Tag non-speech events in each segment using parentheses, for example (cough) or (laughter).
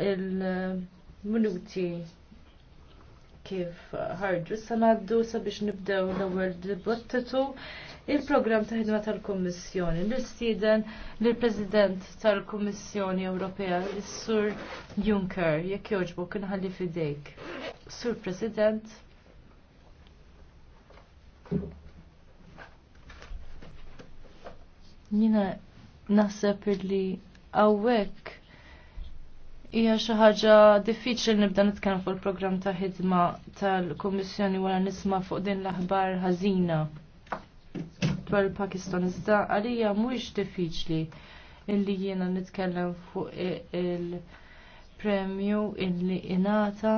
il-minuti kif ħarġu sanaddu sabiex nibdew l-ewwel dibattitu il-programm ta' ħidma tal-Kummissjoni l-istiden l president tal-Kummissjoni Ewropea is-Sur Juncker jekk jogħġbu kien ħalli fidejk. Sur President. Jina naħseb li għawek Hija xi ħaġa diffiċli nibda nitkellem fuq il-programm ta' ħidma tal-Kummissjoni wara nisma' fuq din l-aħbar ħażina dwar il-Pakistan. Iżda għalija mhuwiex diffiċli illi jiena nitkellem fuq il-premju illi ingħata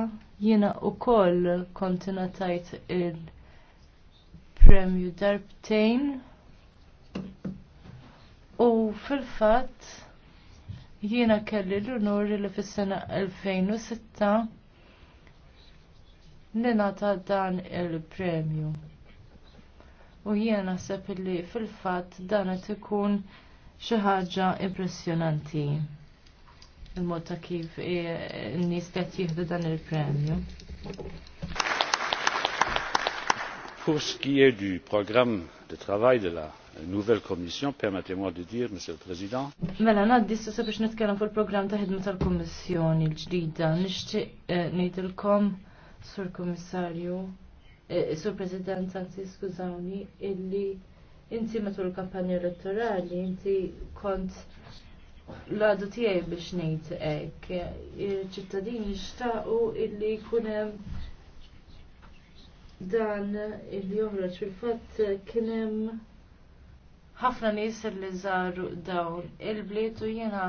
jiena wkoll kont ingħatajt il-premju darbtejn u fil-fatt Jiena kelli l unuri li fis-sena 2006 nina ta' dan il-premju. U jiena naħseb li fil-fatt dan qed ikun xi ħaġa impressjonanti il-mod ta' kif n-nies qed jieħdu dan il-premju pour ce qui est du programme de travail de la nouvelle commission, permettez-moi de dire, Monsieur le Président. Mela, naddi s-sissa biex nitkellem fuq il-programm ta' ħidma tal-Kommissjoni l-ġdida. Nixtieq eh, ngħidilkom, Sur Kommissarju, eh, Sur President, anzi skużawni, illi inti matul il-kampanja elettorali, inti kont l-għadu tiegħi biex ngħid hekk. Il-ċittadini xtaqu illi kunem dan il joħroġ fil-fatt kien hemm ħafna nies li żaru dawn il-bliet u jiena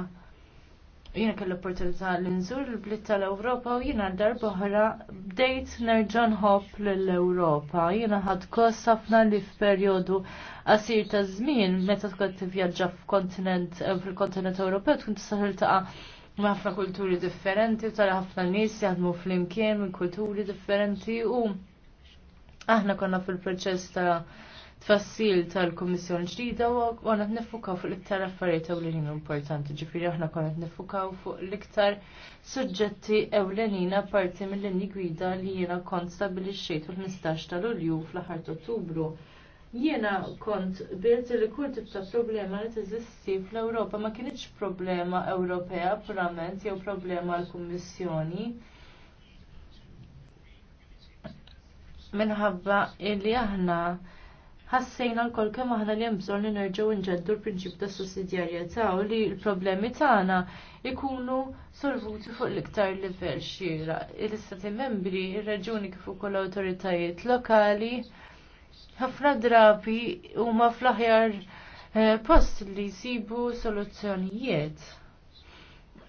jiena kell opportunità li nżur il-bliet tal-Ewropa u jiena darba oħra bdejt nerġa' nħobb lill-Ewropa. Jiena ħadd kost ħafna li f'perjodu qasir ta' żmien meta tkun tivvjaġġa f'kontinent fil-kontinent Ewropew tkun tista' tiltaqa' ħafna kulturi differenti u tara ħafna nies jaħdmu flimkien minn kulturi differenti u Aħna konna fil-proċess ta' tfassil tal-Komissjoni ġdida u għana t-nifukaw fuq l-iktar affarijiet ewlenin importanti. Ġifiri aħna konna t-nifukaw fuq l-iktar suġġetti ewlenin parti mill-linji gwida li jena kont u l 15 tal-Ulju fl ħart Ottubru. Jena kont bilt li kull tip ta' problema li teżisti fl-Ewropa ma kienieċ problema Ewropea purament jew problema l-Kummissjoni minħabba illi aħna ħassejna l-kol kem aħna li hemm li nerġgħu nġeddu l-prinċip ta' sussidjarjetà u li l-problemi tagħna ikunu solvuti fuq l-iktar livell xira. Il-istati membri, il raġuni kif ukoll awtoritajiet lokali ħafna drabi huma fl-aħjar eh, post li jsibu soluzzjonijiet.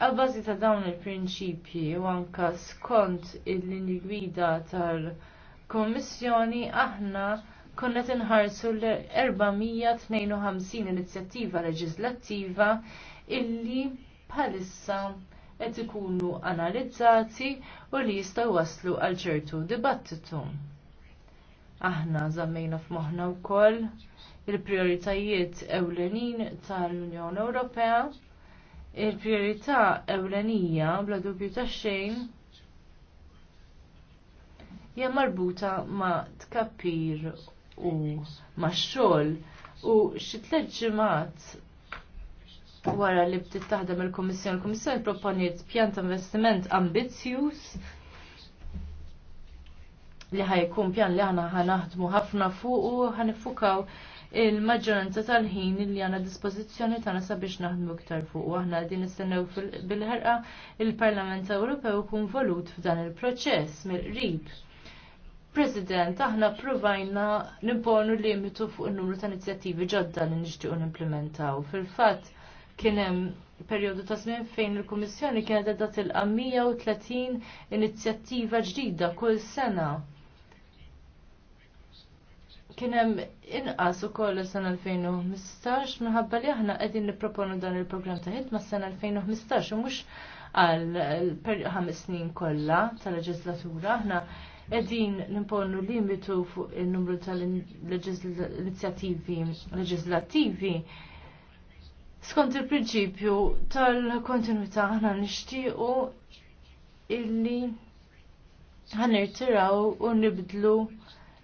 għal bazi ta' dawn il-prinċipji u anka skont il-linji gwida tal- kommissjoni aħna konna tinħarsu l-452 inizjattiva leġislattiva illi bħalissa qed ikunu analizzati u li jistgħu waslu għal ċertu dibattitu. Aħna żammejna f'moħħna wkoll il-prioritajiet ewlenin tal-Unjoni Ewropea, il-priorità ewlenija bla dubju ta' xejn hija marbuta ma' tkapir u ma' xogħol u xi tliet ġimgħat wara li bdiet taħdem il-Kummissjoni. Il-Kummissjoni proponiet pjan ta' investiment ambizzjuż li ħajkun pjan li aħna ħanaħdmu ħafna fuq u ħanifukaw il-maġġoranza tal-ħin li għana dispozizjoni tagħna sabiex naħdmu iktar fuq u aħna din nistennew bil-ħerqa il-Parlament Ewropew kun volut f'dan il-proċess mill-qrib. President, aħna provajna nimponu limitu fuq il-numru ta' inizjattivi ġodda li nixtiequ nimplementaw. Fil-fatt kien hemm perjodu ta' żmien fejn il-Kummissjoni kienet edha tilqa' 130 inizjattiva ġdida kull sena. Kien hemm inqas ukoll is-sena 2015 minħabba li aħna qegħdin nipproponu dan il-programm ta' hitma s-sena 2015 u mhux għal ħames snin kollha tal-leġislatura aħna edin nimponu limitu fuq il-numru tal-inizjativi leġislativi. Skont il-prinċipju tal-kontinuità ħana nixtiequ illi ħanirtiraw u nibdlu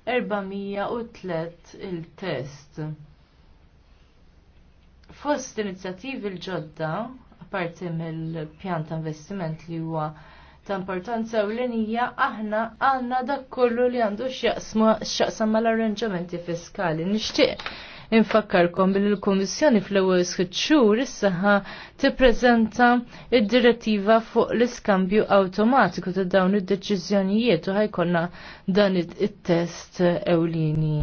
403 il-test. Fost inizjativi l-ġodda, apparti mill-pjan ta' investiment li huwa ta' importanza u l-inija aħna għanna dak kollu li għandu x'jaqsam mal-arranġamenti fiskali. Nixtieq infakkarkom bil l-Komissjoni fl-ewwel sħitxur issaħa tippreżenta id-direttiva fuq l-iskambju awtomatiku ta' dawn id-deċiżjonijiet u ħajkonna dan it-test ewlieni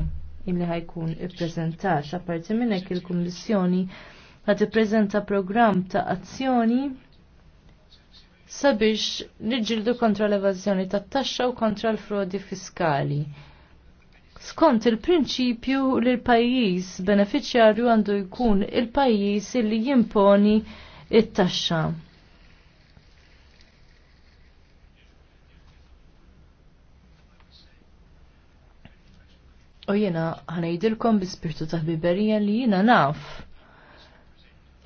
illi ħajkun ippreżentax. Apparti minn hekk il-Kummissjoni ħat tippreżenta programm ta' azzjoni sabiex niġildu kontra l-evażjoni tat-taxxa u kontra l-frodi fiskali. Skont il-prinċipju li l-pajjiż beneficjarju għandu jkun il-pajjiż li jimponi it-taxxa. U jena ħanajdilkom bi spirtu ta' li jena naf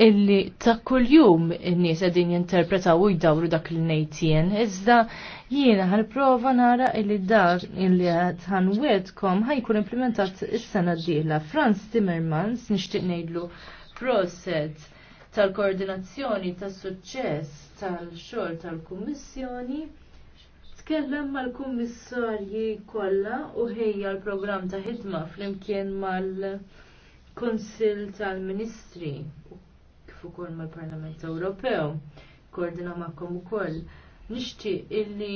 illi ta' kuljum n-nies qegħdin jinterpretaw u jdawru dak il nejtien jien, iżda jiena ħalprova nara illi dar illi wedkom ħajkun implementat is-sena d-dieħla. Franz Timmermans nixtieq ngħidlu proset tal-koordinazzjoni tas-suċċess tal-xogħol tal-Kummissjoni tkellem mal-kummissarji kollha u ħejja l-programm ta' ħidma flimkien mal-Kunsill tal-Ministri kif ukoll mal-Parlament Ewropew. Koordina magħkom ukoll. Nixtieq illi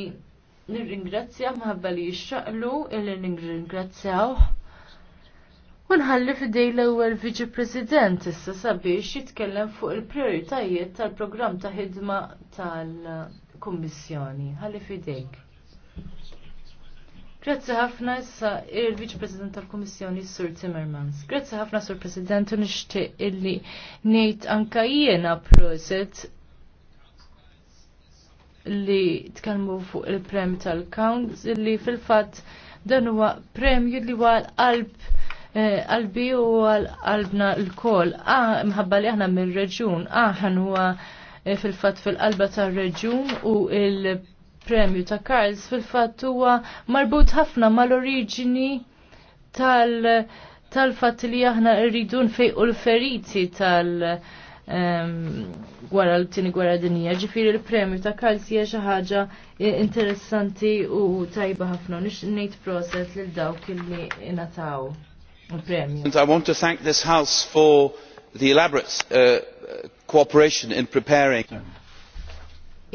nirringrazzja maħabba li jixxaqlu illi nirringrazzjaw. U Unħalli fidej l-ewwel Viċi President issa sabiex jitkellem fuq il-prioritajiet tal-programm ta' ħidma tal-Kummissjoni. Ħalli fidejk. Grazzi ħafna issa il-Viċ President tal-Kummissjoni Sur Timmermans. Grazzi ħafna Sur President u nixtieq illi ngħid anka jiena proset li tkellmu fuq il-prem tal-Count illi fil-fatt dan huwa premju li huwa qalb eh, qalbi u qalbna l-kol. Ah, mħabba li aħna mill-reġun, aħna ah, huwa eh, fil fatt fil-qalba tar reġjun u il- premju ta' Karls fil-fatt huwa marbut ħafna mal-oriġini tal tal-fatt li aħna rridu nfejqu l-feriti tal- gwara l-tini gwara dinija. Ġifiri l-premju ta' Karls hija xi ħaġa interessanti u tajba ħafna. Nix ngħid proset lil dawk illi ingħataw l premju I want to thank this house for the elaborate uh, cooperation in preparing.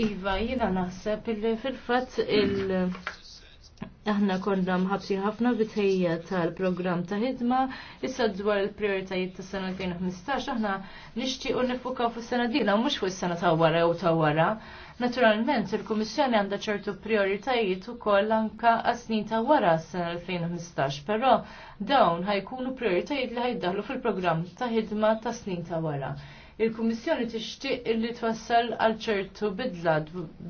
Iva, jina naħseb illi fil-fat il- Aħna konna mħabsin ħafna bitħejja tal-programm ta' ħidma, issa dwar il-prioritajiet ta' sena 2015, aħna nixtiequ nifukaw fis sena dina, mhux fu sena ta' wara u ta' wara. Naturalment, il-Kummissjoni għandha ċertu prioritajiet ukoll anka għasni ta' wara s-sena 2015, però dawn ħajkunu prioritajiet li ħajdaħlu fil-programm ta' ħidma ta' snin ta' wara il-Kummissjoni tixtieq illi twassal għal ċertu bidla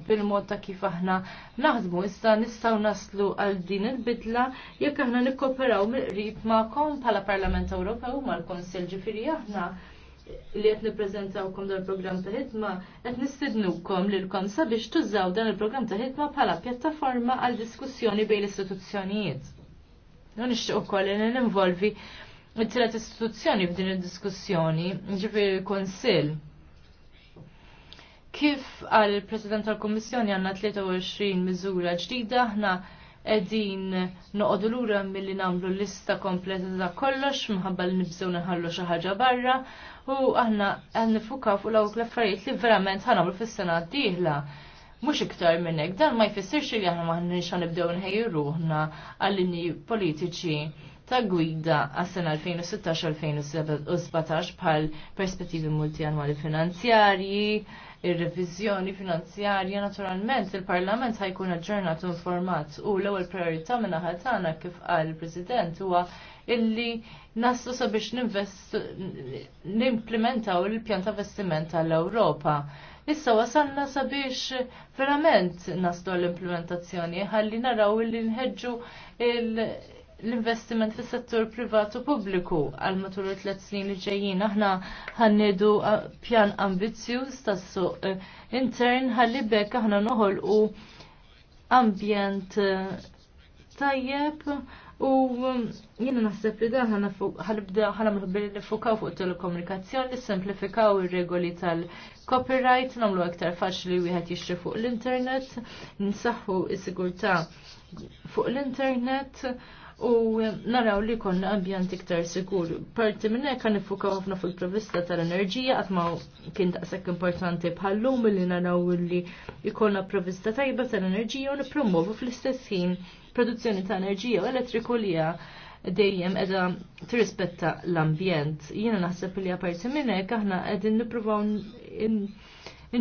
bil-mod ta' kif aħna naħdmu issa nistgħu naslu għal din il-bidla jekk aħna nikkoperaw mill-qrib magħkom bħala Parlament Ewropew mal kunsill ġifieri aħna li qed nippreżentawkom dan il-programm ta' ħidma qed nistidnukom lilkom sabiex tużaw dan il-programm ta' ħidma bħala pjattaforma għal diskussjoni bejn l-istituzzjonijiet. Non nixtieq ukoll li ninvolvi it-tret istituzzjoni f'din id-diskussjoni, ġifir konsil. Kif għal president tal-Kommissjoni għanna 23 miżura ġdida, ħna edin noqodu lura mill-li namlu lista kompleta ta' kollox, mħabba li nibżew nħallu xi ħaġa barra, u aħna għanna fuka fuq l-għawk l-affarijiet li verament ħanamlu fis-sena d-dieħla mux iktar minnek, dan ma jfissirx li aħna maħnix nibdew nħejju ruħna għall politiċi ta' gwida għas-sena 2016-2017 bħal perspettivi multianwali finanzjarji, ir revizjoni finanzjarja naturalment il-Parlament ħajkun aġġornat u informat u l-ewwel priorità minn ħatana kif qal il-President huwa illi naslu sabiex nimplementaw il-pjan ta' vestiment tal-Ewropa. Issa wasalna sabiex verament naslu l-implementazzjoni ħalli naraw illi nħeġġu -il l-investiment fis settur u pubbliku għal matul it-tlet snin li ġejjin. Aħna ħannedu uh, pjan ambizzjuż tas-suq uh, intern ħalli bekk aħna noħolqu ambjent uh, tajjeb u um, jiena naħseb li dan ħanibda ħana billi nifukaw fuq telekomunikazzjoni li simplifikaw ir-regoli tal-copyright, nagħmlu aktar faċli wieħed jixtri fuq l-internet, nsaħħu s-sigurtà fuq l-internet u naraw li kon ambjant iktar sikur. Parti minne kan nifukaw ħafna fil-provista tal-enerġija, għatma kien daqsek importanti bħallum li naraw li jkollna provista tajba tal-enerġija u nipromovu fl-istess ħin produzzjoni ta' enerġija u elettriku li dejjem edha tirrispetta l-ambjent. Jiena naħseb li għaparti minna aħna qegħdin nippruvaw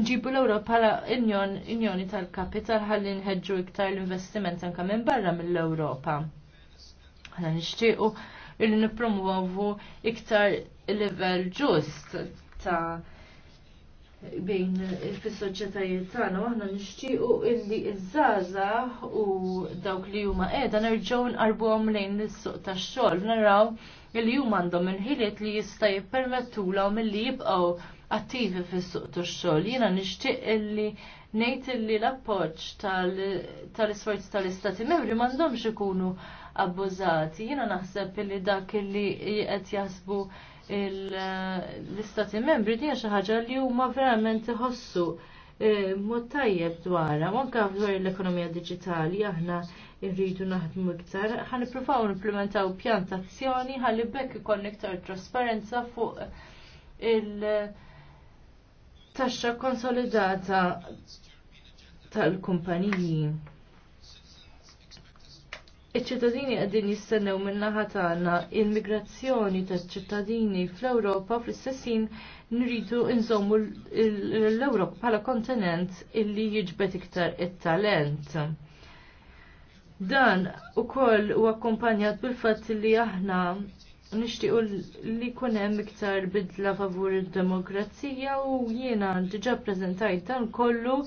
nġibu l-Ewropa pala unjoni tal-kapital ħalli nħeġġu iktar l-investiment anka minn barra mill-Ewropa. Aħna nixtiequ illi nippromuovu iktar livell ġust ta' bejn fis-soċjetajiet tagħna aħna nixtiequ illi iż-żaża u dawk li huma qiegħda nerġgħu nqarbuhom lejn is-suq tax-xogħol naraw illi huma għandhom il-ħiliet li jista' jippermettulhom milli jibqgħu attivi fis-suq tax-xogħol. Jiena nixtieq illi ngħid illi l-appoġġ tal-isforzi tal-Istati Membri m'għandhomx ikunu abbużati. Jiena naħseb li dak li qed jasbu l-istati membri di xi ħaġa li huma verament iħossu e, mod tajjeb dwarha, anke dwar l-ekonomija diġitali aħna irridu naħdmu iktar, ħan nippruvaw nimplementaw pjan ħalli bekk ikon iktar trasparenza fuq il-taxxa konsolidata tal-kumpaniji. Iċ-ċittadini għaddin jistennew minnaħa tagħna il-migrazzjoni taċ-ċittadini fl-Ewropa fl-istessin nridu nżommu l-Ewropa bħala kontinent illi jiġbet iktar it-talent. Dan u koll u akkompanjat bil-fatt li aħna nishtiqu li kunem iktar bidla favur il-demokrazija u jiena diġa prezentajt dan kollu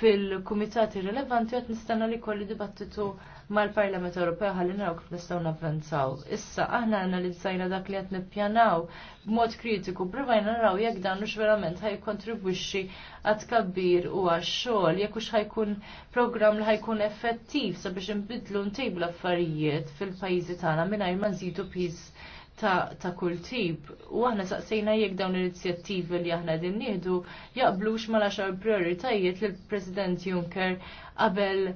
fil-komitati rilevanti għat nistanna li kolli dibattitu mal-Parlament Ewropew ħalli naraw kif nistgħu navvanzaw. Issa aħna analizzajna dak li qed nippjanaw b'mod kritiku, provajna naraw jekk dan mhux verament ħajkontribwixxi għad kabbir u għax-xogħol, jekk hux ħajkun programm li ħajkun effettiv sabiex inbidlu ntejbu l-affarijiet fil-pajjiżi tagħna mingħajr ma nżidu piż ta', ta kull tip. U aħna saqsejna jekk dawn l-inizjattivi li aħna din nieħdu jaqblux mal-10 prioritajiet li l-President Juncker qabel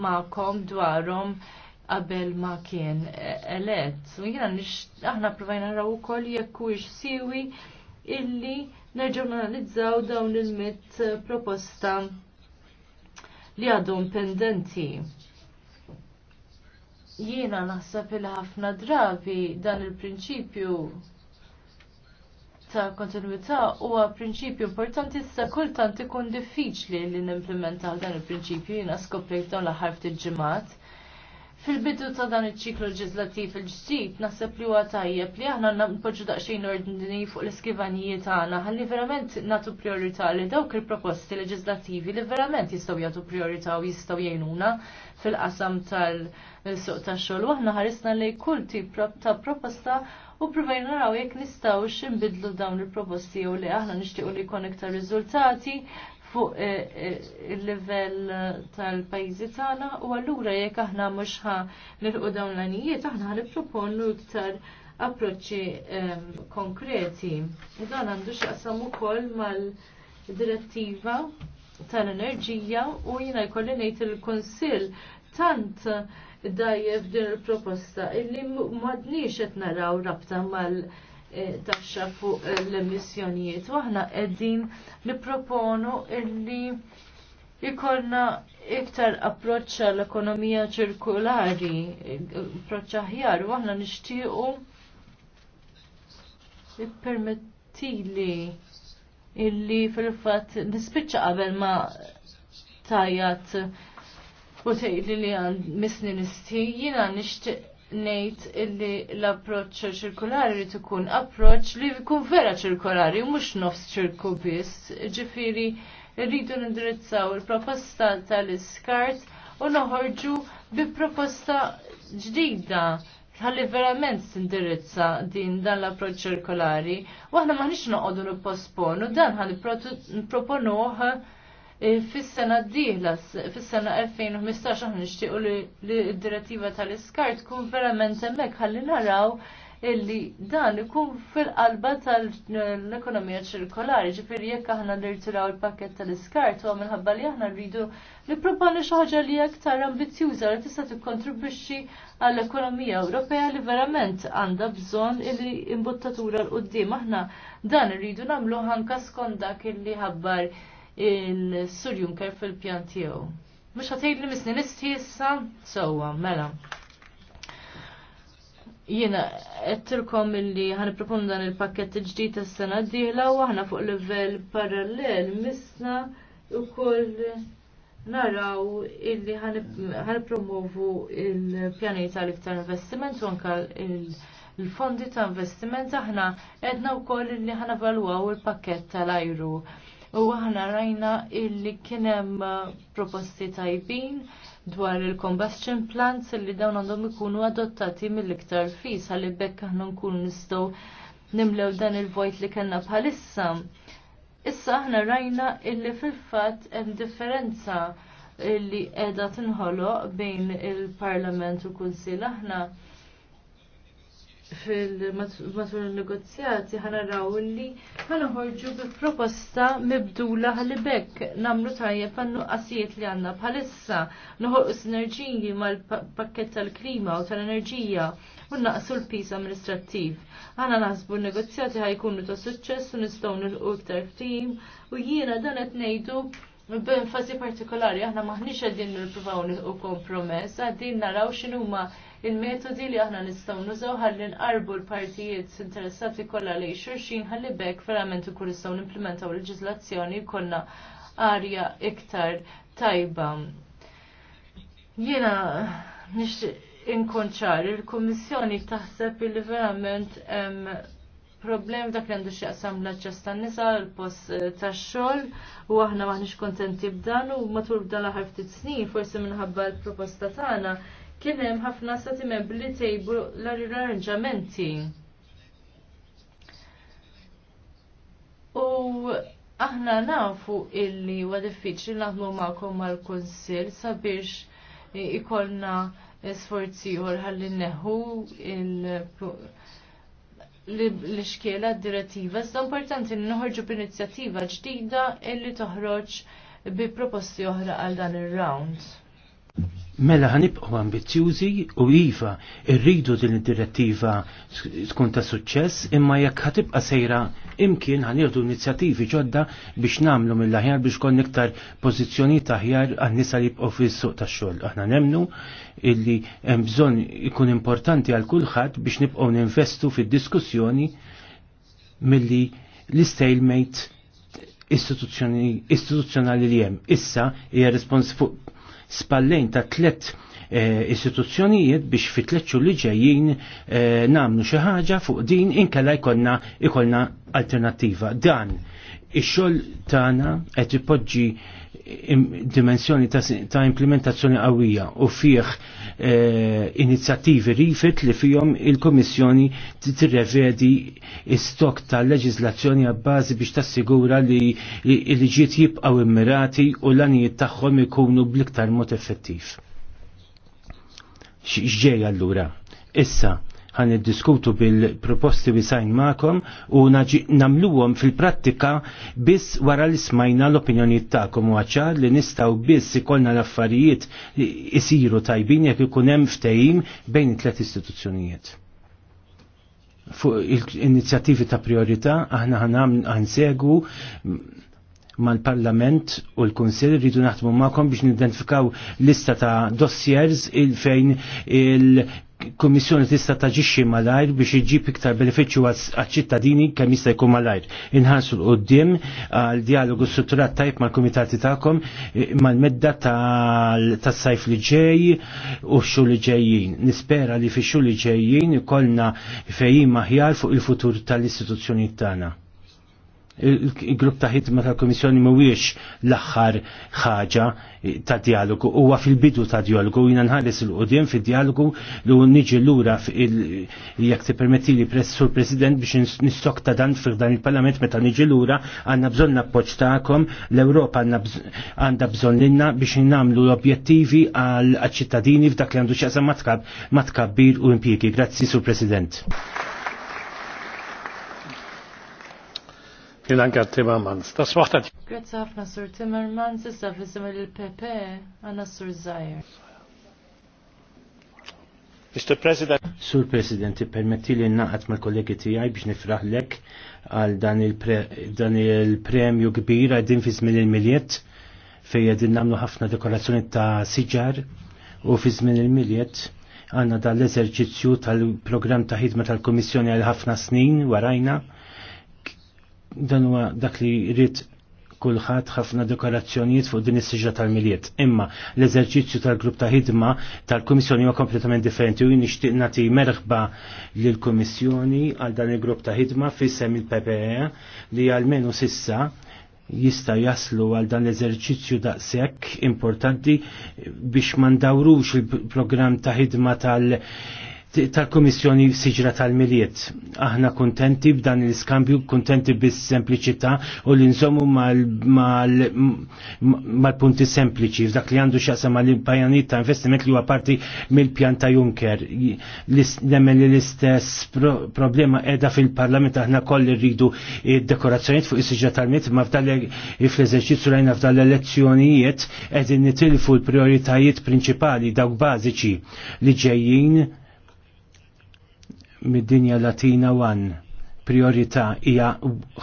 ma'kom dwarhom qabel ma kien elett. U jiena aħna provajna naraw ukoll jekk huwiex siwi illi nerġurnalizzaw dawn il-mit proposta li għadhom pendenti jiena naħseb il ħafna drabi dan il-prinċipju ta' kontinuità huwa prinċipju importanti issa kultant ikun diffiċli li nimplementaw dan il-prinċipju jiena skoprejt dawn l-aħħar ftit ġimgħat. Fil-bidu ta' dan iċ-ċiklu leġislattiv il-ġdid naħseb li huwa tajjeb li aħna npoġġu daqsxejn ordni fuq l-iskivanijiet tagħna ħalli verament nagħtu priorità li dawk il-proposti leġislattivi li verament jistgħu jagħtu priorità u jistgħu jgħinuna fil-qasam tal-suq tax-xogħol u aħna ħarisna li kull tip ta' proposta u provajna naraw jekk nistgħux ximbidlu dawn il-proposti jew li aħna nixtiequ li jkun iktar riżultati fuq eh, eh, il-livell tal-pajjiżi tagħna u allura jekk aħna mhux ħa nilqu dawn l-anijiet aħna nipproponlu iktar approċċi ehm, konkreti. U dan għandu x'aqsam ukoll mal-direttiva tal-enerġija u jina jkolli ngħid il-Kunsill tant dajjef din il-proposta illi madniex qed naraw rabta mal- eh, taxxa fuq eh, l-emissjonijiet. Waħna qegħdin nipproponu illi jkollna iktar approċċ għall ekonomija ċirkulari, approċċ aħjar, waħna nixtiequ ippermettili illi fil-fatt nispiċċa qabel ma tajjat u tgħidli li għand misni nisti jiena nixtieq ngħid illi l-approċċ ċirkolari li ikun approċċ li jkun vera ċirkolari mhux nofs ċirku biss, ġifieri rridu nindirizzaw il-proposta tal-iskart u noħorġu bi proposta ġdida ħalli verament tindirizza din dan l-approċ ċirkolari, u aħna maħniex noqogħdu nipposponu dan ħalli proponuh Eh, fis-sena d-dieħla, fis-sena 2015 aħna nixtiequ li d-direttiva tal-iskart tkun verament hemmhekk ħalli naraw illi dan ikun fil-qalba tal-ekonomija ċirkolari, ġifieri jekk aħna nirtiraw il-pakket tal-iskart u minħabba li aħna rridu nipproponi xi ħaġa li aktar ambizjuża li tista' tikkontribwixxi għall-ekonomija Ewropea li verament għandha bżonn illi imbuttatura l-qudiem aħna dan irridu nagħmlu ħanka skont dak illi ħabbar il-Sur Juncker fil-pjan tiegħu. Mhux ħatejt li misni nisti issa sewwa mela. Jiena qedtilkom illi ħaniproponu dan il-pakkett il-ġdid tas-sena d-dieħla u aħna fuq livell parallel misna wkoll naraw illi ħanipromovu il-pjani tal-iktar investiment u anke il-fondi ta' investiment aħna edna u koll illi ħanavalwaw il-pakket tal-ajru u aħna rajna illi kienem uh, proposti tajbin dwar il-combustion plants illi dawn għandhom ikunu adottati mill-iktar fis għalli bekk aħna nkun nistgħu nimlew dan il-vojt li kellna bħalissa. Issa aħna rajna illi fil-fatt hemm differenza illi edha tinħolo bejn il-Parlament u l aħna fil-matur negozjati ħanaraw li ħanħorġu bi proposta mibdula ħalibek bekk namlu tajjeb għannu qasijiet li għanna bħalissa noħolqu sinerġiji mal-pakket tal-klima u tal-enerġija u naqsu l-pis amministrattiv. Għana naħsbu negozjati ħajkunu ta' suċċess u nistgħu nilqu iktar ftim u jiena dan qed ngħidu B'enfasi partikolari, aħna maħniex għaddin nirpruvaw u kompromess, għaddin naraw xinu ma' il-metodi li aħna nistgħu nużaw ħalli nqarbu l-partijiet interessati kollha li xurxin ħalli bekk verament ikun nistgħu nimplementaw leġiżlazzjoni jkollna arja iktar tajba. Jiena nixtieq inkonċar il-Kummissjoni taħseb li verament hemm problem dak li għandu xieqsam l-ċess tan nisa l-post eh, tax xogħol u aħna maħniex kontenti b'dan u matul b'dan l-aħħar ftit snin forsi minħabba l-proposta tagħna kien hemm ħafna stati membri tejbu l-arranġamenti. U aħna nafu illi huwa diffiċli naħdmu magħkom mal-Kunsill sabiex ikollna sforzi ieħor ħalli neħu il- l-iskela direttiva, iżda importanti li noħorġu b'inizjattiva ġdida illi toħroġ bi proposti oħra għal dan ir-round. Mela ħanibqgħu ambizzjużi u iva rridu din id-direttiva tkun ta' suċċess imma jekk ħatibqa' sejra imkien ħanieħdu inizjattivi ġodda biex nagħmlu mill-aħjar biex kon iktar pożizzjonijiet aħjar għan-nisa li jibqgħu fis-suq tax-xogħol. Aħna nemnu illi hemm bżonn ikun importanti għal kulħadd biex nibqgħu ninvestu fid-diskussjoni milli l-stalemate istituzzjonali li jem. Issa hija respons fuq spallejn ta' tlet eh, istituzzjonijiet biex fitletxu li ġejjin eh, nagħmlu xi ħaġa fuq din inkella jkollna ikollna alternattiva. Dan ix-xogħol tagħna qed ipoġġi dimensjoni ta' implementazzjoni qawwija u fih eh, inizjattivi rifit li fihom il-Komissjoni tirrevedi l-stok ta' leġiżlazzjoni għabbażi biex tassigura li l-liġiet jibqgħu immirati u l għanijiet tagħhom ikunu bl-iktar mod effettiv. X'ġej allura? Issa, ħan diskutu bil-proposti li sajn ma'kom u namluwom fil-prattika biss wara li smajna l opinjoni ta'kom u għacċar li nistaw biss ikolna l-affarijiet isiru tajbin jek ikun hemm ftehim bejn it-tlet istituzzjonijiet. Fuq il-inizjattivi ta' priorità aħna ħan segwu mal-Parlament u l konsil rridu naħdmu magħkom biex nidentifikaw lista ta' dossiers il fejn il Kummissjoni kommissjoni tista' taġixxi malajr biex iġib iktar benefiċċju għaċ-ċittadini kemm jista' jkun malajr. Inħarsu l qudiem għal dialogu strutturat tajb mal-kumitati tagħkom eh, mal-medda tas-sajf li ġej u x li ġejjin. Nispera li fix xu li ġejjin ikollna fejjim maħjar fuq il-futur tal-istituzzjoni tagħna il-grupp ta' ħidma tal-Komissjoni mhuwiex l-aħħar ħaġa ta' dialogu, huwa fil-bidu ta' dialogu, jina nħares il-qudiem fid-dialogu li niġi lura jekk permetti li press sur President biex nistok ta' dan fir dan il-Parlament meta niġi lura għandna bżonn appoġġ tagħkom, l-Ewropa għandha bżonn lilna biex nagħmlu l-objettivi għal ċittadini f'dak li għandu x'jaqsam matkab matkab bir u impjiegi. Grazzi sur President. Jilanga Timmermans. Das Wort Grazie ħafna Sur Timmermans, issa fissima il pp għanna Sur Zajer. Mr. President. Sur President, permetti li naqat mal kollegi tijaj biex nifraħlek għal dan il-premju kbir għaddin fi żmien il-miljet fej qegħdin namlu ħafna dekorazzjoni ta' siġar u fi żmien il-miljet għanna dal-eżerċizzju tal-program ta' ħidma tal-Komissjoni għal ħafna snin warajna dan huwa dak li jrid kulħadd ħafna dekorazzjonijiet fuq din is-siġra tal-miliet. Imma l-eżerċizzju tal-grupp ta' ħidma tal-Kummissjoni huwa kompletament differenti u nixtieq nagħti merħba lill-Kummissjoni għal dan il-grupp ta' ħidma fissem il-PPE li għalmenu sissa jista jaslu għal dan l-eżerċizzju daqshekk importanti biex ma ndawrux il-programm ta' ħidma tal- tal-Komissjoni Siġra tal-Miliet. Aħna kontenti b'dan l-iskambju, kontenti bis-sempliċità u l-inżommu mal-punti sempliċi. F'dak li għandu xaqsa mal-pajanit ta' investiment li huwa parti mill-pjan ta' Juncker. Nemmen li l-istess problema edha fil-Parlament aħna koll rridu dekorazzjoniet fuq is-Siġra tal-Miliet, ma f'dal e-, fl-eżerċizzju lajna l elezzjonijiet qegħdin nitilfu l-prioritajiet prinċipali dawk bażiċi li ġejjin mid-dinja Latina One priorità hija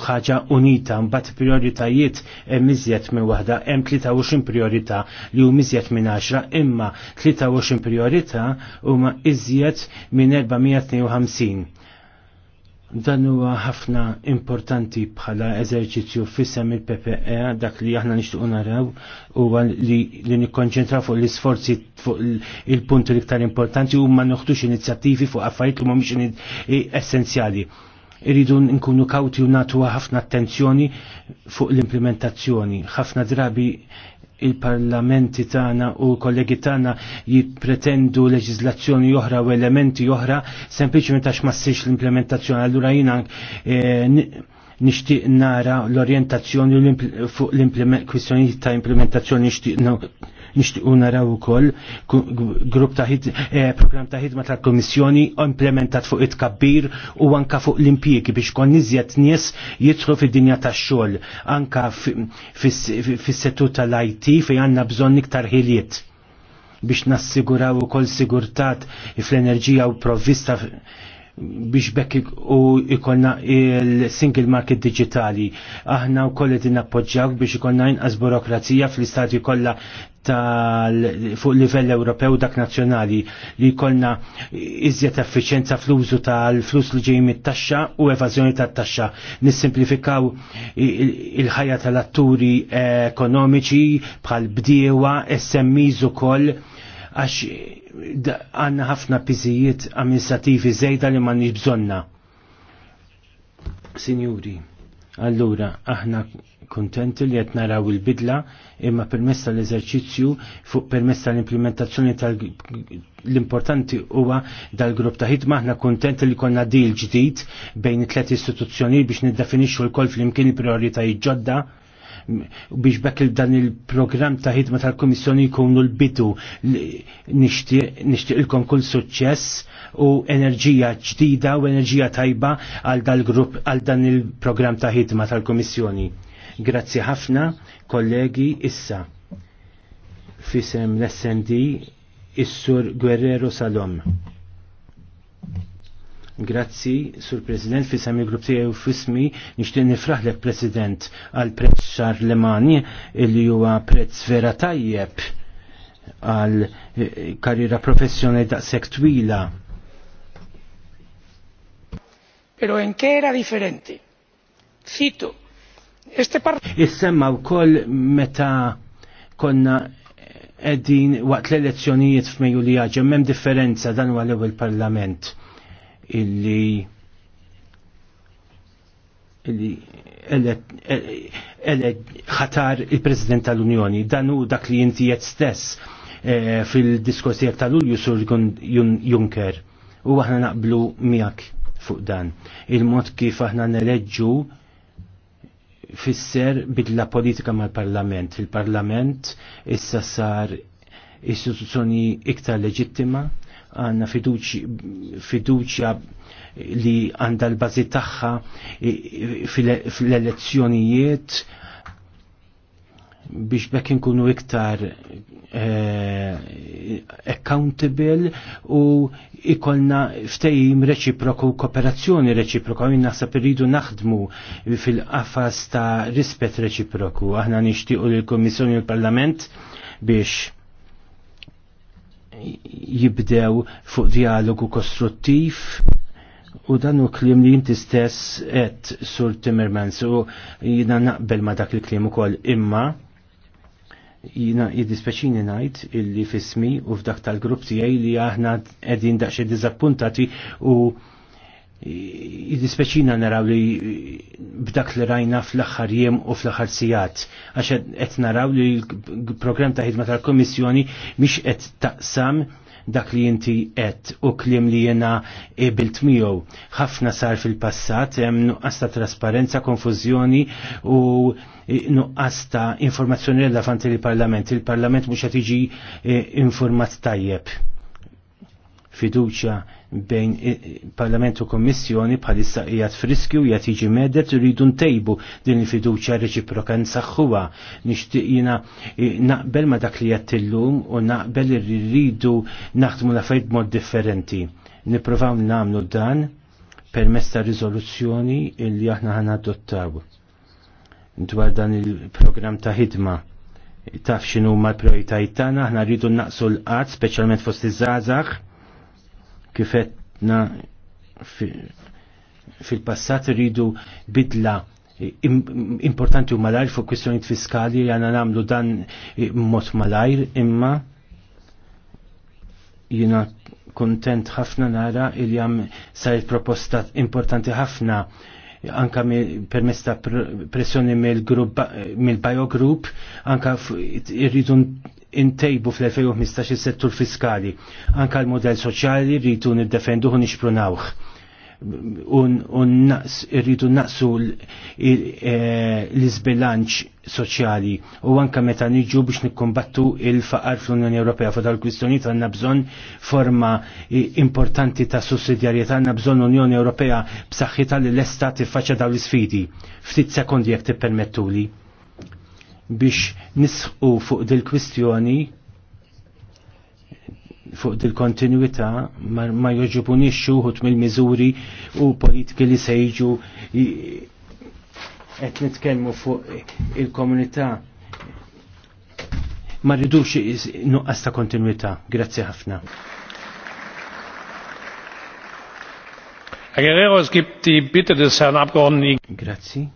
ħaġa unita, mbagħad prioritajiet hemm iżjed minn waħda, hemm 23 priorità li hum iżjed minn 10, imma 23 priorità huma iżjed minn 452. Dan huwa ħafna importanti bħala eżerċizzju fissem il-PPE dak li aħna nixtuq naraw huwa li, li nikkonċentraw fuq l-isforzi fuq il-punti l-iktar importanti u ma noħtux inizjattivi fuq affarijiet li mhumiex essenzjali. Iridu nkunu kawti u natu ħafna attenzjoni fuq l-implementazzjoni. ħafna drabi il-parlamenti tagħna u kollegi tagħna jippretendu leġiżlazzjoni oħra u elementi oħra sempliċement għax ma ssirx l-implementazzjoni. Allura jina eh, nishtiq nixtieq nara l-orjentazzjoni fuq l-kwistjonijiet ta' implementazzjoni nixtieq nishtiqu naraw ukoll grupp ta' eh, program ta' ħidma tal kummissjoni implementat fuq it-kabbir u anka fuq l-impjiegi biex kon niżjed nies jidħlu fid-dinja tax-xogħol anka fis-settur tal-IT fejn għandna bżonn iktar ħiliet biex nassiguraw ukoll sigurtat fl-enerġija u provvista biex bekk u ikonna il-single market digitali. Aħna u kollet nappoġġaw biex ikonna inqas burokrazija fl-istati kollha tal fuq livell Ewropew dak nazzjonali li jkollna iżjed effiċenza fl-użu tal-flus li ġej mit-taxxa u evażjoni tat-taxxa. Nissimplifikaw il-ħajja tal-atturi ekonomiċi bħal bdiewa, SMEs ukoll għax għanna ħafna pizijiet amministrativi zejda li ma bżonna. Signuri, allura aħna kontenti li qed naraw il-bidla imma permess tal-eżerċizzju fuq permess tal-implementazzjoni tal-importanti huwa dal-grupp ta' ħidma aħna kontenti li konna dil ġdid bejn it-tlet istituzzjoni biex niddefinixxu l-kol flimkien il-prioritajiet ġodda biex bekk dan il-programm ta' ħidma tal-Komissjoni jkunu l-bidu nixtieqilkom kull suċċess u enerġija ġdida u enerġija tajba għal grupp għal dan il-programm ta' ħidma tal-Komissjoni. Grazzi ħafna, kollegi, issa. Fisem l-SND, Issur Guerrero Salom. Grazzi, Sur President, fi sami grupp tiegħu fismi nixtieq nifraħlek President għal prezz Charlemagne, illi li huwa prezz vera tajjeb għal eh, karriera professjonali daqshekk twila. Pero en qué era differenti? Cito. Este part... Issemma wkoll meta konna qegħdin waqt l-elezzjonijiet f'Mejju li hemm differenza dan għal l-ewwel parlament illi illi eled ħatar il-President tal-Unjoni. Dan hu dak li inti stess e, eh, fil-diskorsijak tal-Ulju sur Juncker. U aħna naqblu miak fuq dan. Il-mod kif aħna neleġġu fisser bidla politika mal-Parlament. Il-Parlament issa sar istituzzjoni iktar leġittima għanna fiduċja li għanda l-bazi tagħha fil-elezzjonijiet biex bekk inkunu iktar eh, accountable u ikolna ftejim reċiproku, kooperazzjoni reċiproku, għin naħseb irridu naħdmu fil-qafas ta' rispet reċiproku. Aħna nixtiequ l-Komissjoni u l-Parlament biex jibdew fuq dialogu kostruttiv u dan u klim li jinti stess et sur Timmermans u jina naqbel ma dak li klim u kol imma jina jidispeċini najt illi fismi u f'dak tal-grupp tijaj li aħna edin daqxie dizappuntati u id-dispeċina naraw li b'dak li rajna fl axar jiem u fl axar sijat. Għax qed naraw li l-programm ta' ħidma tal-Komissjoni mhix qed taqsam dak li inti et u kliem li jena bilt miegħu. Ħafna sar fil-passat hemm nuqqas ta' trasparenza, konfużjoni u nuqqas ta' informazzjoni relevanti lill parlament Il-Parlament mhux qed jiġi eh, informat tajjeb. Fiduċja bejn Parlament u Kommissjoni bħalissa jgħat friskju jgħat iġi medet iridu ntejbu din il-fiduċja reċiproka nsaħħuha nixtieq jiena naqbel ma dak li qed illum u naqbel irridu naħdmu la affarijiet mod differenti. Nippruvaw nagħmlu dan permezz ta' riżoluzzjoni li aħna ħana adottaw dwar dan il-programm ta' ħidma taf xinu ma' prioritajt tagħna aħna rridu naqsu l-qatt speċjalment fost iż-żgħażagħ kifetna fil-passat rridu bidla importanti u malajr fuq kwistjonijiet fiskali li namlu dan mod malajr imma jina kontent ħafna nara il jam sajt proposta importanti ħafna anka permess ta' pressjoni mill-bio group anka irridu intejbu fl-2015 il-settur fiskali. Anka l-modell soċjali rritu niddefenduħu nixprunawħ un Rritu naqsu e, l-izbilanċ soċjali u anka meta niġu biex nikkombattu il-faqar fl-Unjoni Ewropea fuq dal-kwistjoni għandna bżonn forma importanti ta' sussidjarjetà għandna bżonn Unjoni Ewropea b'saħħitha li l-estat tiffaċċja dawn l-isfidi. Ftit sekondi jekk tippermettuli biex nisħu fuq dil-kwistjoni fuq dil-kontinuità ma, ma joġibuni xuħut mill-miżuri u politiki li sejġu qed nitkellmu fuq il-komunità ma rridux nuqqas ta' kontinuità. Grazzi ħafna. Herr Guerrero, gibt die Bitte des Herrn Abgeordneten. Grazie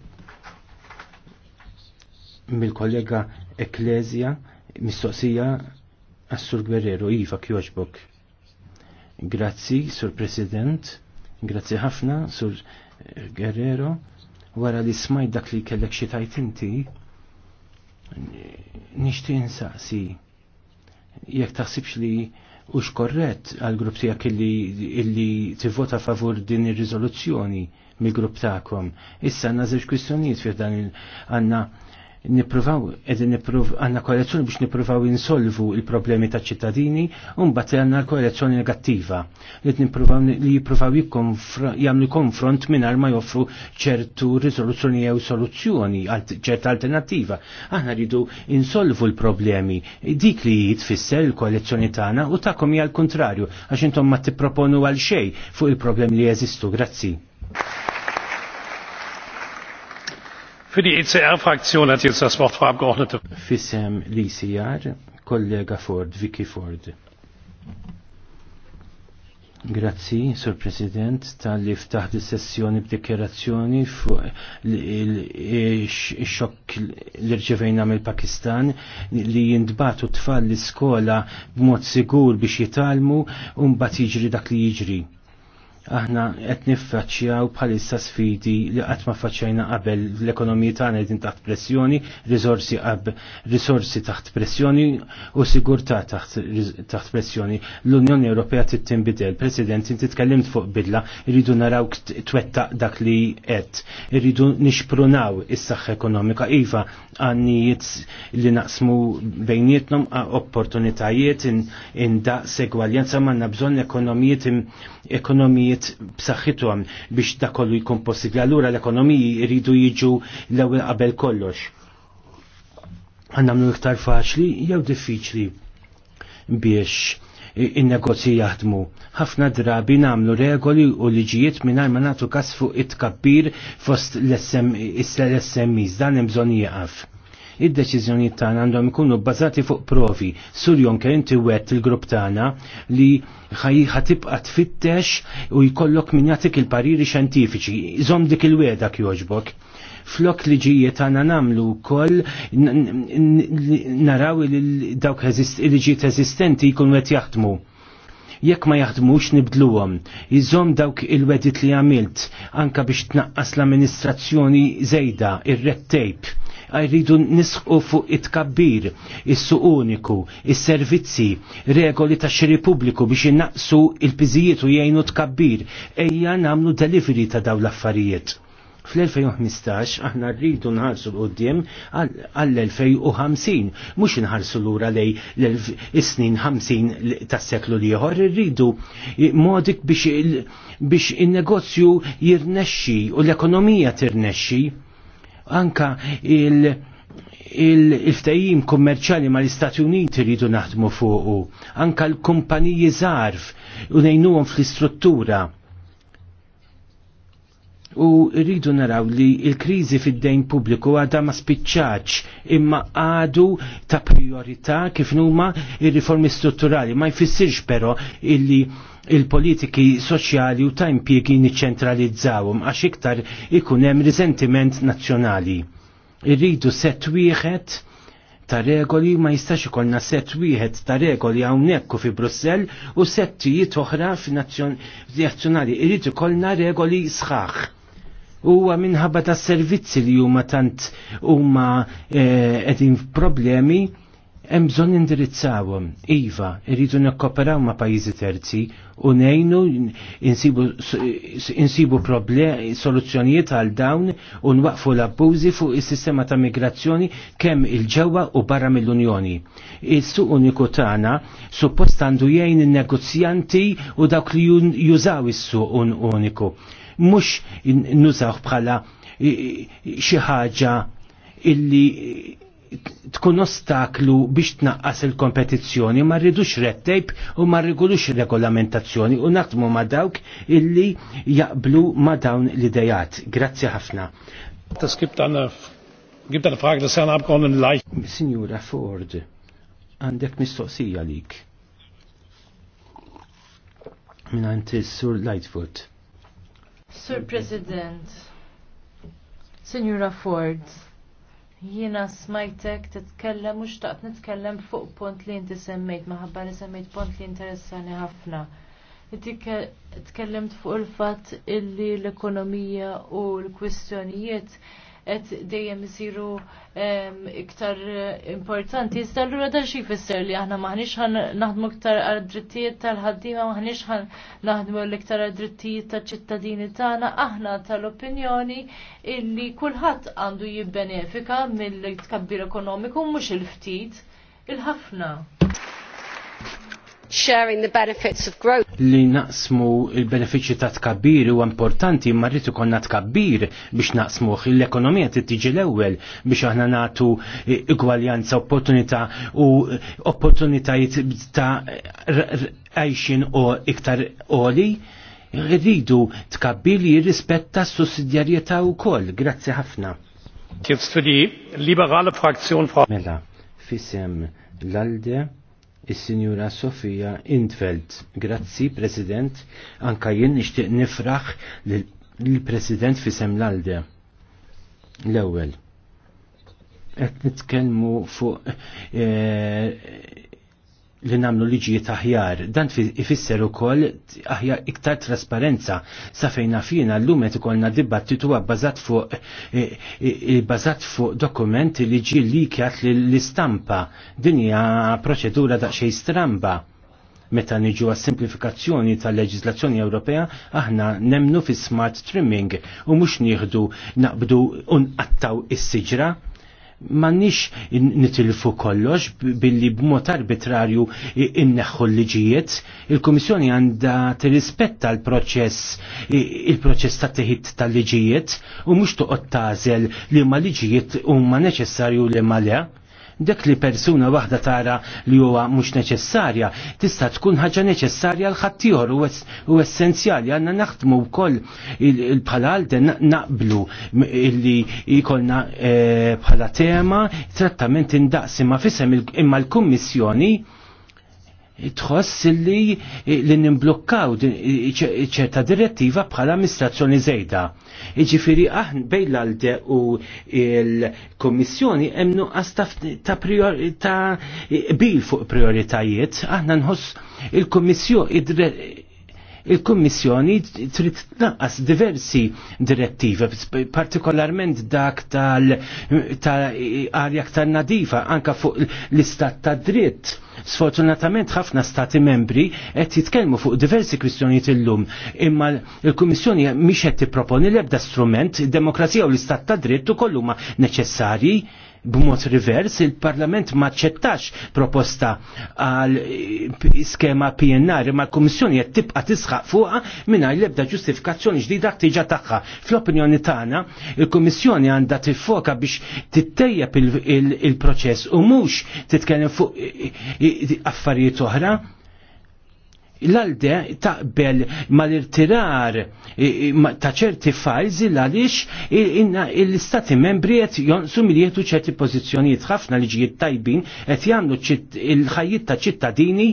mill-kollega Eklezja mistoqsija għas-Sur Guerrero Iva Kjoġbok. Grazzi, Sur President, grazzi ħafna, Sur Guerrero, wara li smajt dak li kellek xi tajt inti, nixtieq insaqsi jekk taħsibx li hux korrett għal grupp tiegħek illi, illi tivvota favur din ir-riżoluzzjoni mill-grupp tagħkom. Issa għanna żewġ kwistjonijiet fiħdan għanna il nipruvaw, edin nipruv, għanna korrezzjoni biex nipruvaw insolvu il-problemi ta' ċittadini, un bat għanna korrezzjoni negattiva. Li nipruvaw li jipruvaw jamlu konfront minar ma joffru ċertu risoluzzjoni jew soluzzjoni, ċerta alternativa. Aħna ridu insolvu l-problemi. Dik li jitfisser il-korrezzjoni tagħna u takom hija l-kontrarju, għax intom ma tipproponu għal xej fuq il-problemi li jeżistu. Grazzi. Für die ECR-Fraktion hat jetzt das Wort Frau Abgeordnete. Fissem l-ICR, kollega Ford, Vicky Ford. Grazzi, Sur President, tal-li ftaħt sessjoni b'dikjerazzjoni fuq il-xokk li rċevejna mill-Pakistan li jindbatu tfal l-iskola b'mod sigur biex jitalmu un bat jiġri dak li jiġri aħna qed niffaċċjaw bħalissa sfidi li qatt ma faċċajna qabel l-ekonomija tagħna qegħdin taħt pressjoni, risorsi qab risorsi taħt pressjoni u sigurtà taħt taħt pressjoni. L-Unjoni Ewropea trid tinbidel. President, inti tkellimt fuq bidla, irridu naraw twettaq dak li qed. Irridu nixprunaw is-saħħa ekonomika. Iva, għannijiet li naqsmu bejnietnom opportunitajiet indaqs segwaljanza ma bżonn ekonomijiet ekonomiji kondizjonijiet b'saħħithom biex dakollu kollu jkun possibli. Allura l-ekonomiji jridu jiġu l-ewwel qabel kollox. Għannamlu iktar faċli jew diffiċli biex in-negozji jaħdmu. Ħafna drabi namlu regoli u liġijiet mingħajr ma nagħtu kas fuq it-kabbir fost l-SMIs dan hemm bżonn jieqaf id-deċiżjonijiet tagħna għandhom ikunu bbażati fuq provi. Sur Jonker inti wet il-grupp tagħna li ħajja tibqa' tfittex u jkollok min jagħtik il-pariri xjentifiċi. Iżom dik il-weda jogħġbok. Flok li ġijiet għana namlu wkoll naraw li dawk il ġiet eżistenti jkunu qed jaħdmu jekk ma jaħdmux nibdluhom. Iżom dawk il-wedit li għamilt anka biex tnaqqas l-amministrazzjoni żejda, ir-red tape għajridu nisqu fuq it-kabbir, is-suq uniku, is-servizzi, regoli ta' xiri pubbliku biex innaqsu il-piżijiet u jgħinu tkabbir. Ejja namlu delivery ta' daw l-affarijiet. Fl-2015 aħna rridu nħarsu l-qoddim għall-2050, mux nħarsu l-ura lej l-snin 50 tas seklu liħor, rridu modik biex il-negozju jirnexxi u l-ekonomija tirnexxi anka il- il-ftajim kummerċali ma l-Istati Uniti rridu naħdmu fuqu, anka l-kumpaniji zarf u nejnuhom fl-istruttura. U rridu naraw li il-krizi fid-dejn pubbliku għadha ma spiċċaċ imma għadu ta' priorità kif numa ir-riformi strutturali. Ma jfissirx però illi il-politiki soċjali u ta' impjiegi niċċentralizzawhom għax iktar ikun hemm riżentiment nazzjonali. Irridu set wieħed ta' regoli ma jistax ikollna set wieħed ta' regoli hawnhekk fi Brussell u settijiet oħra f'nazzjonali. Irridu kollna regoli sħaħ. Huwa minħabba tas servizzi li huma tant huma qegħdin eh, f'problemi problemi hemm bżonn indirizzawhom. Iva, irridu nikkoperaw ma' pajjiżi terzi u ngħinu insibu, problemi soluzzjonijiet għal dawn u nwaqfu l-abbużi fuq is-sistema ta' migrazzjoni kemm il-ġewwa u barra mill-Unjoni. Is-suq uniku tagħna suppost għandu jgħin in-negozjanti u dawk li jużaw is-suq uniku. Mhux nużaw bħala xi ħaġa illi tkun ostaklu biex tnaqqas il-kompetizzjoni ma rridux red tape u ma rridux regolamentazzjoni u naħdmu ma dawk illi jaqblu ma dawn l-idejat. Grazzi ħafna. gibt gibt Signora Ford, għandek mistoqsija lik. Minant Sur Lightfoot. Sur President, Signora Ford, Jiena smajtek titkellem u xtaqt nitkellem fuq punt li inti semmejt, maħabba li semmejt punt li interessani ħafna. Inti tkellimt fuq il-fat illi l-ekonomija u l-kwistjonijiet qed dejjem isiru iktar importanti. Iżda allura dan xi jfisser li aħna maħniex naħdmu iktar għal drittijiet tal-ħaddiema, maħniex naħdmu l-iktar għal drittijiet tal-ċittadini tagħna, aħna tal-opinjoni illi kulħadd għandu jibbenefika mill-tkabbir ekonomiku mhux il-ftit il-ħafna sharing the benefits of growth. Li naqsmu il-benefiċi ta' tkabbir u importanti ma rrid konna tkabbir biex naqsmuh l-ekonomija tittiġi l-ewwel biex aħna nagħtu igwaljanza opportunità u opportunitajiet ta' għajxin u iktar oli rridu tkabbir li jirrispetta s-sussidjarjetà wkoll. Grazzi ħafna. Jetzt für die liberale Fraktion Frau Mela, fissem l is-Sinjura Sofija Intfeld. Grazzi, President, anka jien nixtieq nifraħ lill-President fi Semlalde. L-ewwel. Qed nitkellmu fuq eh, li namlu liġijiet aħjar. Dan ifisser ukoll aħjar iktar trasparenza sa fejna fina l-lum qed ikollna dibattitu bbażat fuq eh, eh, bbażat fuq dokument li ġi likjat l-istampa. Din hija proċedura daqsxejn stramba meta niġu għas-simplifikazzjoni tal-leġislazzjoni Ewropea, aħna nemnu fi smart trimming u mhux nieħdu naqbdu nqattaw is-siġra m'għandniex nitilfu kollox billi b'mod arbitrarju inneħħu l-liġijiet. Il-Kummissjoni għandha tirrispetta l-proċess il-proċess ta' teħid tal-liġijiet u mhux toqgħod tażel li ma liġijiet huma neċessarju li ma Dak li persuna waħda tara li huwa mhux neċessarja tista' tkun ħaġa neċessarja l ħaddieħor u essenzjali għandna naħdmu wkoll bħala den naqblu li jkollna eh, bħala tema trattament indaqsi fisem imma l-Kummissjoni tħoss li li nimblokkaw ċerta direttiva bħala amministrazzjoni zejda. Iġifiri aħn bej l-alde u l-Komissjoni hemm nuqqas ta' bil fuq prioritajiet, aħna nħoss il-Komissjoni il-Kummissjoni trid tnaqqas diversi direttiva, partikolarment dak tal-arja aktar nadifa, anka fuq l-istat ta' dritt. Sfortunatament ħafna stati membri qed jitkellmu fuq diversi kwistjonijiet illum, imma l-Kummissjoni mhix qed tipproponi l-ebda strument, id-demokrazija u l-istat ta' dritt ukoll huma neċessarji b'mod rivers il-Parlament ma ċettax proposta għal eh, skema PNR ma l-Kommissjoni qed tibqa' tisħaq fuqha mingħajr l-ebda ġustifikazzjoni ġdida tiġa tagħha. Fl-opinjoni tagħna, il-Kummissjoni għandha tiffoka biex tittejjeb il-proċess u mhux titkellem fuq eh, eh, affarijiet oħra l-alde taqbel mal-irtirar ta' ċerti fajzi għaliex l-istati membri qed jonsu milietu ċerti pożizzjonijiet ħafna ġijiet tajbin qed jagħmlu il-ħajjiet ta' ċittadini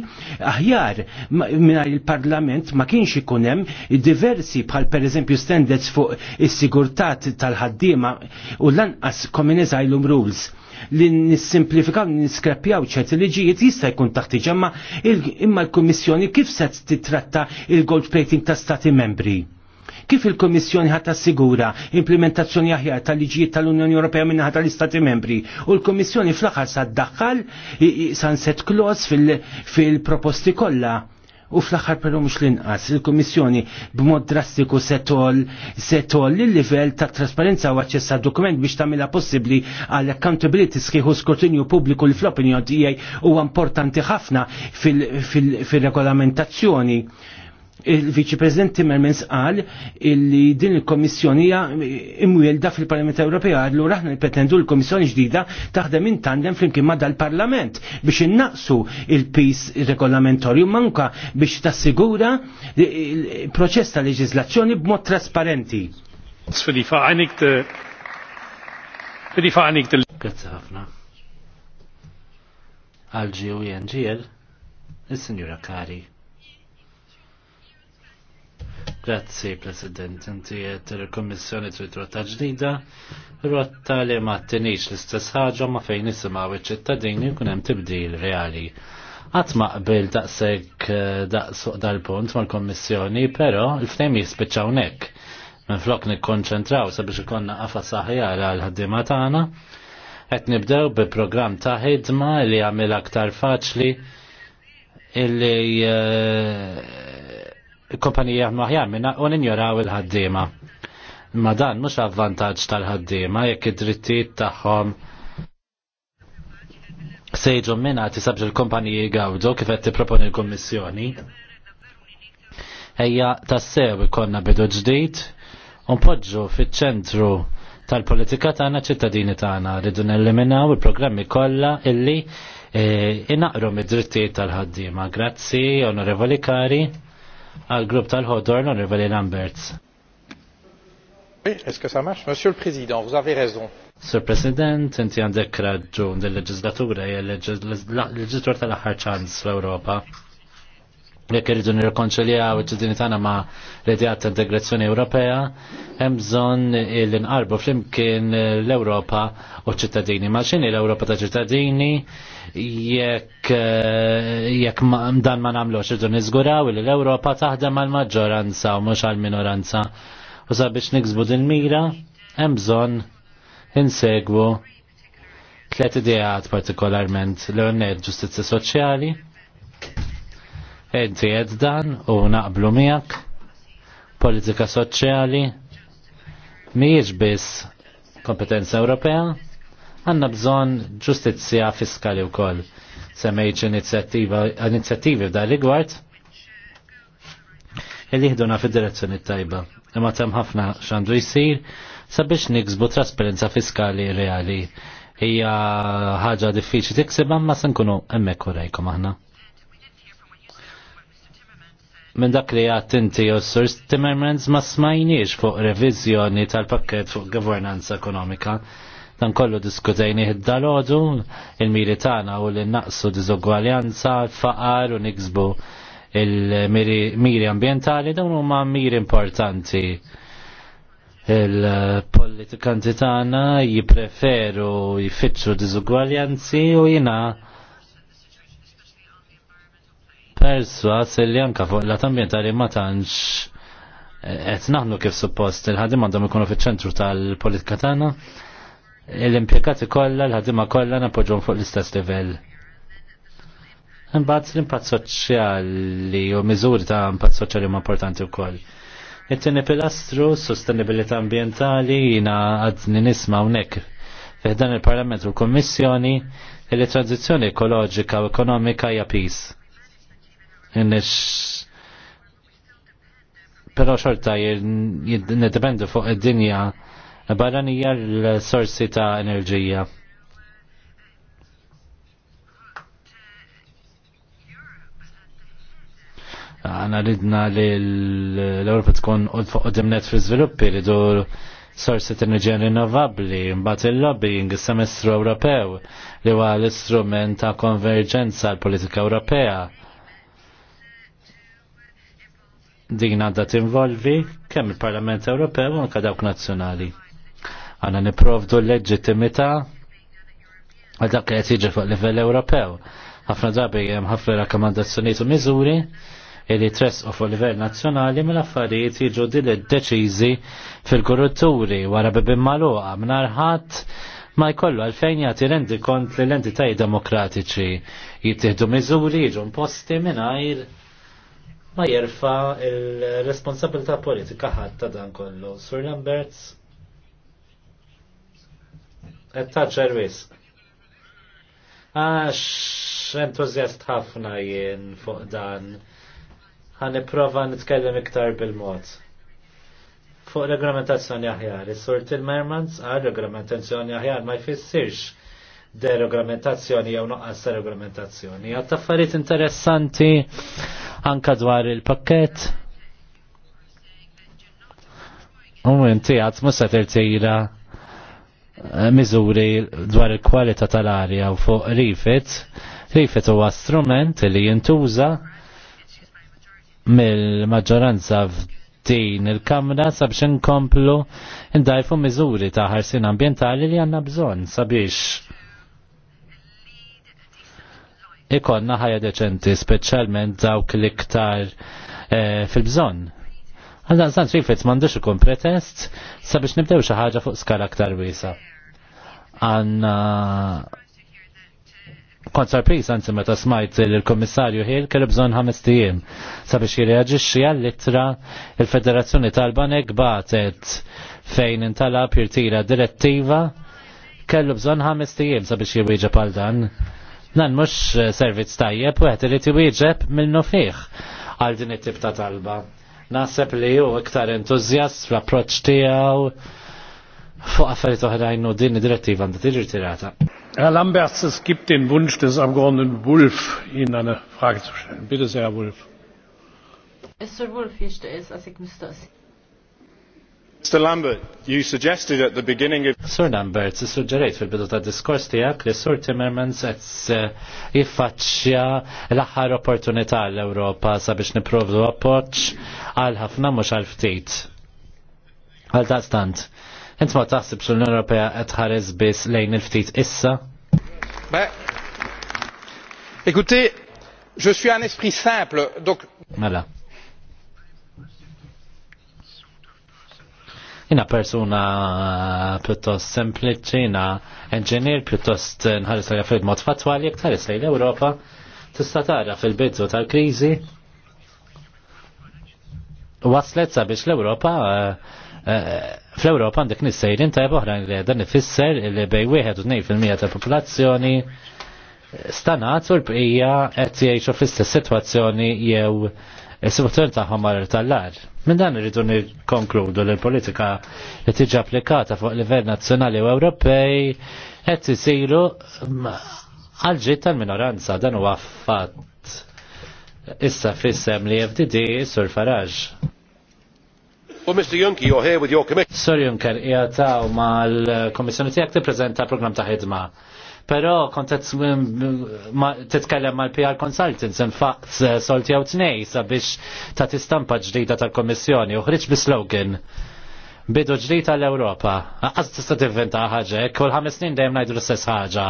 aħjar mingħajr il-Parlament ma kienx ikun hemm diversi bħal pereżempju standards fuq is-sigurtat tal-ħaddiema u lanqas common asylum rules li nissimplifikaw, niskreppjaw ċerti liġijiet jista' jkun iġemma imma l-Kummissjoni kif se titratta il-gold plating ta' stati membri kif il kummissjoni ħat assigura implementazzjoni aħjar tal-liġijiet tal-Unjoni Ewropea minnaħat tal-Istati Membri u l kummissjoni fl-aħħar sa ddaħħal sunset clause fil-proposti kollha U fl-axar però mux l-inqas, il-Komissjoni b'mod drastiku setol, setol il-livell ta' trasparenza u għacċessa dokument biex tamila possibli għal accountability sħiħu skrutinju pubbliku li fl-opinjon tijaj u importanti ħafna fil-regolamentazzjoni. Fil, fil il-Viċi President Timmermans qal illi din il-Komissjoni hija imwielda fil-Parlament Ewropej għallu raħna nipretendu l-Komissjoni ġdida taħdem in tandem flimkien ma' dal-Parlament biex innaqsu il-pis regolamentorju manka biex tassigura il-proċess ta' leġislazzjoni b'mod trasparenti. Grazie ħafna. Għal GUNGL, e il-Sinjura Kari. Grazzi, President, inti għed il-Kommissjoni Twitter ta' ġdida, rotta li ma t-tenix l-istess ħaġa ma fejn nisimaw iċ-ċittadini kun hemm tibdil reali. Għat ma qbel daqsek eh, daqsuq dal-punt mal-Kommissjoni, pero l ftem jispiċaw nek. Men flok nikkonċentraw sabiex ikonna għafa saħjar għal-ħaddiema tagħna, qed nibdew bi programm ta' ħidma li jagħmel aktar faċli illi eh, kompanija jaħdmu aħjar minna u ninjoraw il-ħaddiema. Ma dan mhux avvantaġġ tal-ħaddiema jekk id-drittijiet tagħhom sejġu minna tisabġ il-kumpaniji għawdu kif qed tipproponi l-Kummissjoni. Ejja tassew ikonna bidu ġdid u npoġġu fiċ-ċentru tal-politika tagħna ċittadini tagħna rridu nelliminaw il-programmi kollha illi E, inaqru mid-drittijiet tal-ħaddiema. Grazzi, onorevoli kari al grupp tal-ħodor l-Onorevoli Lamberts. Oui, est-ce que ça marche? Monsieur le Président, vous avez raison. Sir President, inti għandek raġun dil leġizlatura jgħal-leġizlatura tal ħarċans l-Europa jekk irridu nirkonċiljaw iċ-ċittadini tagħna ma' l-idejat ta' integrazzjoni Ewropea, hemm bżonn li nqarbu flimkien l-Ewropa u ċittadini. Ma' x'inhi l-Ewropa ta' ċittadini jekk eh, jekk dan ma nagħmlux irridu niżguraw li l-Ewropa taħdem għall-maġġoranza u mhux għall-minoranza. U sabiex niksbu din mira, hemm bżonn insegwu tliet ideat partikolarment l-għonnet ġustizja soċjali, eddi dan u naqblu miegħek politika soċjali mhijiex biss kompetenza Ewropea, għandna bżonn ġustizzja fiskali wkoll. Semmejċ inizjattivi li rigward il ħduna fid-direzzjoni tajba. Imma tem ħafna x'għandu jsir sabiex niksbu trasparenza fiskali reali. Hija ħaġa diffiċli tikseb ma se nkunu hemmhekk urejkom aħna minn dak li għat inti u oh, s-sur Timmermans ma smajniex fuq revizjoni tal-pakket fuq governanza ekonomika. Dan kollu diskutajni id-dalodu, il-miri tagħna u li naqsu diżugwaljanza, faqar u niksbu il-miri ambientali, dawn huma miri importanti. Il-politikanti tagħna jippreferu jfittxu diżugwaljanzi u jina Perswa li anka fuq l ambientali ma tantx eh, qed naħnu kif suppost il-ħadim għandhom ikunu fiċ-ċentru tal-politika tagħna l-impjegati kollha l-ħadima kollha napoġġhom fuq l-istess livell. Imbagħad l-impatt soċjali u miżuri ta' impatt soċjali huma importanti wkoll. It-tieni pilastru sostenibilità ambjentali jina għadni nisma' hawnhekk dan il-Parlament u l-Kommissjoni li tranzizzjoni ekoloġika u ekonomika hija peace Nis pero xorta jiddependu fuq id-dinja barranija l-sorsi ta' enerġija. Għana ridna li l-Europa tkun fuq dimnet fi sviluppi li sorsi ta' enerġija rinnovabli, mbagħad il-lobbying is-semestru Ewropew li huwa l-istrument ta' konverġenza l-politika Ewropea din għadda tinvolvi kemm il-Parlament Ewropew u anke dawk nazzjonali. Għandna niprovdu l-leġittimità għal dak li qed jiġi fuq livell Ewropew. Ħafna drabi hemm ħafna rakkomandazzjonijiet u miżuri li tresqu fuq livell nazzjonali mill-affarijiet jiġu dili deċiżi fil-kurutturi wara bibin magħluqa mingħajr ma jkollu għalfejn jagħti rendi kont li l-entitajiet demokratiċi jittieħdu miżuri jiġu imposti mingħajr ma jerfa il-responsabilità politika ħadd ta' dan kollu. Sur Lamberts qed taċċer wisq. Għax entuzjast ħafna jien fuq dan. Għan nipprova nitkellem iktar bil-mod. Fuq regolamentazzjoni aħjar, is-sur Tilmermans għal regolamentazzjoni aħjar ma jfissirx deregolamentazzjoni jew noqqas deregolamentazzjoni. Għat affarijiet interessanti anka dwar il-pakket. U inti għat musa tirtira eh, miżuri dwar il-kwalità tal-arja u fuq rifet. Rifet huwa strument li jintuża mill-maġġoranza din il-Kamra sabiex inkomplu ndajfu miżuri ta' ħarsin ambientali li għanna bżonn sabiex ikonna ħajja deċenti, speċjalment dawk l-iktar eh, fil-bżonn. Għaldan sant trifet, mandux ikun pretest sabiex nibdew xi ħaġa fuq skala aktar wiesa. Għanna kont sorpriż anzi meta smajt il-Komissarju kummissarju Hill kellu bżonn ħames tiem sabiex jirreaġixxi għall-ittra il-Federazzjoni tal-Banek batet fejn intalab jirtira direttiva kellu bżonn ħames tiem sabiex jirwieġa pal dan Nan mux eh, servizz tajjeb u qed irid iwieġeb minnu fih għal din it-tip ta' talba. Naħseb li hu iktar entuzjast fl approċ tijaw fuq affarijiet uħrajn u din id-direttiva għandha tiġi tirata. Herr Lamberts, es gibt den Wunsch des Abgeordneten Wulff, Ihnen eine Frage zu stellen. Bitte sehr, Herr Wulff. Is-Sur Wulff jixtieq isqasik mistoqsi. Mr. Lambert, you suggested at the beginning of... Sir Lambert, suġġerejt fil-bidu ta' diskors tiegħek li Sir Timmermans għet jiffaċċja l-aħħar opportunità l-Europa sabiex niprovdu appoċ għal ħafna mhux għal ftit. Għal ta' stant, int ma taħsib l-Unjoni Ewropea qed ħares biss lejn il-ftit issa? Écoutez, je suis un esprit simple, donc... Mela, Jina persuna pjuttost sempliċi, jina enġenir pjuttost nħarissa li għafrid mod fatwali, jek tħares l-Europa tista' tara fil-bidżu tal-krizi. Waslet sabiex l-Europa eh, eh, fl-Europa għandek nissejrin ta' oħra li dan ifisser li bej wieħed u 2% tal-popolazzjoni stanat u l-bqija qed jgħixu fl-istess sitwazzjoni jew is-subtur tagħhom mar tal-lar. Minn dan irridu nikkonkludu li l-politika li tiġi applikata fuq livell nazzjonali u Ewropej qed isiru għal ġid tal-minoranza dan huwa fatt issa fissem li FDD sur Faraġ. U Mr. Juncker, you're here with your committee. Sir Juncker, jgħataw ma l-Komissjoni tijak ti prezenta program ta' ħidma Pero kont titkellem mal-PR Consultants infaqt solti għaw tnej sabiex ta' tistampa ġdida tal-Komissjoni u ħriġ bi-slogan bidu ġdid tal ewropa Għaz tista tivventa ħaġa, kull ħames snin dejjem ngħidu l-istess ħaġa.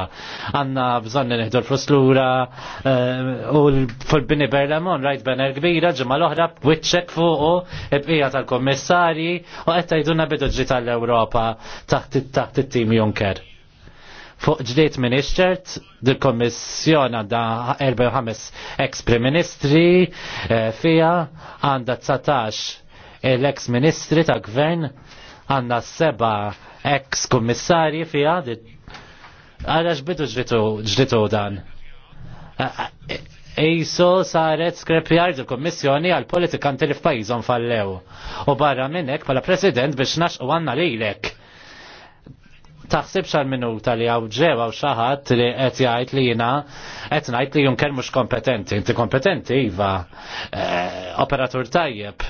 Għandna bżonn nieħdu l-fruslura eh, u l-fulbini Berlemon rajt bener kbira ġimgħa l-oħra wiċċek fuq il-bqija tal-kummissarji u qed tgħiduna bidu ġdid tal ewropa taħt it-tim Juncker fuq ġdiet ministert, dil-Kommissjon għanda 4 ex-Prim Ministri eh, fija, għanda 19 l-ex Ministri ta' Gvern, għanda 7 ex-Kommissari fija, għalax bidu ġditu dan. Ejso eh, eh, saret skrepjar di kommissjoni għal politikanti li f'pajizom fallew. U barra minnek pala president biex nax u għanna lilek taħsibx xar minuta li għaw ġewa u xaħat li qed jgħid li jina qed ngħid li junker mhux kompetenti. Inti kompetenti iva eh, operatur tajjeb.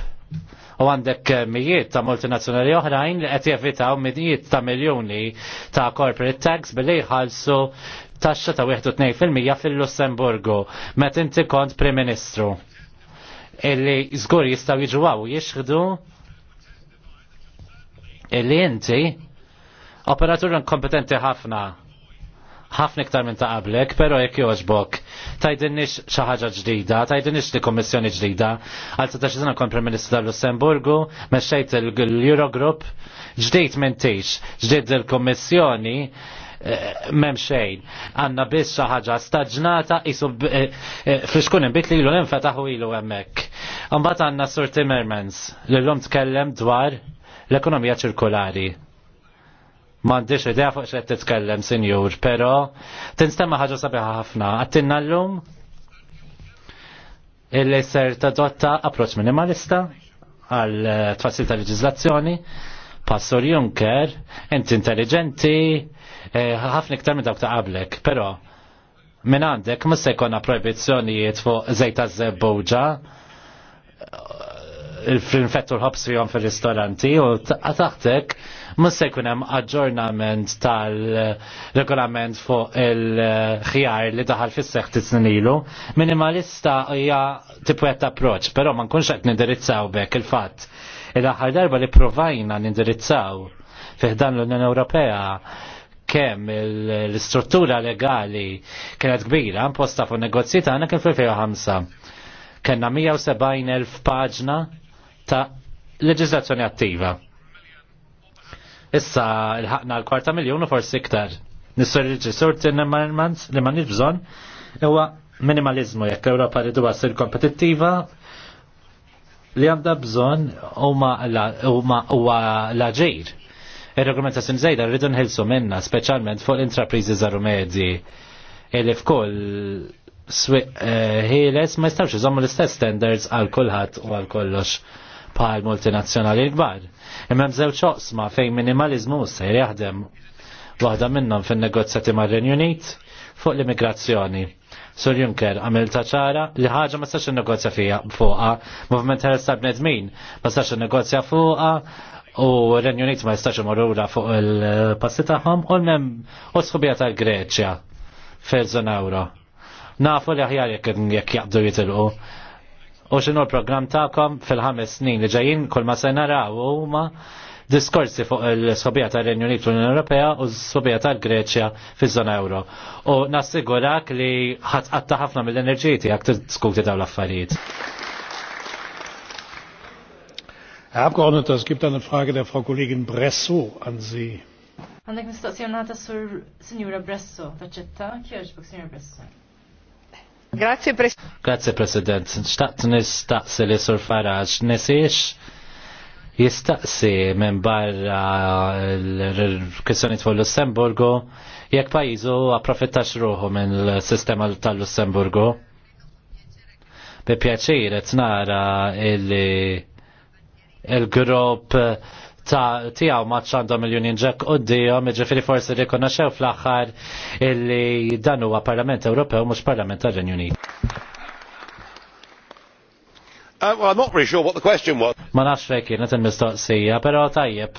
U għandek eh, mijiet ta' multinazzjonali oħrajn li qed jevitaw mijiet ta' miljuni ta' corporate tax billi jħallsu taxxa ta' 1.2% fil-Lussemburgu met inti kont Prim Ministru illi żgur jistgħu jiġu jiexħdu illi inti Operatur kompetenti ħafna ħafna iktar minn ta' qablek, pero jekk joġbok, tajdinix xi ħaġa ġdida, tajdinix li kommissjoni ġdida, għal ta' xizna kon Prim-Ministru tal-Lussemburgu, mexxejt l-Eurogroup, ġdejt m'intix, ġdid il-Kommissjoni, eh, mem xejn, għanna biss xi ħaġa staġnata isu eh, eh, friskun imbit li ilu l-infetaħu ilu hemmhekk. Imbagħad għandna Sur Timmermans li l tkellem dwar l-ekonomija ċirkolari. M'għandix idea fuq t-tkellem, senjur, sinjur, t tinstemma ħaġa sabiħa ħafna. Għattinna llum illi ser tadotta approċ minimalista għal eh, tfassil ta' leġizlazzjoni. passur Juncker, inti intelligenti, eh, ħafna iktar minn dawk ta' qablek, pero minn għandek ma se jkollna proibizzjonijiet fuq zejta zebbuġa eh, il-frinfettu l-ħobs fihom fir-ristoranti u taħtek ta Mus se jkun hemm aġġornament tal-regolament fuq il-ħjar li daħal fis-seħħ tisnin ilu. Minimalista hija tipwet approċ, però ma nkunx qed nindirizzaw bekk il-fatt. Il-aħħar darba li provajna nindirizzaw fiħdan l-Unjoni Ewropea kemm l-istruttura legali kienet kbira, imposta fuq negozji tagħna kien fil-2005. Kenna 170,000 paġna ta' leġislazzjoni attiva. Issa l-ħakna l-kwarta miljonu u forsi iktar. Nissur il-ġisur n-emmanimans li ma nifżon, huwa minimalizmu jekk l-Europa ridu għasir kompetittiva li għanda bżon huwa laġir. ġejr Il-regolamentazzjoni zejda rridu nħilsu minna, speċjalment fuq l-intrapriżi żaru medji li f'kull eh, ħieles ma jistawx iżommu l-istess standards għal kulħadd u għal kollox bħal multinazzjonali kbar. Imma żewġ ċoqsma fejn minimalizmu se jaħdem waħda minnhom fin-negozjati mar-Renju Unit fuq l-immigrazzjoni. Sur Juncker għamil ċara li ħaġa ma stax negozja fija fuqa, movement ħelsa bnedmin, ma sax negozja fuqa, u Renju Unit ma jistax imorrura fuq il-passi tagħhom u l-mem u sħubija tal-Greċja fil-żon euro. Nafu li aħjar jekk jaqdu jitilqu, U xinu l-program ta'kom fil-ħames snin li ġajin kol ma se u ma diskorsi fuq il-sobija tal-Renju Unit l-Unjoni Ewropea u s-sobija tal-Greċja fil-zona euro. U nassigurak li ħatqatta ħafna mill-enerġija t diskuti dawn l-affarijiet. Herr Abgeordneter, es gibt eine Frage der Frau Kollegin Bresso an Sie. Għandek mistoqsijonata sur Signora Bresso, taċċetta, kjerġbuk Signora Bresso. Grazie, pres Grazie President. Xtaqt nistaqsi li sur Faraġ, nisiex jistaqsi minn barra l-kwissjoni fuq Lussemburgu jekk pajizu approfittax ruħu minn l-sistema tal-Lussemburgu. Bi pjaċir etnara il-grupp il grupp il ta' tijaw maċ għandhom il-Union Jack u d-dijom, ġifiri forsi rikonoxew fl-axħar illi dan huwa Parlament Ewropew mux Parlament tal Unit. Uh, well, I'm not really sure what the question was. Ma nafx fejk kienet il-mistoqsija, però tajjeb,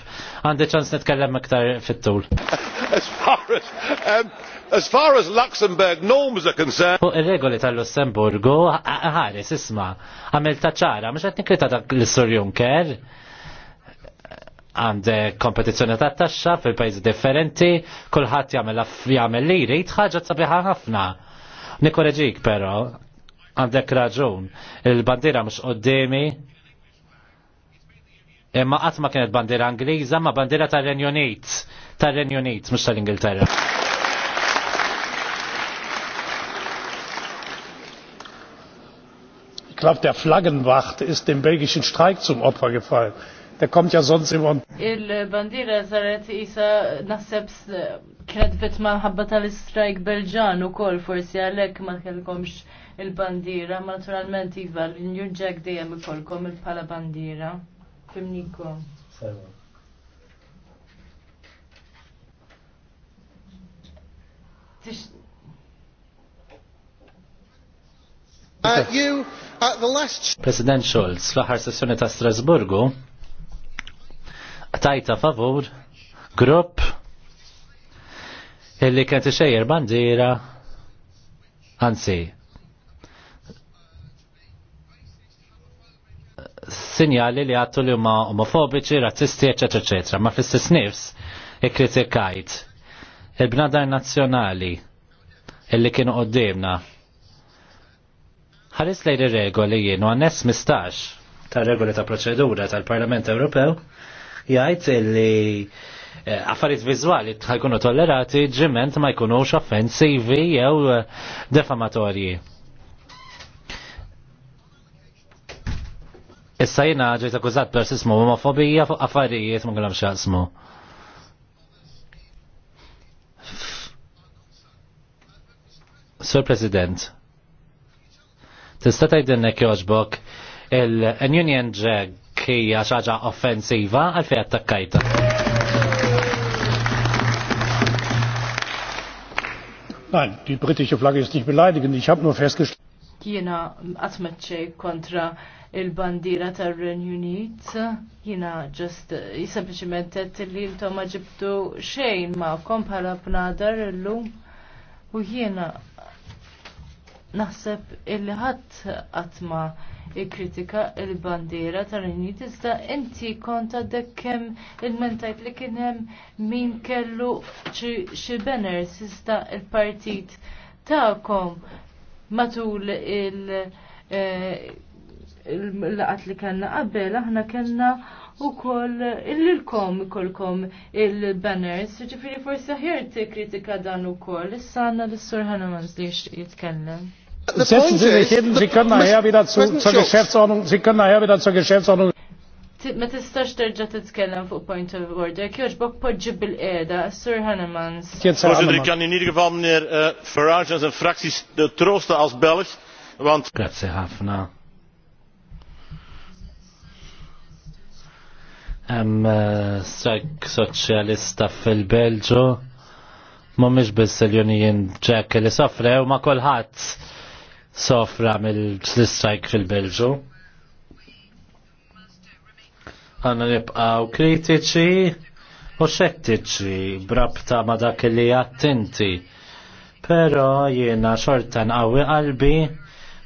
għandi ċans nitkellem iktar fit-tul. (laughs) as far as, um, as far as Luxembourg norms are concerned. Fuq il-regoli tal-Lussemburgu, ħares, isma, għamil taċara, mux għetni krita dak l-Sur Juncker, għandek eh, kompetizzjoni ta' taxxa fil-pajjiżi differenti, kulħadd jagħmel jagħmel li jrid ħaġa sabiħa ħafna. Nikoreġik però, għandek raġun, il-bandira mhux qoddimi, imma qatt ma kienet bandira Angliża ma bandira tar-Renju Unit, tar-Renju Unit mhux tal-Ingilterra. Ich glaube, der Flaggenwacht ist dem belgischen Streik zum Opfer gefallen. Da kommt ja sonst immer. Il-bandira saret isa naħseb kredbet maħabba tal-strajk Belġan u kol forsi għalek ma kellkomx il-bandira, ma naturalment iva l-New Jack dejjem ikolkom il-pala bandira. Niko. Uh, you, uh, the last... President Scholz, fl-aħħar sessjoni ta' Strasburgu, tajta favur grupp illi kent xejjer bandiera anzi sinjali li għattu li huma omofobiċi, razzisti, eċetera, eccetera, Ma fl-istess nifs ikkritikajt il-bnadar nazzjonali illi kienu qoddimna. Ħares lejn ir-regoli jien għannes mistax tar regoli ta' proċedura tal-Parlament Ewropew jgħid li eh, affarijiet viżwali ħajkunu tollerati ġiment ma jkunux offensivi jew eh, defamatorji. Issa jina ġejt akkużat per sismu homofobija fuq affarijiet ma kellhom xaqsmu. Sur President, tista' tgħidilnek jogħġbok il-Union Jack hija xaġa offensiva għal fej attakkajta. Nein, die britische Flagge ist nicht beleidigend. Ich habe nur festgestellt. Jiena għatmetċej kontra il-bandira tal renju Unit. Jena just jisempliciment li l ma ġibtu xejn ma kom bnadar l-lum. U jena naħseb il-ħat atma ikkritika il-bandiera tal-Unjoni tista' inti konta dekkem il-mentajt li kien hemm min kellu xi banners iżda il-partit tagħkom matul il- eh, il-laqat li kellna qabel aħna kellna u koll il-kom kolkom il-banners, ġifiri forsi ħjer kritika dan u koll, issa għanna l-sur ħana jitkellem. Setzen Sie sich hin, Sie können nachher wieder zu, zur Geschäftsordnung, Sie können nachher wieder zur Geschäftsordnung. Ma tistax terġa titkellem fuq point of order, kjoġ bok podġi bil-eda, Sir Hannemans. Voorzitter, ik kan in ieder geval meneer eh, Farage en zijn fracties troosten als Belg, want... Grazie, Hafna. Hemm eh, strajk soċjalista fil-Belġu mhumiex biss il-Union Jack li sofrew ma' kulħadd sofra mill-strike fil-Belġu. Għanna nibqaw kritiċi u xettiċi brabta ma dak li attenti. Pero jiena xorta għawi qalbi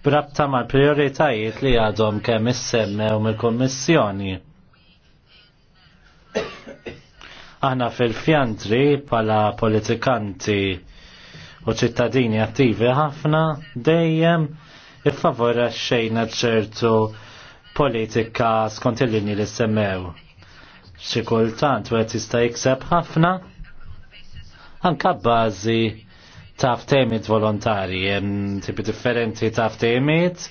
brabta mal prioritajiet li għadhom kemm u mill-Kummissjoni. Aħna fil-fjantri pala politikanti u ċittadini attivi ħafna dejjem iffavora xejna ċertu politika skont il-linji li semmew. ċikultant kultant wieħed jista' jikseb ħafna anka bazi ta' ftehimiet volontari, tipi differenti ta' temit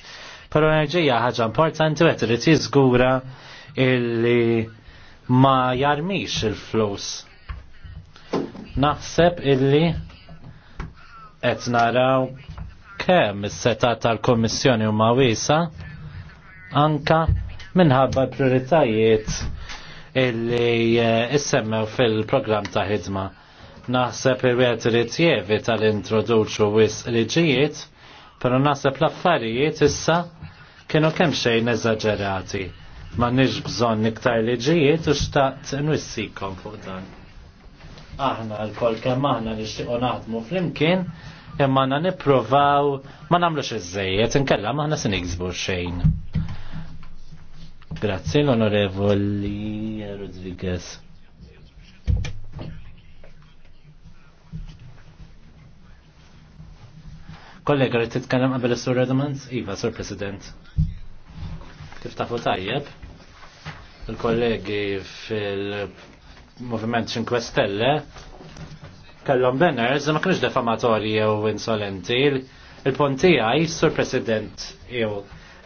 pero enerġija ħaġa importanti għet li tizgura illi ma jarmix il-flus. Naħseb illi qed naraw kemm is-seta tal komissjoni huma wiesa anka minħabba prioritajiet illi eh, issemmew fil-programm ta' ħidma. Naħseb il wet irid jevita introduċu wis liġijiet, però naħseb l-affarijiet issa kienu kemm xejn eżaġerati. Ma nix bżonn iktar liġijiet u xtaqt nwissikom fuq dan. Aħna l-kol kemm aħna nixtiequ naħdmu flimkien imma na nipprovaw ma nagħmlux iż-żejjed inkella maħna se niksbu xejn. Grazzi l-Onorevoli Rodriguez. Kollega li titkellem qabel is-Sur Edmonds? Iva, Sur President. Kif tafu tajjeb? Il-kollegi fil-Moviment 5 Stelle kellhom banners ma kienx defamatorji jew insolenti. Il-pontijaj, sur President, jew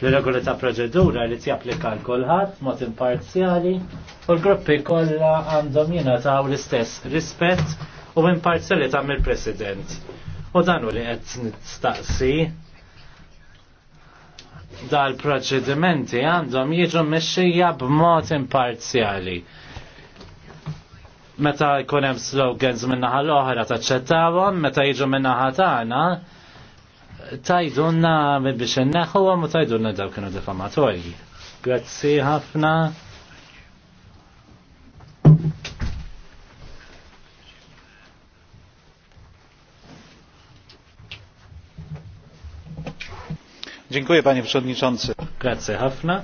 l-regoli ta' proċedura li ti applika l-kolħat mot imparzjali u l-gruppi kollha għandhom jingħataw l-istess rispett u ta mill-President. U dan u li qed nistaqsi dal-proċedimenti għandhom jiġu mexxija b'mod imparzjali meta jkun hemm slogans min-naħa l-oħra taċċettawhom, meta jiġu min-naħa tagħna tajdunna biex inneħħuhom u tajdunna dawk kienu diffamatorji. Grazzi ħafna. Dziękuję panie przewodniczący. Grazie Hafna.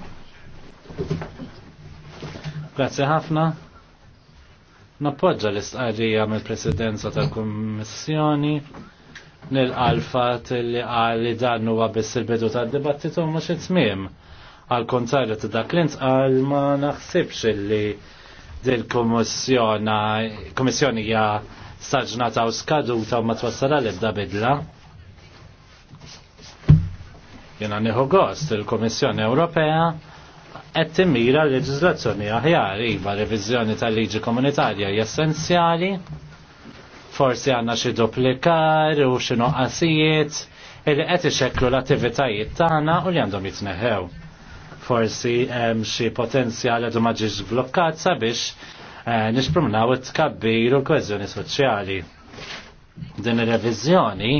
Grazie Hafna. Nappoġġa l-istqarrija mill-Presidenza tal-Kummissjoni nil-qalfat li għalli dan huwa biss il-bidu tad-dibattitu mhux it-tmiem. Għal kontrarju ta' dak li ntqal ma naħsibx li dil-Kummissjoni hija staġnata u skaduta u ma twassala l-ebda bidla. Jena nieħu gost il-Kummissjoni Ewropea qed timmira l-leġiżlazzjoni aħjar iva reviżjoni tal-liġi komunitarja essenzjali forsi għandna xi duplikar u xi noqqasijiet illi qed ixekklu l-attivitajiet tagħna u li għandhom jitneħew. Forsi hemm xi potenzjal għadu ma ġiex blokkat sabiex eh, nixprumnaw it-tkabbir u l-kwezzjoni soċjali. Din ir-reviżjoni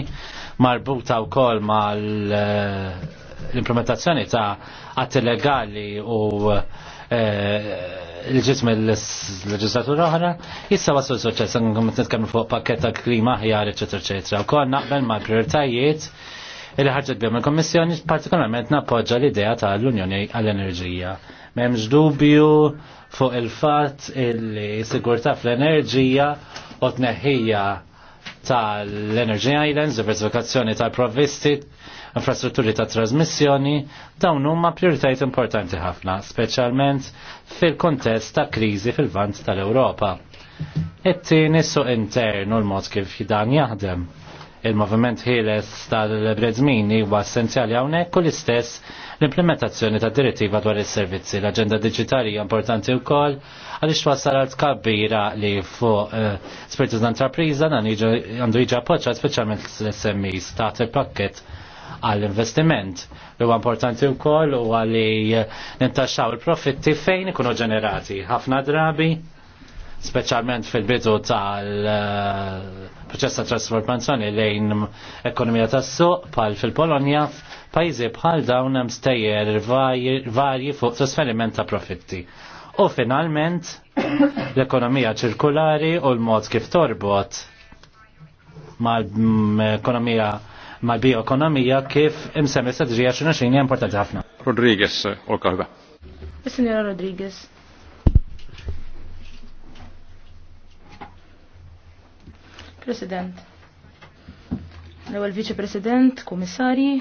marbuta wkoll mal eh, l-implementazzjoni ta' atti legali u eh, l-ġism l-leġislatura oħra, jissa waslu suċċess, għum t-nitkellmu fuq pakketta klima ħjar, eccetera, eccetera. U kol naqbel ma' prioritajiet li ħarġet bjom il-Kommissjoni, partikolarment nappoġġa l-idea ta' l-Unjoni għall-Enerġija. Memx dubju fuq il-fat il-sigurta fl-enerġija u t-neħija tal-Energy Islands, diversifikazzjoni tal-provvisti, infrastrutturi ta' trasmissjoni, dawn huma prioritajiet importanti ħafna, speċjalment fil-kontest ta' kriżi fil-vant tal-Ewropa. It-tieni suq internu l-mod kif dan jaħdem il-moviment ħieles tal-bredżmin huwa essenzjali hawnhekk u l-istess l-implementazzjoni tad direttiva dwar is-servizzi. L-aġenda diġitali hija importanti wkoll għaliex twassal għal tkabbira li fuq eh, spiritu d antrapriża dan għandu jiġi appoġġja speċjalment l-SMEs taħt il-pakket għall-investiment li huwa importanti wkoll u għalli nintaxxaw il-profitti fejn ikunu ġenerati. Ħafna drabi specialment fil-bidu tal-proċess eh, ta' trasformazzjoni lejn ekonomija tas-suq pal fil-Polonja pajzi bħal dawn hemm stejjer varji fuq trasferiment ta' profitti. U finalment (coughs) l-ekonomija ċirkulari u l-mod kif torbot mal-ekonomija mm, mal-bioekonomija kif imsemmi strategija xinu xini importanti ħafna. Rodriguez, olka ħba. Rodriguez. President. L-ewwel Viċi President, Kummissarji,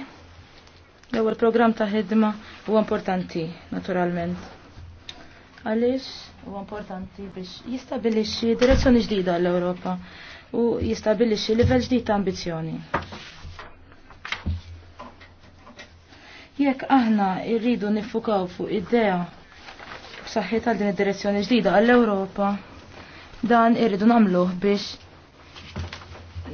l-ewwel programm ta' ħidma huwa importanti naturalment. Għaliex huwa importanti biex jistabilixxi direzzjoni ġdida l-Ewropa u jistabilixxi livell ġdid ta' ambizzjoni. Jekk aħna rridu nifukaw fuq idea b'saħħitha din id-direzzjoni ġdida għall-Ewropa, dan irridu nagħmluh biex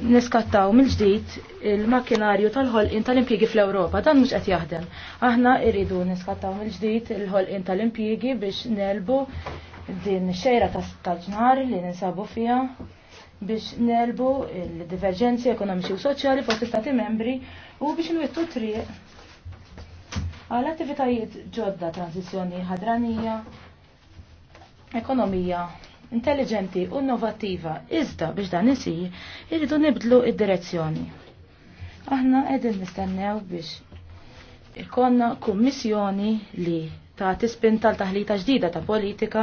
niskattaw mill-ġdid il-makinarju tal-ħolqin tal-impjigi fl-Ewropa, dan mhux qed jaħdem. Aħna rridu niskattaw mill-ġdid il-ħolqin tal-impjigi biex nelbu din xejra tal-ġnar li ninsabu fija biex nelbu il-diverġenzi ekonomiċi u soċjali fost istati membri u biex nwittu triq għal attivitajiet ġodda tranzizjoni ħadranija, ekonomija intelligenti u innovativa, iżda biex dan isir jridu nibdlu id-direzzjoni. Aħna qegħdin nistennew biex ikonna kummissjoni li tagħti spinta tal taħlita ġdida ta' politika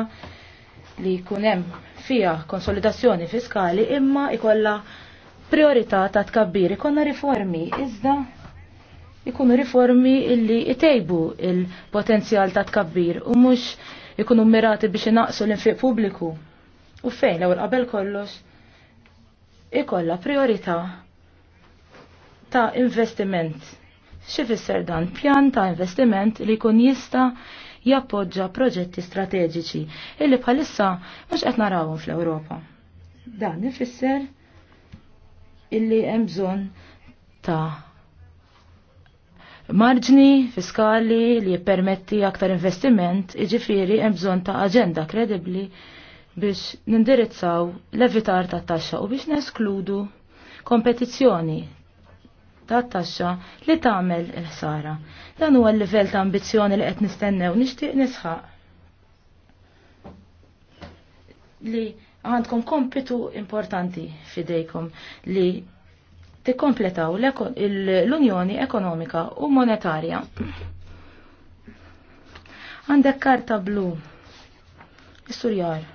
li jkun hemm fiha konsolidazzjoni fiskali imma ikolla priorità ta' tkabbir ikonna riformi iżda ikunu riformi illi itejbu il-potenzjal ta' tkabbir u mhux ikunu mirati biex inaqsu l-infiq pubbliku u fejn l qabel kollox ikolla priorità ta' investiment. Xifisser dan pjan ta' investiment li kun jista jappoġġa proġetti strateġiċi illi bħalissa mhux qed narawhom fl-Ewropa. Dan ifisser illi hemm bżonn ta' marġni fiskali li jippermetti aktar investiment, iġifieri hemm bżonn ta' aġenda kredibbli biex nindirizzaw l-evitar ta' taxxa u biex neskludu kompetizzjoni ta' taxxa li tagħmel il-ħsara. Dan huwa l-livell ta' ambizzjoni li qed nistennew nixtieq nisħaq. Li għandkom kompitu importanti fidejkom li tikkompletaw l-Unjoni Ekonomika u Monetarja. Għandek karta blu. Isturjar.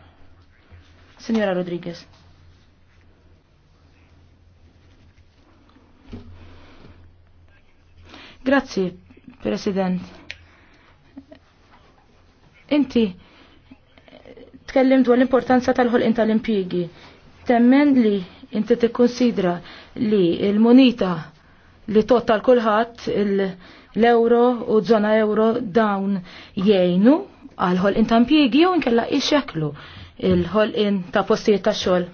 Signora Rodriguez. Grazzi, President. Inti tkellim dwar l-importanza tal-ħolqin tal-impjigi. Temmen li inti tikkonsidra li l-monita li tal-kulħat l-euro u żona euro dawn jgħinu għal ħolqin tal-impjigi jew inkella ixeklu il-ħolqin ta' postijiet ta' xogħol.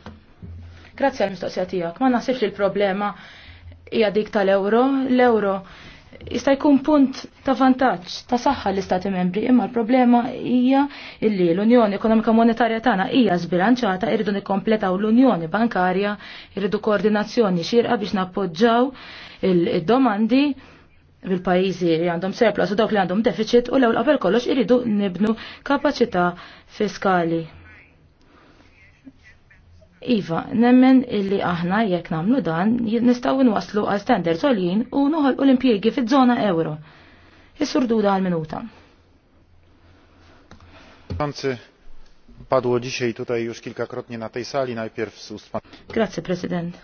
Grazzi għal mistoqsija tiegħek. Ma naħsibx li l-problema hija dik tal-euro. L-euro jista' jkun punt ta' vantaġġ ta' saħħa l-Istati Membri, imma l-problema hija illi l-Unjoni Ekonomika Monetarja tagħna hija żbilanċata, irridu nikkompletaw l-Unjoni Bankarja, irridu koordinazzjoni xirqa biex nappoġġaw il-domandi bil-pajizi li għandhom surplus u dawk li għandhom deficit u l-ewwel qabel kollox iridu nibnu kapaċità fiskali. Iva, nemmen illi aħna jekk namlu dan nistaw nwaslu għal standards għolin u nuħol olimpijegi fit zona euro. Jissurdu da għal-minuta. Pancy, padło dzisiaj tutaj już kilkakrotnie na tej sali, najpierw z ust pan... Grazie, prezydent.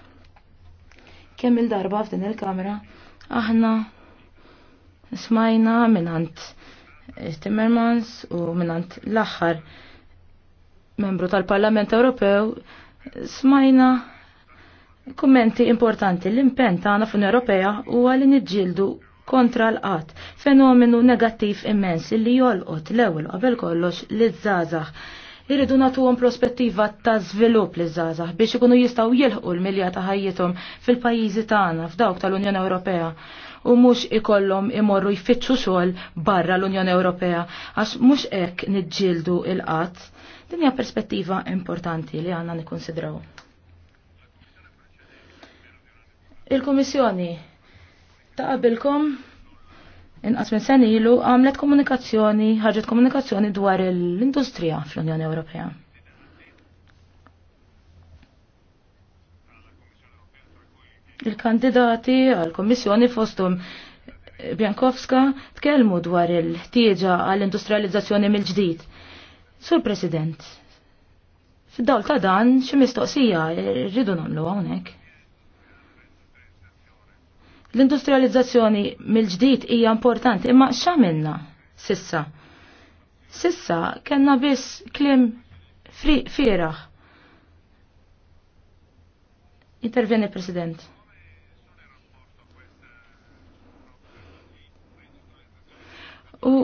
Kemm il-darba f'din il-kamera, aħna smajna minant eh, Timmermans u minant l axar membru tal-Parlament Ewropew smajna kummenti importanti l-impen tagħna fun Ewropea huwa li niġġieldu kontra l-qatt, fenomenu negattiv immens li jolqot l-ewwel qabel kollox liż żgħażagħ. Irridu nagħtuhom prospettiva ta' żvilupp li żgħażagħ biex ikunu jistgħu jilħqu l-milja ta' ħajjithom fil-pajjiżi tagħna f'dawk tal-Unjoni Ewropea u mhux ikollhom imorru jfittxu xogħol barra l-Unjoni Ewropea għax mhux hekk niġġieldu l-qatt Din hija perspettiva importanti li għandna nikkonsidraw. Il-Kummissjoni ta' qabilkom inqas minn sen ilu għamlet komunikazzjoni, ħarġet komunikazzjoni dwar l-industrija fl-Unjoni Ewropea. Il-kandidati għal komissjoni fostum Bjankowska tkellmu dwar il-ħtieġa għall-industrializzazzjoni mill-ġdid Sur President, fid-dawl ta' dan xi mistoqsija rridu nagħmlu hawnhekk. L-industrializzazzjoni mill-ġdid hija importanti, imma x'għamilna sissa? Sissa kellna biss kliem fieraħ. Intervjeni President. U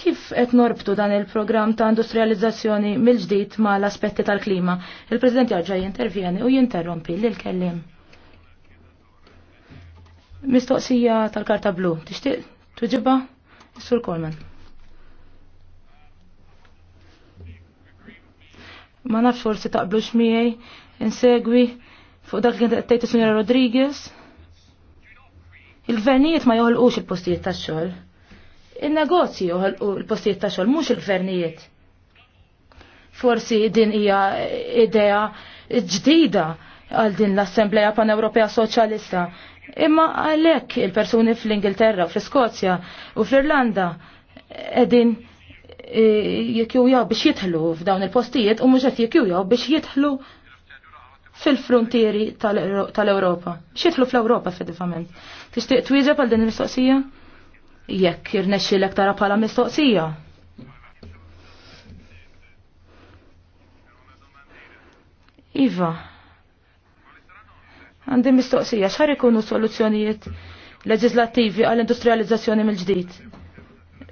Kif qed norbtu dan il-programm ta' industrializzazzjoni mill-ġdid ma' l-aspetti tal-klima? Il-President jarġa' jintervjeni u jinterrompi lil kellim. Mistoqsija tal-Karta Blu, tixtieq tuġibha? Sur Coleman. Ma nafx forsi taqblux miegħi insegwi fuq dak li qed Sinjora Rodriguez. Il-gvernijiet ma joħolqux il-postijiet tax-xogħol il-negozji u l-postijiet ta' xogħol mhux il-gvernijiet. Forsi din hija idea ġdida għal din l-Assembleja Pan-Ewropea Soċjalista. Imma għalhekk il-persuni fl-Ingilterra, fl-Iskozja u fl-Irlanda qegħdin e, jekjujaw biex jitħlu f'dawn il-postijiet u mhux qed jekjujaw biex jitħlu fil-frontieri tal-Europa. Xitlu fl-Europa fedifament. Tixtieq twieġeb għal din il-mistoqsija? jekk l tara bħala mistoqsija. Iva, għandi mistoqsija, xar ikunu soluzzjonijiet leġislattivi għall-industrializzazzjoni mill-ġdid?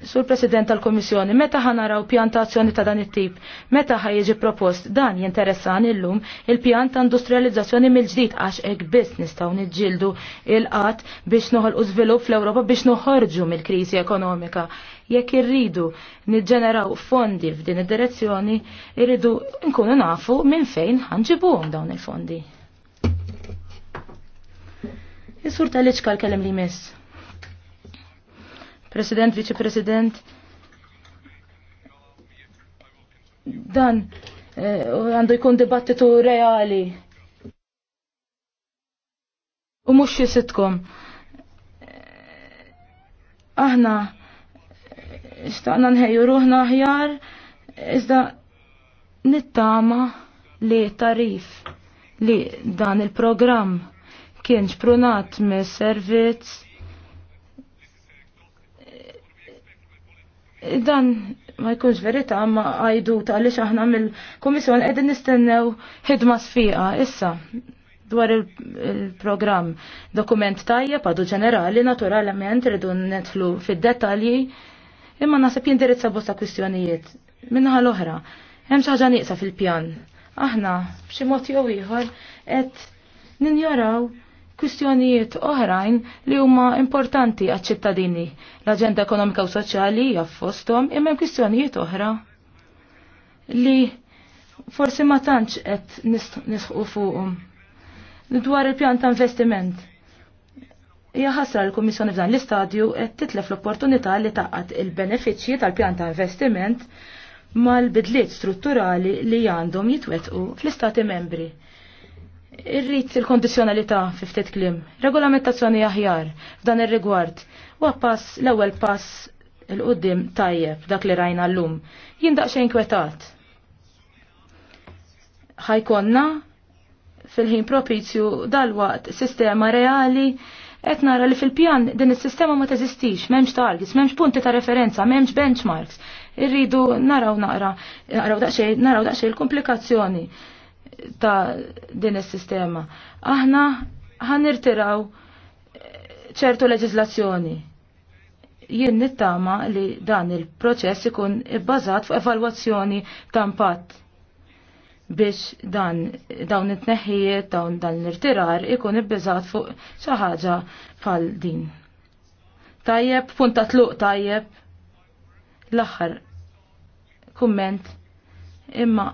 Sur President tal-Komissjoni, meta ħanaraw pjantazzjoni ta' dan it-tip, meta ħajġi propost dan jinteressan illum il-pjan ta' industrializzazzjoni mill-ġdid għax hekk biss nistgħu niġġieldu il-qatt biex noħolqu żvilupp fl-Ewropa biex noħorġu mill-kriżi ekonomika. Jekk irridu niġġeneraw fondi f'din id-direzzjoni, irridu nkunu nafu minn fejn ħanġibuhom dawn il-fondi. Is-sur tal-iċkal kellem li miss. President, Vice President. Dan eh, għandu jkun dibattitu reali. U mhux jisitkom. Eh, aħna istaqna eh, nħejju ruħna aħjar iżda nittama li tarif li dan il-programm kien prunat me servizz Dan ma jkunx verità ma għajdu tal għaliex aħna mill-Kummissjoni qegħdin nistennew ħidma sfiqa issa dwar il-programm dokument tajjeb għadu ġenerali naturalment rridu netflu fid-dettalji imma naħseb jindirizza bosta kwistjonijiet. minna l-oħra, hemm xi ħaġa nieqsa fil-pjan. Aħna b'xi mod jew ieħor qed ninjoraw kwistjonijiet oħrajn li huma importanti għaċ-ċittadini. L-aġenda ekonomika u soċjali hija fosthom imma kwistjonijiet oħra li forsi ma tantx qed nisħu fuqhom. Dwar il-pjan ta' investiment. Hija ħasra l-Kummissjoni f'dan l-istadju qed titlef l-opportunità li taqgħad il-benefiċċji tal-pjan ta' investiment mal-bidliet strutturali li għandhom jitwetqu fl-Istati membri irrid il-kondizjonalità fi ftit Regolamentazzjoni aħjar f'dan ir-rigward huwa pass l-ewwel pass il qudiem tajjeb dak li rajna llum. Jien daqsxejn kwetat. Ħajkonna fil-ħin propizju dal-waqt sistema reali qed nara li fil-pjan din is-sistema ma teżistix, m'hemmx targets, m'hemmx punti ta' referenza, m'hemmx benchmarks. Irridu naraw naqra, naraw daqsxejn naraw daqsxejn il-komplikazzjoni. il komplikazzjoni ta' din is-sistema. Aħna irtiraw eh, ċertu leġizlazzjoni. Jien nittama li dan il-proċess ikun ibbażat fuq evalwazzjoni ta' impatt biex dan dawn it-tneħħijiet dawn dan l-irtirar ikun ibbiżat fuq xi ħaġa bħal din. Tajjeb, punta tluq tajjeb. L-aħħar kumment imma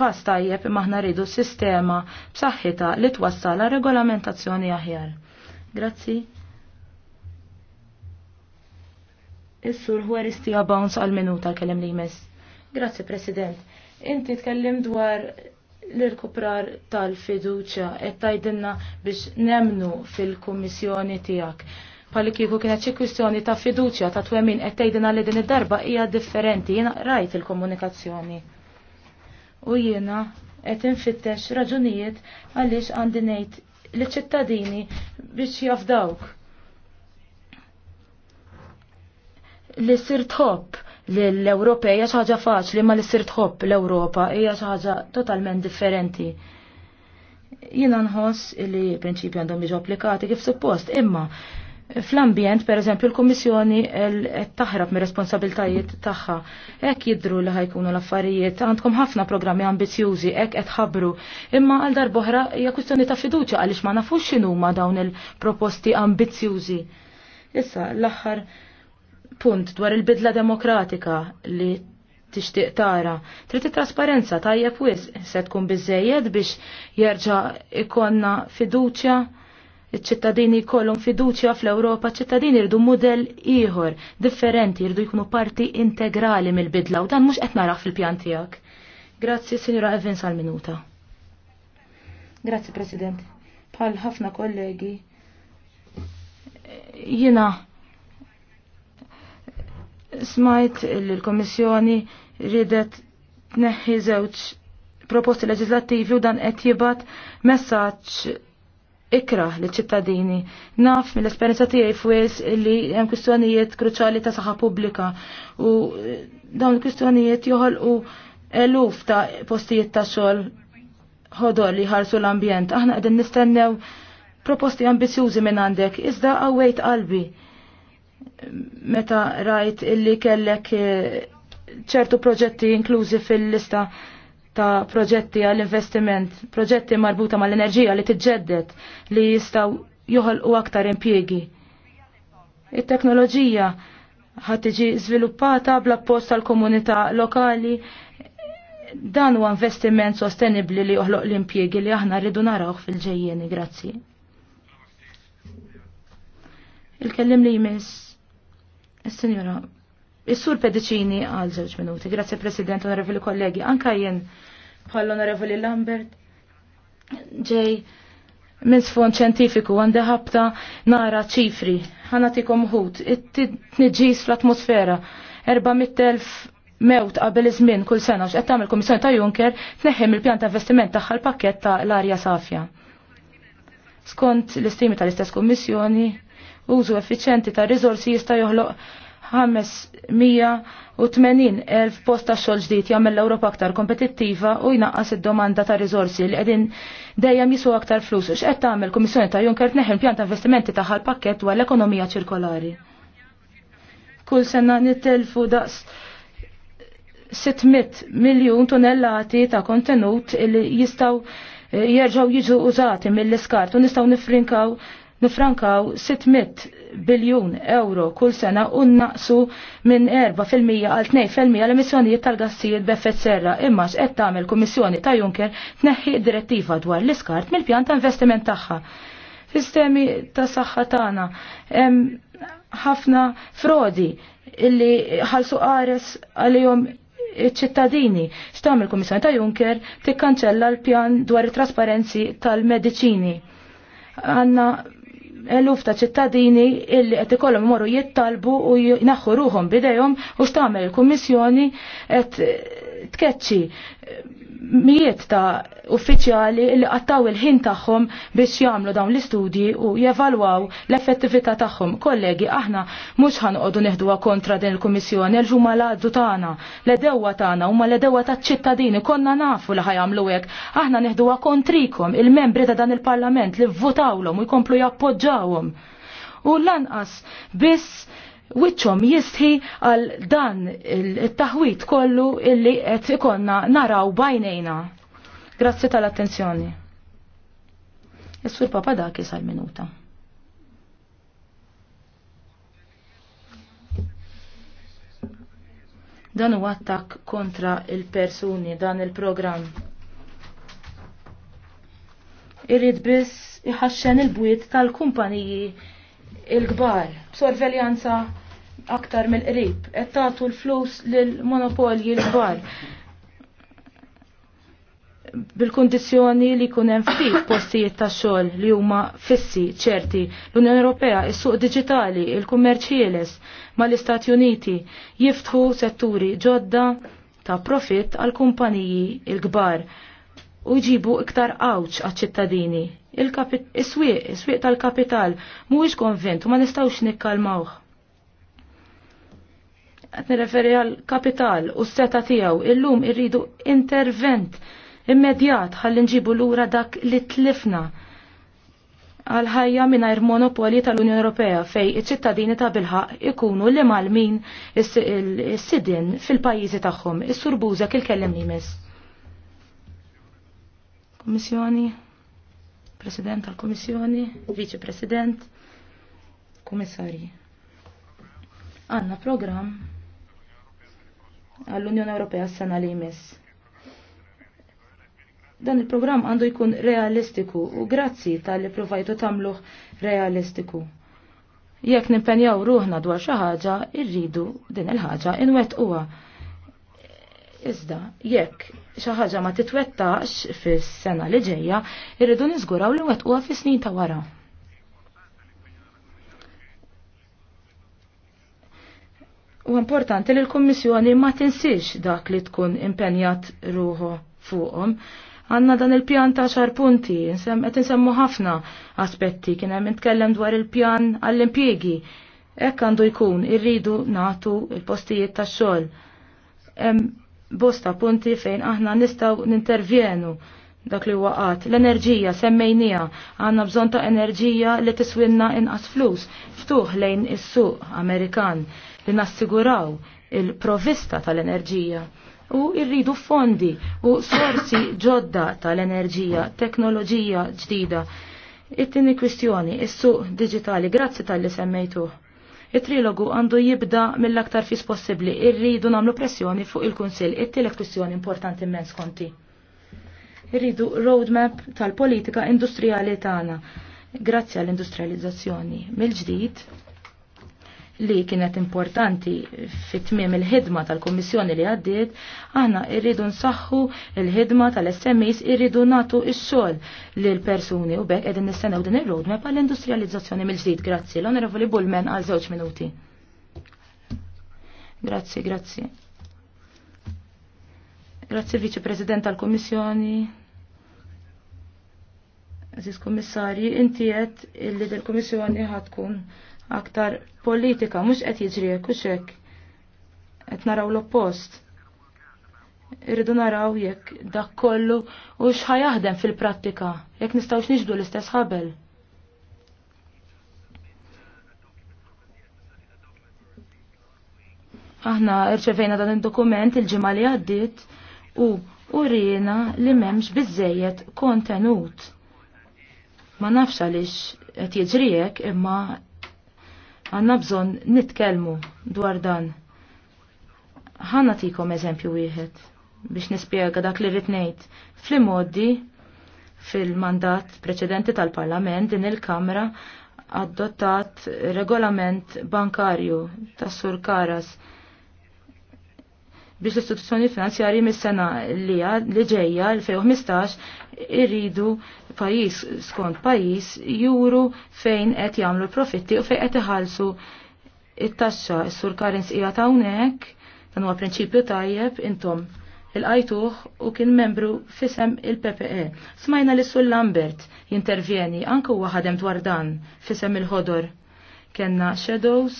pass tajjeb imma aħna rridu sistema b'saħħitha li twassal regolamentazzjoni aħjar. Grazzi. Is-sur Huaristi Abons għal minuta kellem li jmiss. Grazzi President. Inti tkellim dwar l-irkuprar tal-fiduċa qed tajdinna biex nemnu fil-kummissjoni tiegħek pali kiku kienet xi kwistjoni ta' fiduċja ta' twemmin qed tgħidilna li din id-darba hija differenti. Jiena rajt il-komunikazzjoni u jiena qed infittex raġunijiet għaliex għandi ngħid l-ċittadini biex jafdawk. Li sir tħobb l-Ewropej hija xi ħaġa faċli ma li sir tħobb l-Ewropa hija xi ħaġa totalment differenti. Jiena nħoss li prinċipju għandhom jiġu applikati kif suppost, imma Fl-ambjent, per eżempju, l-Kommissjoni taħrab mir responsabiltajiet tagħha. Hekk jidru li ħajkunu l-affarijiet, għandkom ħafna programmi ambizjużi, hekk etħabru. Imma għal darboħra hija kwistjoni ta' fiduċja għaliex ma nafux x'inhuma dawn il-proposti ambizjużi. Issa, l-aħħar punt dwar il-bidla demokratika li tixtieq tara. Trid it-trasparenza tajjeb wis se tkun biżejjed biex jerġa' ikonna fiduċja Iċ-ċittadini jkollhom fiduċja fl-Ewropa, ċittadini jridu mudell ieħor, differenti, jridu jkunu parti integrali mill-bidla u dan mhux qed naraf fil-pjan tiegħek. Grazzi, Sinjora Evans għal minuta. Grazzi, President. Bħal ħafna kollegi. Jina smajt l-Komissjoni ridet tneħħi żewġ proposti leġislattivi u dan qed jibgħat messaġġ ikraħ li ċittadini. Naf mill-esperienza tiegħi fwis li hemm kwistjonijiet kruċali ta' saħħa pubblika u eh, dawn il-kwistjonijiet joħolqu eluf ta' postijiet ta' xogħol ħodor li ħarsu l-ambjent. Aħna qegħdin nistennew proposti ambizjużi minn għandek, iżda għawajt qalbi meta rajt illi kellek eh, ċertu proġetti inklużi fil-lista ta' proġetti għall-investiment, proġetti marbuta mal-enerġija li tiġġedded li jistaw joħolqu aktar impjiegi. It-teknoloġija ħat tiġi żviluppata bla post tal-komunità lokali dan huwa investiment sostenibli li joħloq l-impjiegi li aħna rridu narawh fil-ġejjeni, grazzi. Il-kellim li jmiss, il sinjora il sur Pedicini għal żewġ minuti, grazzi President, onorevoli kollegi, anka jien bħall-Onorevoli Lambert ġej minn sfond ċentifiku għandi ħabta nara ċifri. tikom ħut, it-tniġis fl-atmosfera, 400.000 mewt qabel iż-żmien kull sena x'qed tagħmel kummissjoni ta' Juncker tneħħem il-pjan ta' investiment tagħha l-pakkett ta' l-arja safja. Skont l-istimi tal-istess kummissjoni, użu effiċjenti ta' risorsi jista' joħloq ħames. 180.000 post ta' xogħol ġdid jagħmel l-Ewropa aktar kompetittiva u jnaqqas id-domanda ta' riżorsi li qegħdin dejjem jiswa aktar flus. X'qed tagħmel Kummissjoni ta' Juncker tneħħel pjan ta' investimenti taħħal pakkett dwar l-ekonomija ċirkolari. Kull sena nittelfu daqs 600 miljun tonnellati ta' kontenut li jistaw eh, jerġgħu jiġu użati mill-iskart u nistaw nifrinkaw nifrankaw 600 biljun euro kull sena u naqsu minn 4% għal 2% l-emissjonijiet tal-gassijiet b'effett serra imma x'qed tagħmel Kummissjoni ta' Juncker tneħħi direttiva dwar l-iskart mill-pjan ta' investiment tagħha. Sistemi ta' saħħa tagħna ħafna frodi illi ħalsu qares għalihom ċittadini. Xtam il-Komissjoni ta' Juncker tikkanċella l-pjan dwar it-trasparenzi tal-medicini. Għanna eluf ta' ċittadini illi qed ikollhom imorru jittalbu u jnaħħu ruhom bidejhom u x'tagħmel il-Kummissjoni qed tkeċċi mijiet ta' uffiċjali li qattaw il-ħin tagħhom biex jagħmlu dawn l-istudji u jevalwaw l-effettività tagħhom. Kollegi, aħna mhux ħanqodu neħduha kontra din il-Kummissjoni l ġumma l-għaddu tagħna, l-edewwa tagħna huma l-edewwa taċ-ċittadini konna nafu li ħajamlu hekk. Aħna neħduha kontrikom il-membri ta' dan il-Parlament li vvotawlhom u jkomplu jappoġġawhom. U lanqas biss wiċċhom jistħi għal dan il-taħwit kollu illi qed ikonna naraw bajnejna. Grazzi tal-attenzjoni. is Papa Papadakis għal minuta. Dan huwa attakk kontra il-persuni dan il-programm. Irrid biss iħaxxen il-bwiet tal-kumpaniji il-kbar b'sorveljanza aktar mill-qrib qed tagħtu l-flus lill-monopolji l-kbar bil-kondizjoni li kun hemm ftit (coughs) postijiet ta' xogħol li huma fissi ċerti l-Unjoni Ewropea is-suq diġitali, il-kummerċ ħieles mal-Istati Uniti jiftħu setturi ġodda ta' profit għal kumpaniji il-kbar u jġibu iktar għawċ għal ċittadini Is-swieq, is-swieq tal-kapital, mhuwiex konvent u ma nistgħux nikkalmawh. Qed nirreferi għal kapital u s-seta tiegħu illum irridu intervent immedjat ħalli nġibu lura dak li tlifna għal ħajja mingħajr monopoli tal-Unjoni Ewropea fej iċ-ċittadini ta' bilħaq ikunu li mal-min is-sidin fil-pajjiżi tagħhom. is surbuza kil kellem nimes. Komissjoni? President tal-Komissjoni, Vice President, Komissarji. Għanna program għall-Unjoni Ewropea s-sena li jmiss. Dan il-program għandu jkun realistiku u grazzi tal-li provajtu tamluħ realistiku. Jekk nimpenjaw ruħna dwar xi ħaġa, irridu din il-ħaġa inwet uwa. Iżda, jekk xi ħaġa ma titwettax fis-sena li ġejja, irridu niżguraw li wettquha fis-snin ta' wara. U importanti li l-Kummissjoni ma tinsiex dak li tkun impenjat ruħu fuqhom. Għanna dan il-pjan ta' xar punti, qed insemmu ħafna aspetti kien hemm nitkellem dwar il-pjan għall-impjiegi. Hekk għandu jkun irridu nagħtu il-postijiet tax-xogħol bosta punti fejn aħna nistaw nintervjenu dak li waqat. L-enerġija semmejnija għanna bżon ta' enerġija li tiswinna inqas flus ftuħ lejn is-suq Amerikan li nassiguraw il-provista tal-enerġija u irridu fondi u sorsi ġodda tal-enerġija, teknoloġija ġdida. It-tini kwistjoni, is-suq digitali, grazzi tal-li semmejtuh it-trilogu għandu jibda mill-aktar fis possibbli. Irridu nagħmlu pressjoni fuq il-Kunsill, it-tielet kwistjoni importanti immens konti. Irridu roadmap tal-politika industrijali tagħna. Grazzi għall-industrializzazzjoni. Mill-ġdid, li kienet importanti fit tmiem il-ħidma tal-Kommissjoni li għaddiet, aħna irridu nsaħħu il-ħidma tal-SMEs irridu natu ix-xogħol l persuni u bekk qegħdin nistennew din ir-roadmap għall-industrializzazzjoni mill-ġdid. Grazzi, l-Onorevoli Bullman għal żewġ minuti. Grazzi, grazzi. Grazzi Viċi President tal-Kommissjoni. Aziz Kommissarji, inti qed illi dil-Kommissjoni ħatkun tkun aktar politika, mhux qed jiġri hekk qed naraw l-oppost. Irridu naraw jekk dak kollu u x'ħajaħdem fil-prattika, jekk nistgħux niġdu l-istess ħabel. Aħna rċevejna dan il-dokument il-ġimgħa li għaddiet u urina li m'hemmx biżejjed kontenut. Ma nafx għaliex qed jiġrijek imma Għanna bżon nitkelmu dwar dan. Ħanna tikom eżempju wieħed biex nispjega dak li ritnejt. Fl-modi fil-mandat preċedenti tal-Parlament din il-Kamra adottat regolament bankarju tas-Sur Karas biex l-istituzzjoni finanzjari mis-sena li ġejja l-2015 irridu pajis skont pajis juru fejn qed jagħmlu profitti u fejn qed iħallsu it-taxxa s-sur Karins hija hawnhekk dan huwa prinċipju tajjeb intom il-qajtuħ u kien membru fisem il-PPE. Smajna li sul Lambert jintervjeni anke huwa ħadem dwar dan fisem il-ħodor. Kenna Shadows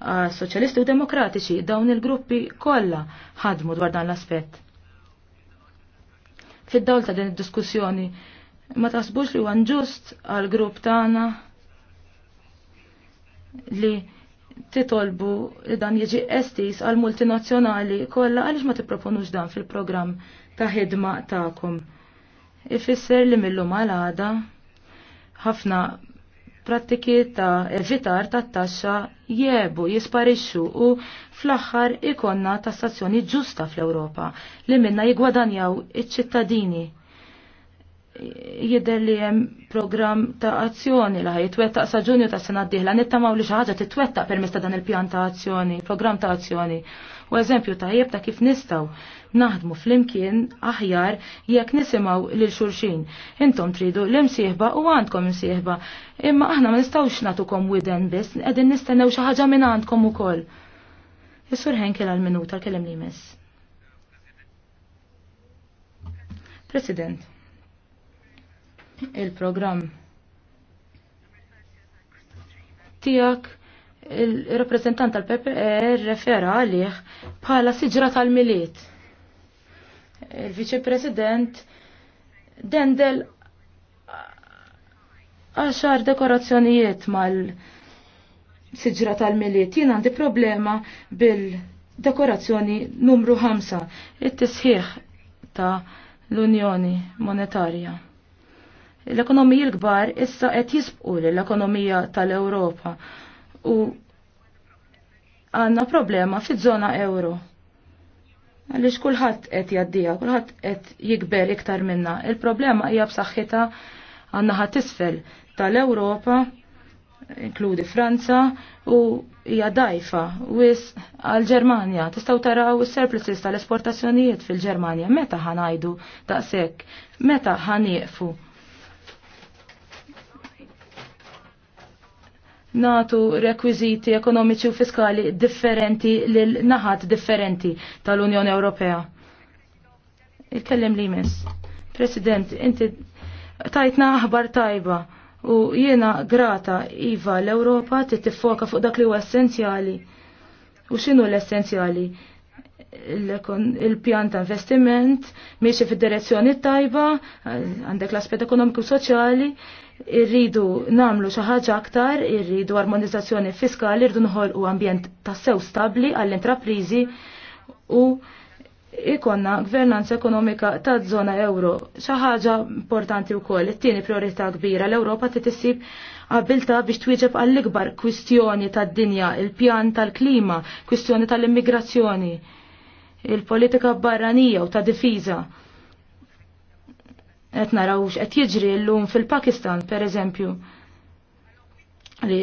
soċjalisti u demokratiċi dawn il-gruppi kollha ħadmu dwar dan l-aspett. Fid-dawl ta' din id-diskussjoni ma tasbux li huwa ġust għal grupp tagħna li titolbu li dan jiġi estis għal multinazzjonali kollha għaliex ma tipproponux dan fil-programm ta' ħidma tagħkom. Ifisser li millum għal għada ħafna prattiki ta' evitar ta' taxxa jebu, jisparixxu u fl-aħħar ikonna tassazzjoni ġusta fl-Ewropa li minna jigwadanjaw iċ-ċittadini Jidher li jem program ta' azzjoni la jitwettaq sa' ġunju ta' sena d-dihla, nittamaw li xaħġa titwettaq permess ta' dan il-pjan ta' azzjoni, program ta' azzjoni u eżempju tajjeb ta' kif nistaw naħdmu fl-imkien aħjar jekk nisimaw lil xulxin. Intom tridu l-imsieħba u għandkom imsieħba, imma aħna ma nistawx natukom widen biss, edin nistennew xi ħaġa minn għandkom ukoll. Is-sur Henkel għal-minuta kellem li miss. President, il-programm tijak il-rappresentant tal-PPE refera għalih bħala siġra tal-miliet. Il-Viċe-President dendel għaxar dekorazzjonijiet mal-siġra tal-miliet. Jien għandi problema bil-dekorazzjoni numru 5, it-tisħiħ ta' l-Unjoni Monetarja l-ekonomiji l-kbar issa qed jisbqu l-ekonomija tal-Ewropa u għanna problema fi zona euro. Għalix kullħat qed jaddija, kullħat qed jikber iktar minna. Il-problema hija b'saħħitha għandna ħat isfel tal-Ewropa, inkludi Franza, u hija dajfa wis għal-Ġermanja. Tistgħu taraw is-surpluses tal-esportazzjonijiet fil-Ġermanja. Meta ħanajdu daqshekk? Meta ħanieqfu? natu rekwiziti ekonomiċi u fiskali differenti lil naħat differenti tal-Unjoni Ewropea. Il-kellem li mis. President, inti tajtna aħbar tajba u jiena grata iva l-Ewropa tifoka fuq dak li huwa essenzjali. U x'inhu l-essenzjali? il-pjan ta' investiment, miexi fid direzzjoni tajba, għandek l-aspet ekonomiku soċjali, irridu namlu xi ħaġa aktar, irridu armonizzazzjoni fiskali, irridu nħolqu ambjent tassew stabli għall-intraprizi u ikonna gvernanza ekonomika ta' zona euro. Xi ħaġa importanti wkoll, it-tieni priorità kbira l-Ewropa trid issib abbilta biex twieġeb għall-ikbar kwistjoni tad-dinja, il-pjan tal-klima, kwistjoni tal-immigrazzjoni, il-politika barranija u ta' difiża qed narawx qed jiġri llum fil-Pakistan pereżempju. Li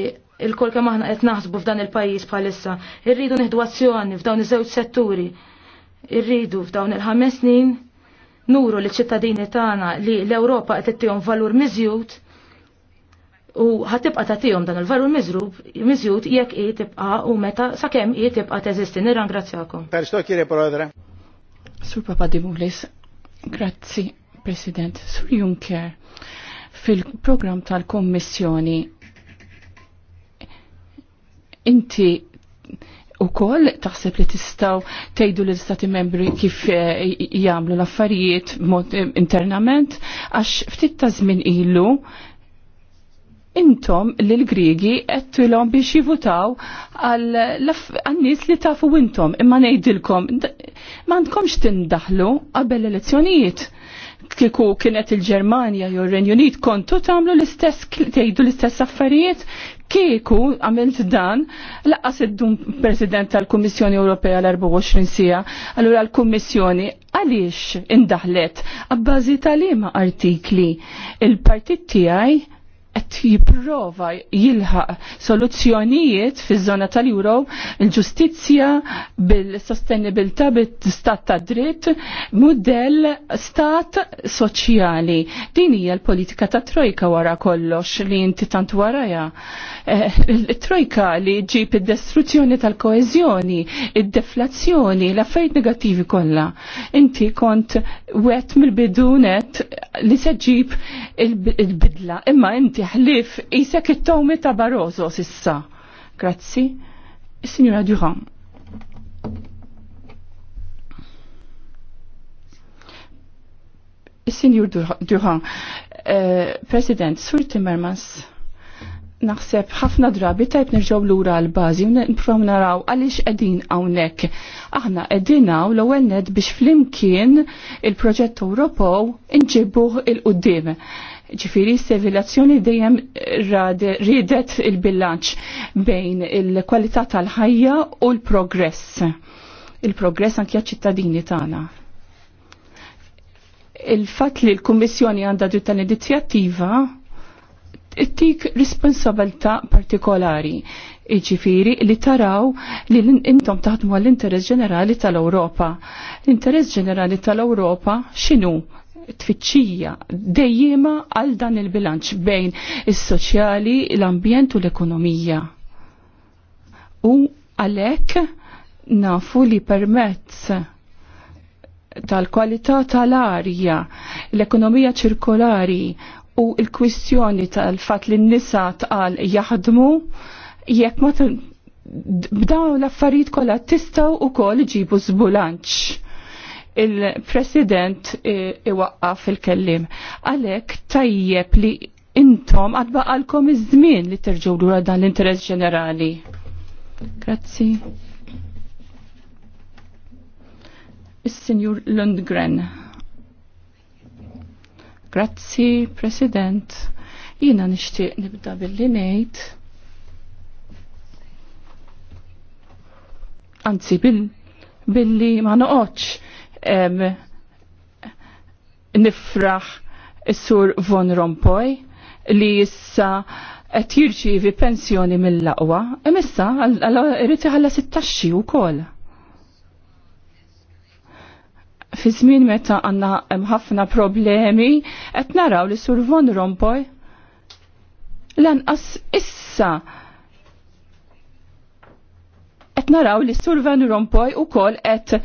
il-kol kemm aħna qed naħsbu f'dan il-pajjiż bħalissa, irridu nieħdu azzjoni f'dawn iż-żewġ setturi. Irridu f'dawn il-ħames snin nuru li ċittadini tagħna li l-Ewropa qed ittihom valur miżjud u ħatibqa tagħtihom dan il-valur miżjud jekk hi tibqa' u meta sakemm hi tibqa' teżisti. Nirrangrazzjakom. Sur Papa Dimulis, grazzi. President, Sur Juncker, fil-program tal-Kommissjoni inti u koll taħseb li tistaw tejdu l-istati membri kif eh, jgħamlu l-affarijiet eh, internament, għax ftit ta' żmien ilu intom li l-Grigi għettilom biex jivutaw għal-nis li tafu intom imma nejdilkom ma għandkomx tindaħlu qabel l-elezzjonijiet kiku kienet il-Germania jew ir-Renju Unit kontu tagħmlu l-istess tgħidu l-istess affarijiet kieku għamilt dan laqas id-dum President tal-Kummissjoni Ewropea l-24 sija. Allura l-Kummissjoni għaliex indaħlet għabbażi tal-ima artikli il-partit tiegħi qed jipprova jilħaq soluzzjonijiet fiż-żona tal-Euro il-ġustizzja bil-sostenibilità bit stat ta' dritt mudell stat soċjali. Din hija l-politika ta' trojka wara kollox li inti tant waraja. Eh, il-trojka li ġib id-destruzzjoni tal koezjoni id-deflazzjoni, l-affarijiet negattivi kollha. Inti kont wet mill-bidunet li seġib il-bidla imma inti ħlif isek it-tawmi ta' Barroso sissa. Grazzi. Signora Durand. Signor Durand, eh, President, Sur Timmermans, naħseb ħafna drabi tajb nerġaw lura għal-bazi u nipruvaw naraw għaliex qegħdin hawnhekk. Aħna qegħdin għaw l-ewwel biex flimkien il-proġett Ewropew inġibuh il-qudiem. il qudiem ġifiri sevilazzjoni dejjem ridet il-bilanċ bejn il-kwalità tal-ħajja u l-progress. Il-progress anki ċittadini tagħna. Il-fatt li l-Kummissjoni għandha dit tal-inizjattiva tik responsabilta partikolari. Iġifiri li taraw li intom taħdmu għall-interess ġenerali tal-Europa. L-interess ġenerali tal-Europa xinu? tfittxija dejjema għal dan il-bilanċ bejn is-soċjali, il bilanċ bejn is soċjali l ambjent u l-ekonomija. U għalhekk nafu li permezz tal-kwalità tal-arja, l-ekonomija ċirkolari u l-kwistjoni tal-fat li n-nisa tqal jaħdmu jekk ma b'dawn l-affarijiet kollha u ukoll ġibu żbulanċ il-president iwaqqa fil kellim Għalek tajjeb li intom għadbaqalkom iż-żmien li terġgħu lura dan l-interess ġenerali. Grazzi. Is-Sinjur Lundgren. Grazzi, President. Jiena nixtieq nibda billi ngħid. Anzi billi ma noqgħodx nifraħ is-sur Von Rompuy li issa qed jirċievi pensjoni mill-laqwa, imissa irid iħalla 16 wkoll. Fi żmien meta għandna hemm ħafna problemi qed naraw li sur Von Rompuy lanqas issa qed naraw li sur Van Rompuy ukoll qed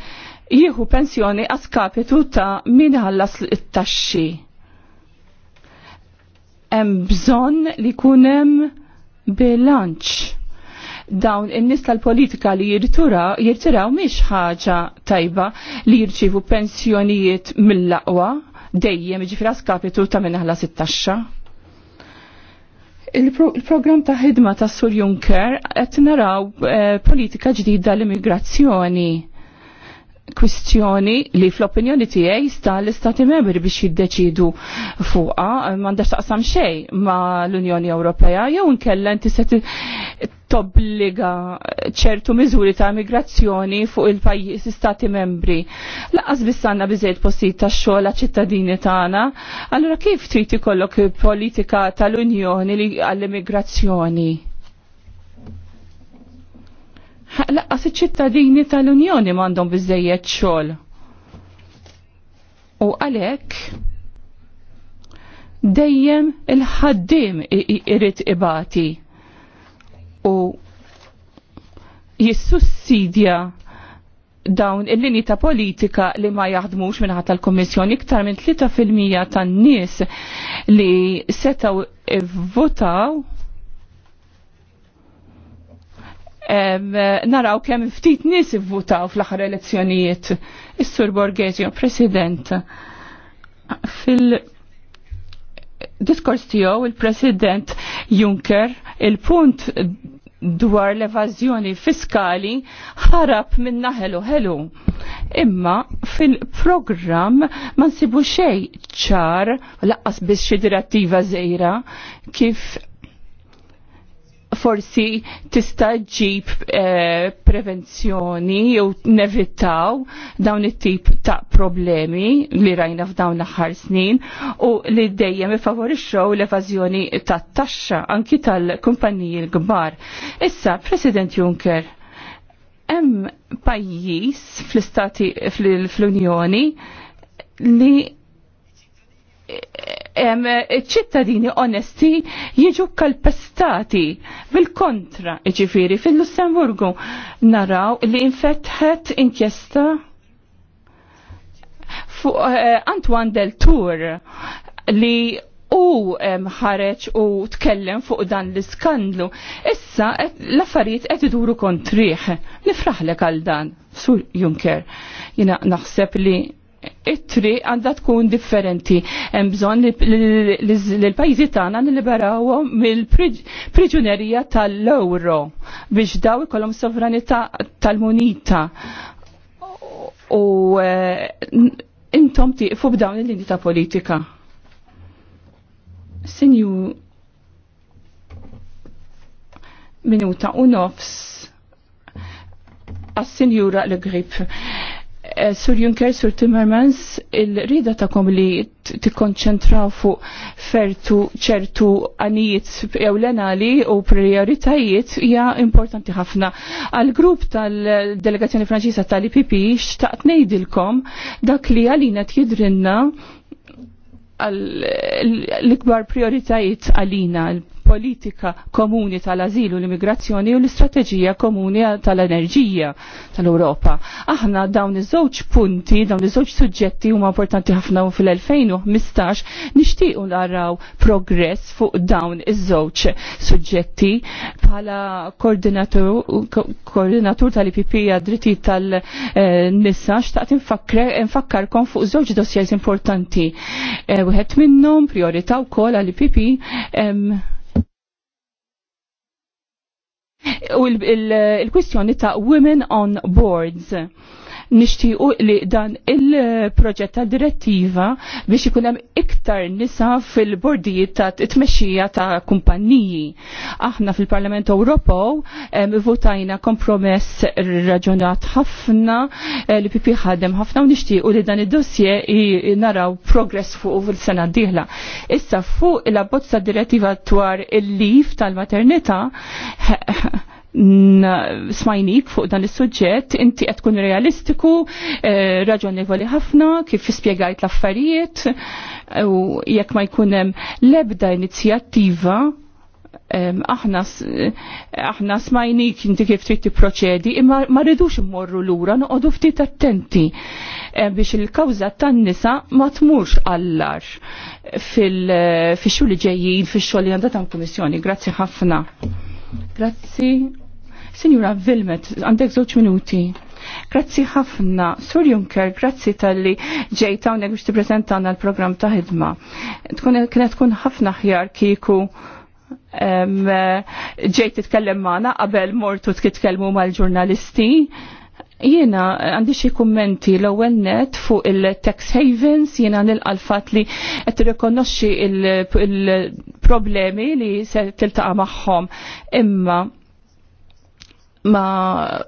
jieħu pensjoni għaskapitu ta' min ħallas it-taxxi. Hemm bżonn li jkun hemm bilanċ. Dawn in-nies tal-politika li jirtura jirtiraw mhix ħaġa tajba li jirċivu pensjonijiet mill-laqwa dejjem ġifra jiġifieri skapitu ta' minn ħallas it-taxxa. Il-program ta' ħidma ta' Sur Juncker qed naraw eh, politika ġdida l-immigrazzjoni kwistjoni li fl-opinjoni tiegħi sta l-Istati Membri biex jiddeċidu fuqha m'għandax taqsam xejn ma' l-Unjoni Ewropea jew inkella inti se tobbliga ċertu miżuri ta' migrazzjoni fuq il-pajjiż Istati Membri. Laqas biss għandna biżejt postijiet tax-xogħol ċittadini tagħna, allura kif trid ikollok politika tal-Unjoni għall-immigrazzjoni? laqqas iċ-ċittadini tal-Unjoni m'għandhom biżejjed xogħol. U għalhekk dejjem il-ħaddim irid ibati u jissussidja dawn il-linji ta' politika li ma jaħdmux minnaħat tal-Kommissjoni iktar minn 3% tan-nies li setaw votaw naraw kemm ftit nies ivvutaw fl-aħħar elezzjonijiet. Is-Sur Borghesio, President, fil- diskors tiegħu il-President Juncker il-punt dwar l-evażjoni fiskali ħarab minn naħelu ħelu. Imma fil-programm ma nsibu xej ċar laqqas biex xi direttiva żejra kif forsi tista' ġib eh, prevenzjoni jew nevitaw dawn it-tip ta' problemi li rajna f'dawn l-aħħar snin u li dejjem ifavorixxew l-evażjoni tat-taxxa anki tal-kumpaniji l-kbar. Issa, President Juncker, hemm pajjiż fl-istati fl-Unjoni li ċittadini onesti jiġu kalpestati bil-kontra ġifiri fil-Lussemburgu naraw li infetħet inkjesta fuq eh, Antoine Del Tour li u ħareċ u tkellem fuq dan l-iskandlu. Issa l-affarijiet qed iduru kontriħ. Nifraħlek għal dan, Sur Junker, Jina naħseb li it-tri għandha tkun differenti. Hemm bżonn li l-pajjiżi tagħna nilliberawhom mill-priġunerija tal ewro biex daw ikollhom sovranità tal-munita. U eh, intom tieqfu b'dawn il-linji ta' politika. Sinju minuta u nofs għas-sinjura l-grip. Eh, Sur Juncker, Sur Timmermans, il-rida kom li tikkonċentraw fuq fertu ċertu għanijiet ewlenali u prioritajiet hija importanti ħafna. Għal grupp tal-delegazzjoni Franċiża tal-IPP xtaqt ngħidilkom dak li għalina jidrinna l-ikbar prioritajiet għalina il-politika komuni tal u l-immigrazzjoni u l-istrateġija komuni tal-enerġija tal-Europa. Aħna dawn iż-żewġ punti, dawn iż-żewġ suġġetti huma importanti ħafna u fil-2015 nixtiequ naraw progress fuq dawn iż-żewġ suġġetti bħala koordinatur, tal-IPP għad tal-nisa xtaqt infakkarkom fuq żewġ dossiers importanti. Eh, wieħed minnhom priorità wkoll għall-IPP u il-kwistjoni ta' Women on Boards nixtiequ li dan il-proġett ta' direttiva biex ikun hemm iktar nisa fil-bordijiet ta' tmexxija ta' kumpanniji. Aħna fil-Parlament Ewropew votajna kompromess raġunat ħafna eh, li pipi ħadem ħafna u nixtiequ li dan id-dossier naraw progress fuq fil-sena d-dieħla. Issa fuq il-abbozza direttiva dwar il-lif tal-maternità smajnik fuq dan is-suġġett, inti qed tkun realistiku, eh, raġonevoli ħafna kif ispjegajt l-affarijiet u jekk ma jkun hemm l-ebda inizjattiva aħna aħna smajnik inti kif trid tipproċedi imma ma rridux immorru lura noqogħdu ftit attenti eh, biex il-kawża tan-nisa ma tmurx allar fil-xogħol li ġejjin fix-xogħol li għandha tal-Kummissjoni. Grazzi ħafna. Grazzi. Signora Vilmet, għandek żewġ minuti. Grazzi ħafna, Sur Juncker, grazzi tal-li ġejta unek biex t-prezentana l-program ta' ħidma. Kienet tkun ħafna ħjar kiku ġejt titkellem maħna qabel mortu titkellmu mal-ġurnalisti. Jiena għandi xi kummenti l-ewwel net fuq il-tax havens, jiena nilqalfat li qed tirrikonoxxi il-problemi li se tiltaqa' magħhom. Imma ma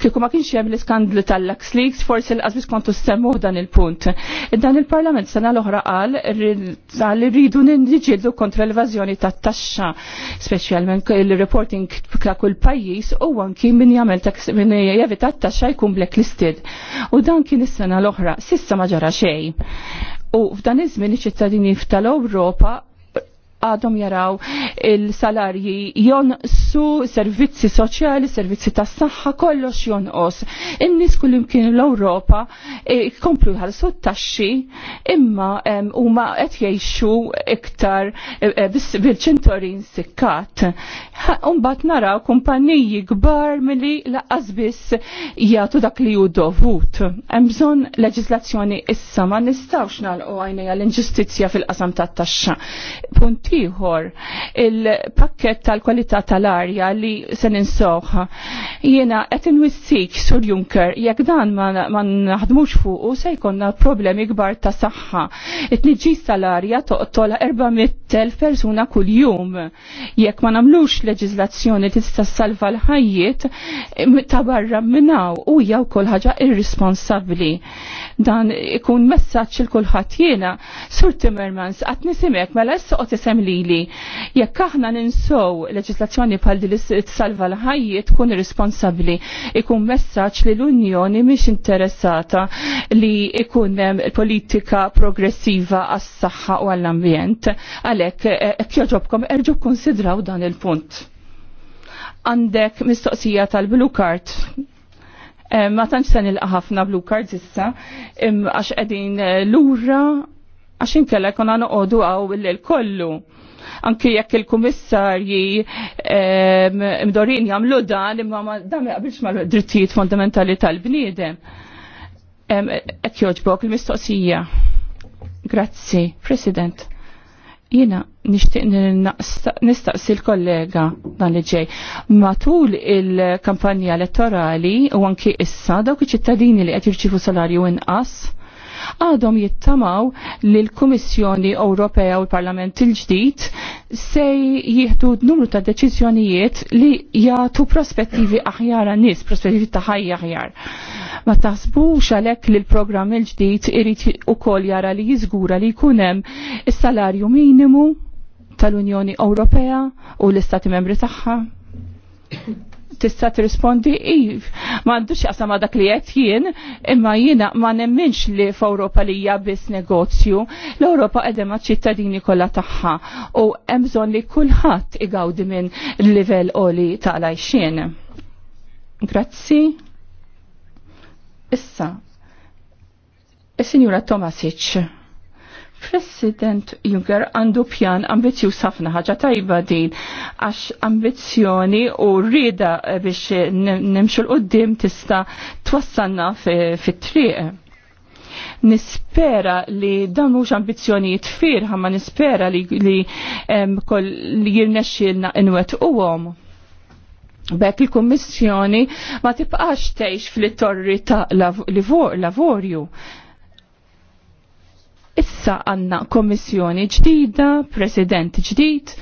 kieku ma kienx hemm l-iskandlu tal-Lux Leaks, forsi l-qasbis kontu semmu dan il-punt. Dan il-Parlament sena l-oħra qal li rridu nindiġildu kontra l-evażjoni tat-taxxa, speċjalment il-reporting ta' kull pajjiż u anki min jagħmel min jevita t-taxxa jkun blacklisted. U dan kien is-sena l-oħra, sissa ma ġara xejn. U f'dan iż-żmien iċ-ċittadini tal-Ewropa għadhom jaraw il-salarji jonqsu, servizzi soċjali, servizzi tas saħħa kollox jonqos. In-nies kull imkien l-Ewropa eh, jkomplu jħallsu t-taxxi imma huma qed jgħixu iktar eh, eh, bil-ċintorin sikkat. Umbat naraw kumpaniji kbar milli laqqas biss jagħtu dak li hu dovut. Hemm bżonn leġislazzjoni issa ma nistgħux nagħlqu għajnejja l-inġustizzja fil-qasam tat-taxxa. Punt ieħor il-pakket tal-kwalità tal-arja li se ninsoħ. Jiena qed inwissik Sur Juncker jekk dan ma naħdmux fuqu se jkollna problemi kbar ta' saħħa. It-tniġġis tal-arja toqtola 400,000 persuna kuljum. Jekk ma nagħmlux leġiżlazzjoni tista' salva l-ħajjiet ta' barra minnaw u jew kol ħaġa irresponsabbli. Dan ikun messaġġ il kulħadd jiena Sur Timmermans qatt nisimek mela issa qod isem lili jekk aħna ninsow leġislazzjoni bħal li salva l-ħajji tkun responsabbli ikun messaġġ li l-Unjoni mhix interessata li ikun hemm politika progressiva għas-saħħa u għall-ambjent. Għalhekk e, e, kjoġobkom erġu konsidraw dan il-punt. Għandek mistoqsija tal-blue card e, ma tantx se nilqa' ħafna blue card issa għax qegħdin lura għax inkella jkun għana għodu għaw l-kollu anki jekk il-kummissarji mdorin jagħmlu dan imma dan jaqbilx mal-drittijiet fondamentali tal-bniedem. Ek joġbok il-mistoqsija. Grazzi, President. Jiena nixtieq nistaqsi l-kollega dan li ġej. Matul il-kampanja elettorali u anki issa dawk iċ-ċittadini li qed jirċievu salarju inqas għadhom jittamaw li l-Kummissjoni Ewropea u l-Parlament il-ġdid se jieħdu numru ta' deċiżjonijiet li jagħtu prospettivi aħjar għan-nies, prospettivi ta' ħajja aħjar. Ma taħsbux għalhekk li l-programm il-ġdid irid ukoll jara li jiżgura li jkun hemm is-salarju minimu tal-Unjoni Ewropea u l-Istati Membri tagħha? tista' tirrispondi iv. M'għandux xaqsa ma' dak li għet jien, imma jiena ma nemminx li f'Ewropa li hija biss negozju. L-Ewropa qiegħda ma ċittadini kollha tagħha u hemm bżonn li kulħadd igawdi minn livell qoli tal-għajxien. Grazzi. Issa. Il-Signora Tomasic. President Juncker għandu pjan ambizjuż ħafna ħaġa tajba din għax ambizzjoni u rida biex nimxu l-qoddim tista twassanna fit-triq. Nispera li dan mhux ambizzjonijiet jitfir ma nispera li li jirnexxielna inwet uhom. Bek il-Kummissjoni ma tibqax tgħix fil-torri ta' lavorju. Issa għanna komissjoni ġdida, president ġdid,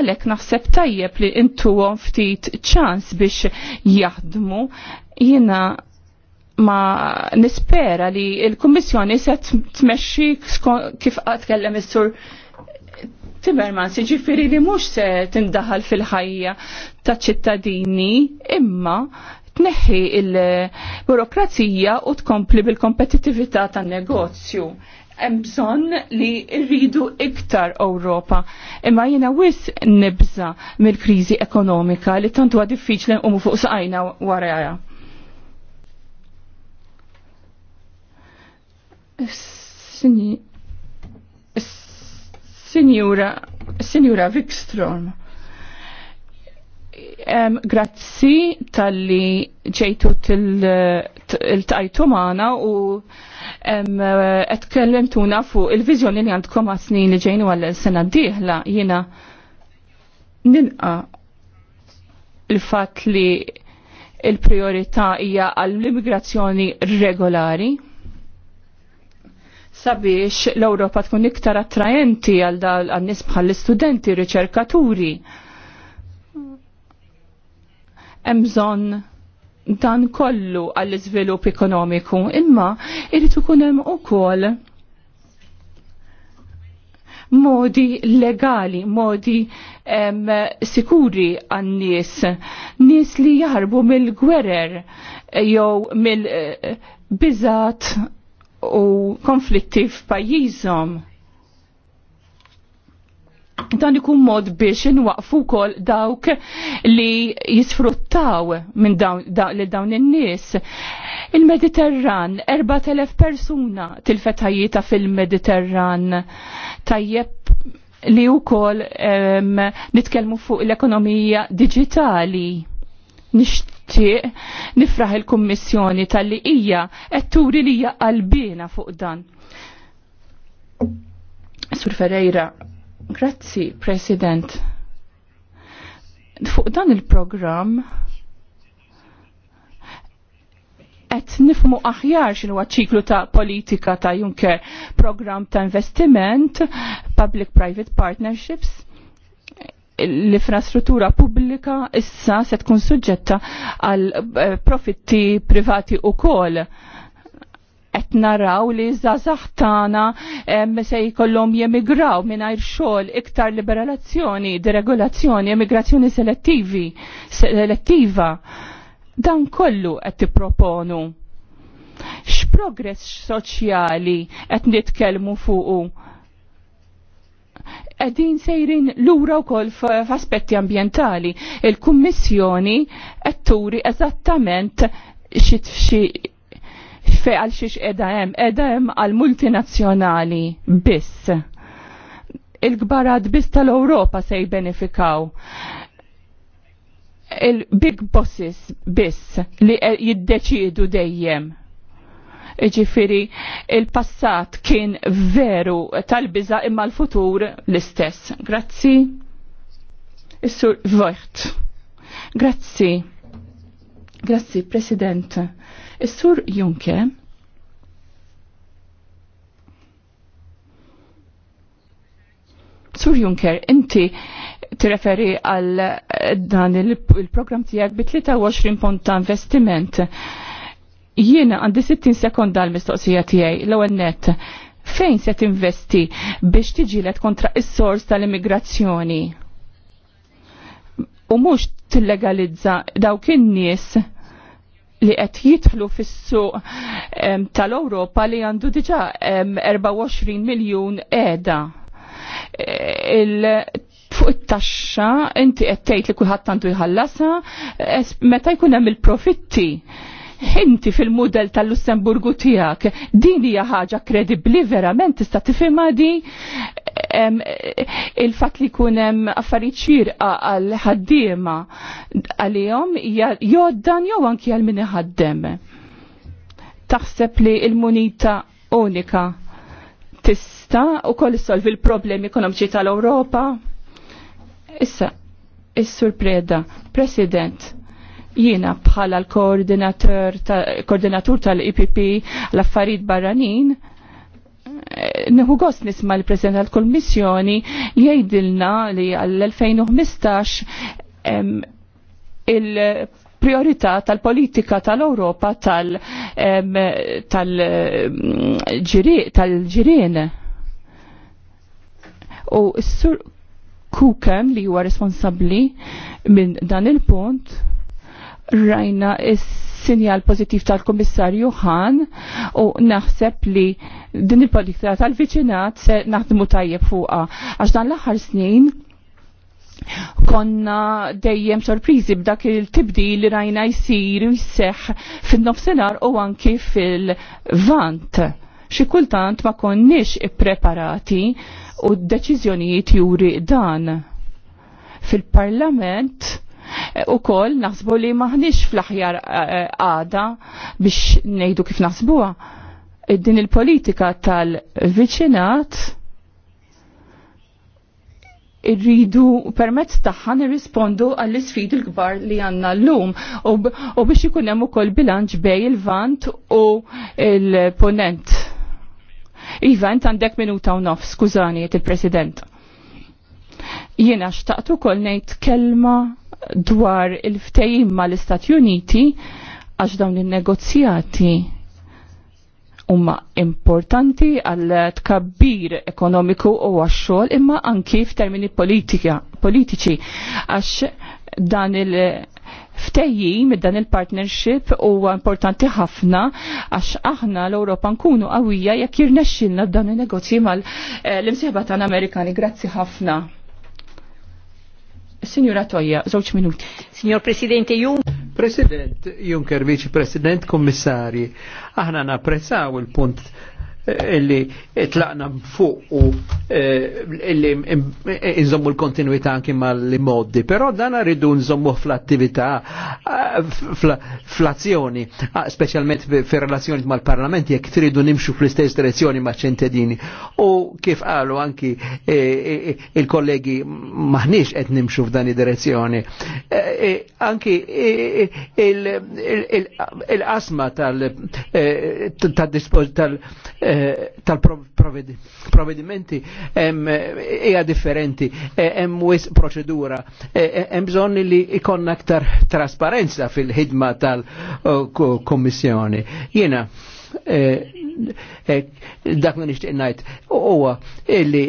għalek naħseb tajjeb li intu ftit ċans biex jaħdmu jina ma nispera li il-Kommissjoni se tmexxi kif qatt kellem is-sur Timmermans, ġifiri li mux se tindaħal fil-ħajja ta' ċittadini, imma tneħħi il-burokrazija u tkompli bil-kompetitività tan negozju hemm bżonn li rridu iktar Ewropa. Imma jiena wis nibża mill-kriżi ekonomika li tantu għad diffiċli nqumu fuq saqajna warajja. Sinjura Sinjura Vikstrom. Um, grazzi tal-li ġejtu til-tajtu til, u qed eh, kellimtuna fuq il-viżjoni li għandkom għat snin li ġejnu għal sena d-dieħla jiena nilqa il-fatt li il-priorità hija għall-immigrazzjoni regolari sabiex l-Ewropa tkun iktar attrajenti għal għan-nies bħall-istudenti, riċerkaturi. Hemm bżonn dan kollu għall-iżvilupp ekonomiku, imma irrid ikun hemm ukoll modi legali, modi em, sikuri għan nies nies li jaħarbu mill-gwerer jew mill-bizat eh, u konflitti f'pajjiżhom dan ikun mod biex inwaqfu kol dawk li jisfruttaw minn dawn, da, dawn in-nies. Il-Mediterran, 4000 persuna til-fetajita fil-Mediterran. Tajjeb li u kol um, nitkelmu fuq l-ekonomija digitali. Nishtiq nifraħ il-Kommissjoni tal-li ija turi li hija qalbina fuq dan. Sur Ferreira, Grazzi, President. Fuq dan il-programm qed nifmu aħjar xinu ċiklu ta' politika ta' Juncker program ta' investiment, public-private partnerships, l-infrastruttura pubblika issa se tkun suġġetta għal eh, profitti privati u kol qed naraw li żgħażagħ tagħna se jkollhom jemigraw mingħajr xogħol iktar liberalazzjoni, deregolazzjoni, emigrazzjoni selettivi, selettiva. Dan kollu qed tipproponu. X'progress soċjali qed nitkellmu fuqu Eddin sejrin lura u kol f'aspetti ambientali. Il-Kummissjoni qed turi eżattament xi Fe għal xiex edha hemm, edha hemm għal multinazzjonali biss. Il-gbarad biss tal-Ewropa se jbenefikaw il-big bosses biss li e jiddeċidu dejjem. Iġifiri, il-passat kien veru tal-biza imma l-futur l-istess. Grazzi. Is-sur Vojt. Grazzi. Grazzi, President. Is-sur Junke Sur Juncker, inti t-referi għal eh, dan il-program tijak bi 23 punt ta' investiment. Jiena għandi 60 sekonda għal mistoqsija tijaj, l-ewel net, fejn se tinvesti biex tiġilet kontra is-sors tal-immigrazzjoni? U mux tillegalizza dawk in-nies li qed jidħlu fis-suq tal-Ewropa li għandu diġà 24 miljun qiegħda. E, fuq it-taxxa inti qed tgħid li kulħadd għandu jħallasha meta jkun hemm il-profitti inti fil-mudell tal-Lussemburgu tijak, din hija ħaġa kredibli verament tista' tifhimha di il-fatt li jkun hemm affarijiet xirqa għal ħaddiema għalihom joddan jew anki għal min iħaddem. Taħseb li l-munita unika tista' ukoll issolvi l-problemi ekonomiċi tal-Ewropa? Issa, is-surpreda, President, jiena bħala l-koordinatur tal-IPP l-affarijiet barranin eh, Nħu gost nisma l-President tal-Kommissjoni jgħidilna li għall-2015 il-priorità tal-politika tal-Europa tal-ġirien. U s-sur Kukem li huwa responsabli minn dan il-punt rajna is-sinjal pozittiv tal-Komissarju Han u naħseb li din il-politika tal-viċinat se naħdmu tajjeb fuqa. Għax dan l-aħħar snin konna dejjem sorprizi b'dak il tibdi li rajna jisir u jisseħ fin-nofsenar u anki fil-vant. Xi kultant ma konniex ippreparati u d-deċiżjonijiet juri dan. Fil-parlament Eh, u kol naħsbu li maħnix fl-aħjar eh, għada biex nejdu kif naħsbuha. Eh, din il-politika tal-viċinat irridu permezz tagħha nirrispondu għall isfidi l-kbar li għandna llum u, u biex ikun hemm ukoll bilanċ bej il-vant u il-ponent. Iva, għandek minuta u nof, skużani, il-President. Jiena xtaqtu kol ngħid kelma dwar il-ftejim ma l-Istati Uniti għax dawn il-negozjati umma importanti għal tkabbir ekonomiku u għaxxol imma anki f'termini politika, politiċi għax dan il- ftejjim dan il-partnership huwa importanti ħafna għax aħna l-Ewropa nkunu qawwija jekk jirnexxilna dan in-negozji mal-imsieħba tan Amerikani. Grazzi ħafna. Signora Toja, żewġ minuti. Signor Presidente Jun. President Juncker, Vice President, Kommissari, aħna napprezzaw il-punt illi tlaqna fuq u eh, illi nżommu l-kontinuità anki mal-modi. Però dan rridu nżommu fl-attività, eh, fl-azzjoni, ah, specialment fil-relazzjoni mal-parlament, jek tridu nimxu fl-istess direzzjoni ma' ċentedini. U kif għalu anki eh, il-kollegi maħniex qed nimxu f'dan id-direzzjoni. Anki il-qasma tal-dispożizzjoni Eh, tal-provvedimenti hija eh, e differenti, hemm eh, wis proċedura, hemm bżonn li ikonna aktar trasparenza fil-ħidma tal-Kommissjoni. Jiena, dak ma nixtieq ngħid huwa li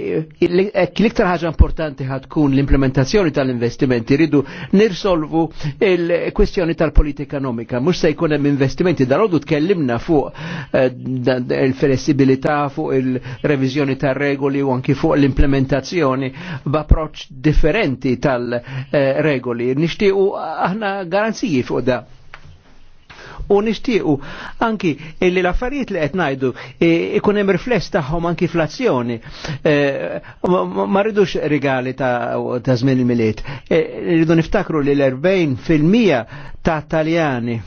l-iktar ħaġa importanti ħad tkun l-implementazzjoni tal-investimenti ridu nirsolvu l kwestjoni tal-politika ekonomika. Mhux se jkun hemm investimenti dalodu tkellimna fuq eh, il-flessibilità, fuq il-reviżjoni tar-regoli u anki fuq l-implementazzjoni b'approċċ differenti tal-regoli. Eh, Nixtiequ aħna garanziji fuq da u nixtiequ anki illi l-affarijiet li qed ngħidu e, ikun hemm rifless tagħhom anki flazzjoni. E, ma rridux rigali ta' żmien il-miliet. E, rridu niftakru li l-40 fil-mija ta' Taljani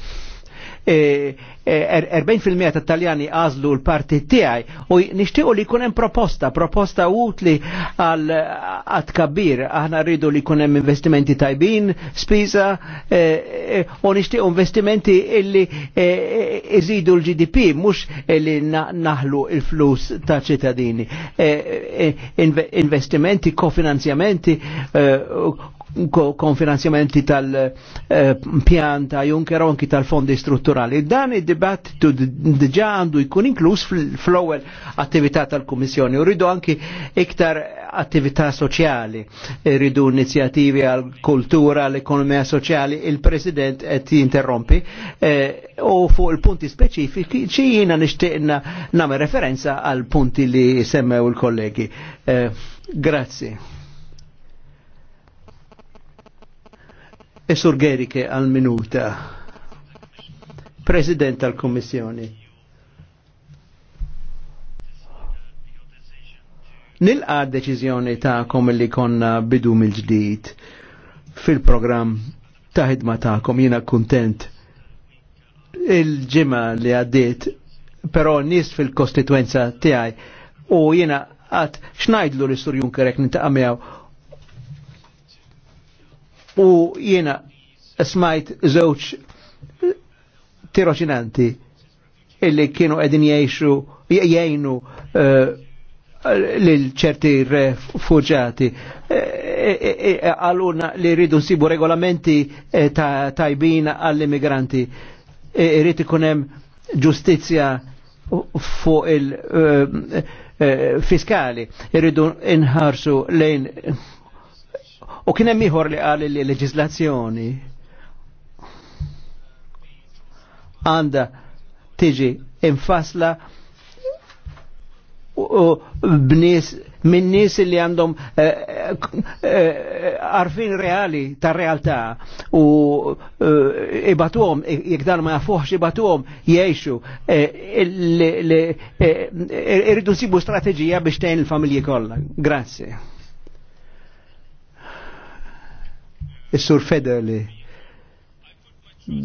40% tal taljani għażlu l parti tiegħi u nixtiequ li jkun hemm proposta, proposta utli għal kabbir, aħna rridu li jkun hemm investimenti tajbin, spisa, e, e, u nixtiequ investimenti illi e, iżidu l-GDP mhux illi naħlu il-flus ta' ċittadini. Investimenti, kofinanzjamenti, konfinanzjamenti tal-pjanta eh, junker u anki tal-fondi strutturali. Dan id-dibattitu d-ġa għandu jkun inkluż fl-ewwel attività tal-Kummissjoni. Uridu anki iktar attività soċjali, rridu inizjativi għal kultura, l-ekonomija soċjali, il-President qed jinterrompi eh, u fuq il-punti speċifiċi jiena nixtieq nagħmel referenza għal punti li semmew il-kollegi. Eh, Grazie. Isur e Gerike għal-minuta. President tal-Kommissjoni. Nilqa deċiżjoni ta'kom li konna bidu mill-ġdid fil-programm ta' ħidma ta'kom jiena kuntent il-ġimma li għaddiet però nis fil-kostituenza tiegħi u jiena għat xnajdlu li Sur Junkerek nintaqamijaw u jiena smajt zewċ tiroċinanti illi kienu edin jiexu jiejnu eh, lil ċerti refugjati. Eh, eh, għaluna li rridu nsibu regolamenti tajbina għall-immigranti. Irrid ikun hemm ġustizzja fuq il-fiskali. Irridu inħarsu lejn U kien hemm ieħor li qal li leġiżlazzjoni għandha tiġi infasla b'nies minn nies li għandhom eh, eh, eh, arfin reali tar realtà u ibatuhom jekk dan ma jafuħx ibatuhom jgħixu irridu nsibu strateġija biex tgħin il-familji kollha. Grazzi. Is-Sur Federli.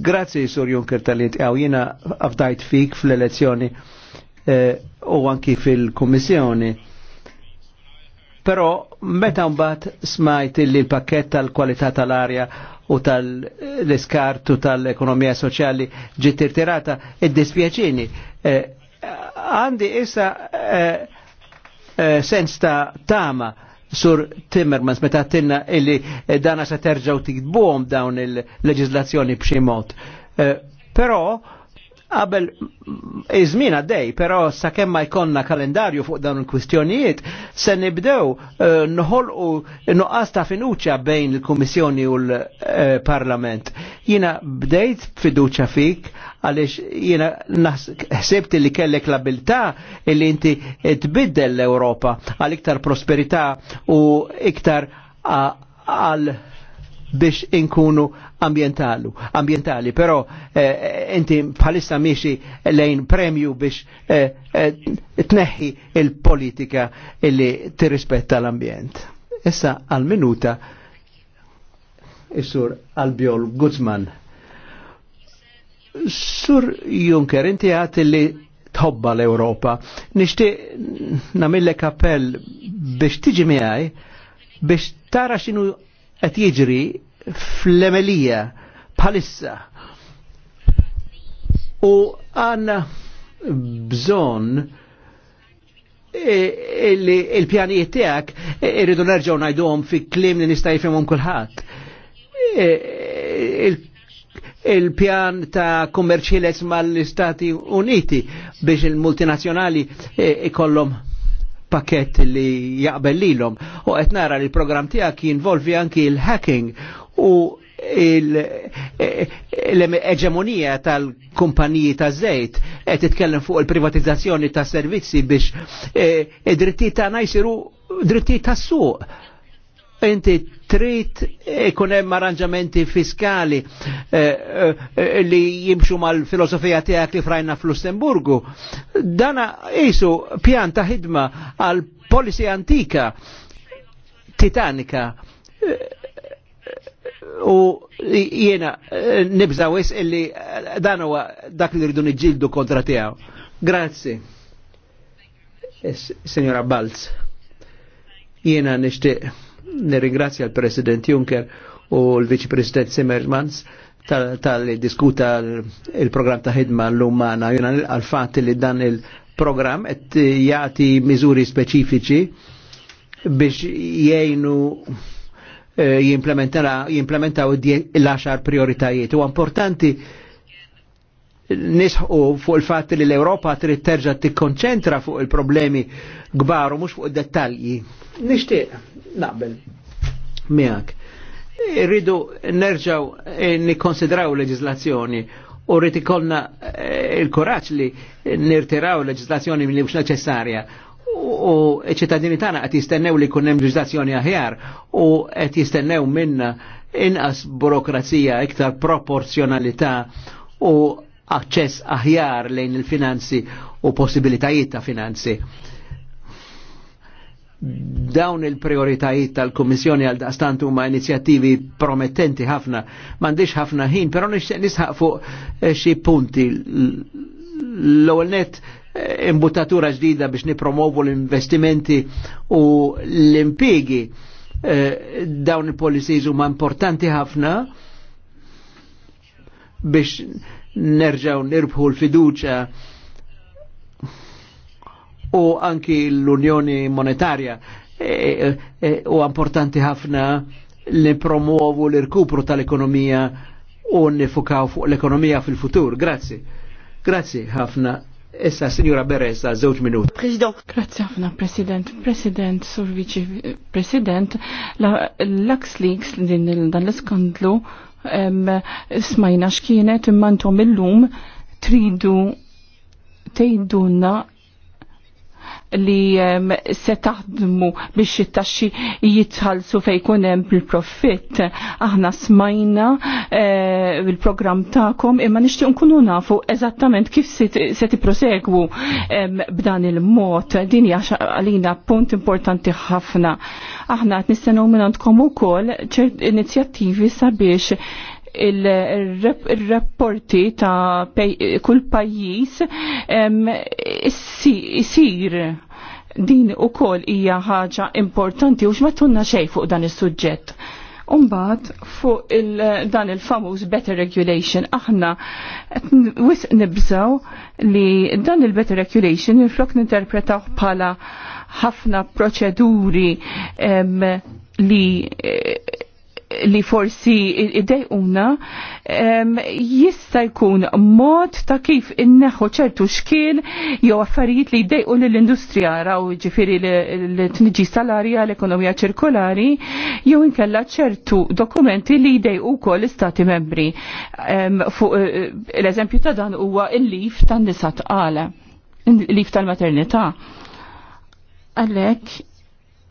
Grazzi, Sur Juncker tal-int, għaw jina għafdajt fik fl-elezzjoni eh, u anki fil-Kommissjoni. Però meta mbagħad smajt li l-pakket tal-kwalità tal-arja u tal-iskartu tal-ekonomija soċjali ġiet tirtirata id-dispjaċini. Eh, għandi issa eh, sens ta' tama Sur Timmermans, meta tinna illi dana se terġaw tikbuhom dawn il-leġizlazzjoni b'xi mod. Eh, però qabel izmin għaddej, però sakemm ma jkollna kalendarju fuq dawn il-kwistjonijiet, se nibdew eh, nħol u nuqqas ta' fiduċja bejn il-Kummissjoni u l-Parlament. Jiena bdejt fiduċja fik għaliex jiena ħsebti li kellek l abilta li inti tbiddel l-Ewropa għal iktar prosperità u iktar għal biex inkunu ambientali. ambientali, però eh, eh, inti bħalissa miexi lejn premju biex eh, eh, tneħħi il-politika illi tirrispetta l-ambjent. Issa għal-minuta Is-sur Albiol Guzman. Sur Juncker, inti għat li tħobba l-Europa. Nishti namille kappell biex tiġi miħaj biex tara xinu qed jiġri fl-emelija bħalissa. U għanna bżon e, il-pjanijiet tiegħek e, irridu nerġgħu ngħidhom fi kliem li nista' jifhimhom kulħadd. E, il-pjan ta' kummerċiles mal-Istati Uniti biex il-multinazzjonali ikollhom pakket li jaqbel lilhom. U qed nara li l-programm tiegħek jinvolvi anki l-hacking u l egemonija e- tal-kumpaniji ta' zejt qed titkellem fuq il-privatizzazzjoni ta' servizzi biex id-drittijiet e- e ta' najsiru drittijiet tas-suq. Inti trid ikun hemm arranġamenti fiskali eh, eh, li jimxu mal-filosofija tiegħek li frajna fl-Lussemburgu. Dana isu pjan ta' ħidma għal polisi antika titanika u jiena eh, nibżaw is illi dan huwa dak li rridu niġġieldu kontra tiegħu. Grazzi. Signora Balz, jiena nixtieq nirringrazzja l-President Juncker u l-Viċi President Zimmermans tal-diskuta il-program ta' ħidma l umana jina għal-fat li dan il-program et jati miżuri speċifiċi biex jgħinu eh, jimplementaw l-10 prioritajiet. U importanti nisħu fuq il-fatt li l-Europa trid terġa' tikkonċentra fuq il-problemi kbar u mhux fuq id-dettalji. Nixtieq naqbel miegħek. Irridu nerġgħu eh, nikkonsidraw leġislazzjoni u rrid ikollna eh, il-kuraġġ li nirtiraw leġislazzjoni li mhux neċessarja u ċittadini tagħna qed jistennew li jkun hemm leġislazzjoni aħjar u qed jistennew minna inqas burokrazija, iktar proporzjonalità u aċċess aħjar lejn il-finanzi u possibilitajiet ta' finanzi. Dawn il-prioritajiet tal-Kommissjoni għal daqstant huma inizjattivi promettenti ħafna, m'għandix ħafna ħin, però nixtieq nisħaq fuq eh, xi punti l-ewwel net eh, imbutatura ġdida biex nipromovu l-investimenti u l-impiegi eh, dawn il-policies huma importanti ħafna biex nerġaw nirbħu l-fiduċa u anki l-Unjoni Monetarja e, e, e, u importanti ħafna li promuovu l-irkupru tal-ekonomija u nifukaw fuq l-ekonomija fil-futur. Grazzi. Grazzi ħafna. Issa, Signora Beres, ta' zewġ minut. President. Grazie ħafna, President. President, Sur Vici President, l-Lux Leaks din dan l-iskandlu smajna x'kienet imma intom illum tridu tejdunna li se taħdmu biex jittaxi taxxi jitħallsu hemm bil profit Aħna smajna bil eh, programm tagħkom imma nixtieq nkunu nafu eżattament kif se prosegwu b'dan il-mod. Din hija għalina punt importanti ħafna Aħna qed nistennew minn għandkom ċert inizjattivi sabiex il-rapporti ta' kull pajjiż isir din u kol hija ħaġa importanti u x'mettunna xej fuq dan is-suġġett. Umbat fuq dan il-famuż better regulation, aħna wis nibżaw li dan il-better regulation inflok ninterpretaw bħala ħafna proċeduri li li forsi id-dejquna jista' jkun mod ta' kif inneħu ċertu xkien jew affarijiet li jdejqu lill-industrija raw ġifiri l-tniġi salarja l-ekonomija ċirkolari jew inkella ċertu dokumenti li jdejqu wkoll l-istati membri. Eh, l-eżempju ta' dan huwa il-lif tan-nisa għala, il-lif tal-maternità. Għalek,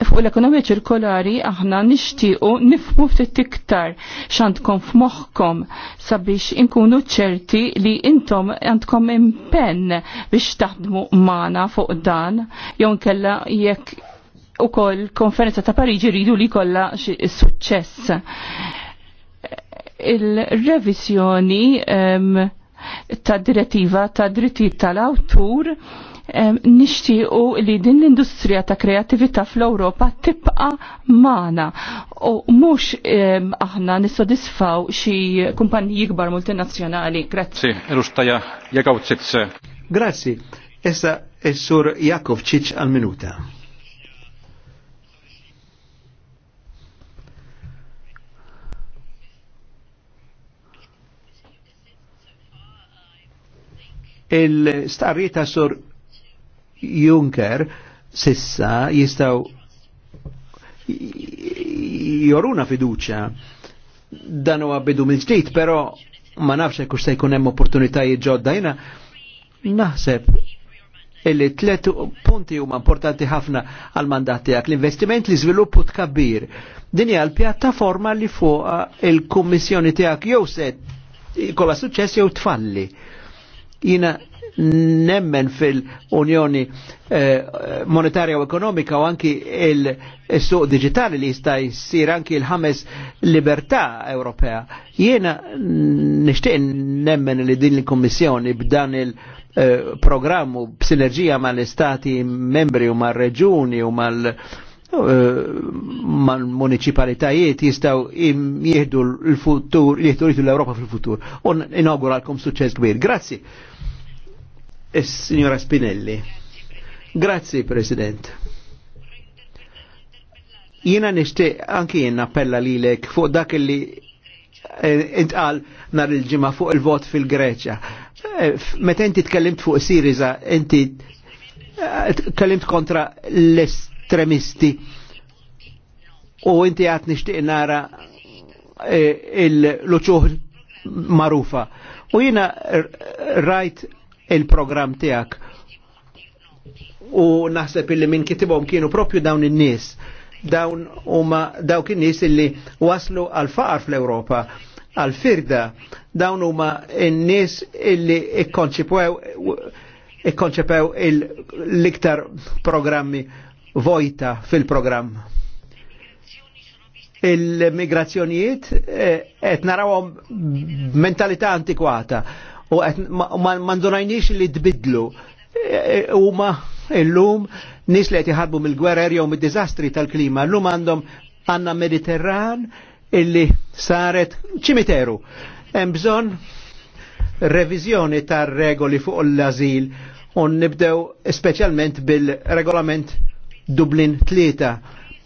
fuq l-ekonomija ċirkolari aħna nixtiequ nifmu ftit iktar x'għandkom f'moħħkom sabiex inkunu ċerti li intom għandkom impenn biex taħdmu magħna fuq dan jew nkella jekk ukoll konferenza ta' Pariġi ridu li kollha suċċess. Il-revisjoni ehm, ta' direttiva ta' drittijiet tal-awtur nixtiequ li din l-industrija ta' kreatività fl-Ewropa tibqa' mana. u mhux aħna nissodisfaw xi kumpanji kbar multinazzjonali. Grazzi. Rustaja e Jakawczyk. Grazzi. Issa is-sur Jakov Ċiċ għal-minuta. il-starrieta sur Juncker sissa jistaw joruna fiduċa dan huwa bidu mill-ġdid, però ma nafx hekk se jkun hemm opportunitajiet ġodda naħseb illi tlet punti huma importanti ħafna għal mandat tiegħek l-investiment li żviluppu tkabbir. Din hija l-pjattaforma li fuq il-kummissjoni tiegħek jew se kolla suċċess jew tfalli. Jina nemmen fil-Unjoni eh, Monetarja u Ekonomika u anki il-suq digitali li jista' jsir anki l-ħames libertà Ewropea. Jiena nishtiq nemmen li din il kommissjoni b'dan il- programmu b'sinerġija mal-istati membri u mal-reġuni u mal- eh, l municipalitajiet jistaw jihdu l-futur, jihdu l-Europa fil-futur. Un inauguralkom suċċess kbir. Grazie. Eh, signora Spinelli. Grazzi, President. Jena nishti anki jena appella lilek fuq dak li eh, intqal nar il ġima fuq il-vot fil-Greċja. Eh, meta inti tkellimt fuq Siriza, inti tkellimt kontra l-estremisti u inti għat nishti nara l-uċuħ marufa. U jina rajt il-program tijak. U naħseb illi minn kitibom kienu propju dawn in-nies. Dawn huma dawk in-nies illi waslu għal faqar fl-Ewropa, għal firda. Dawn huma in-nies illi ikkonċipwew ikkonċepew l-iktar programmi vojta fil-programm. Il-migrazzjonijiet qed eh, narawhom mentalità antikwata u għet ndurajniex li tbidlu e, e, u ma illum nis li jħarbu mill-gwerer jew mid-dizastri tal-klima llum għandhom għandna Mediterran illi saret ċimiteru. Hemm revizjoni tar-regoli fuq l-azil u nibdew speċjalment bil-regolament Dublin 3.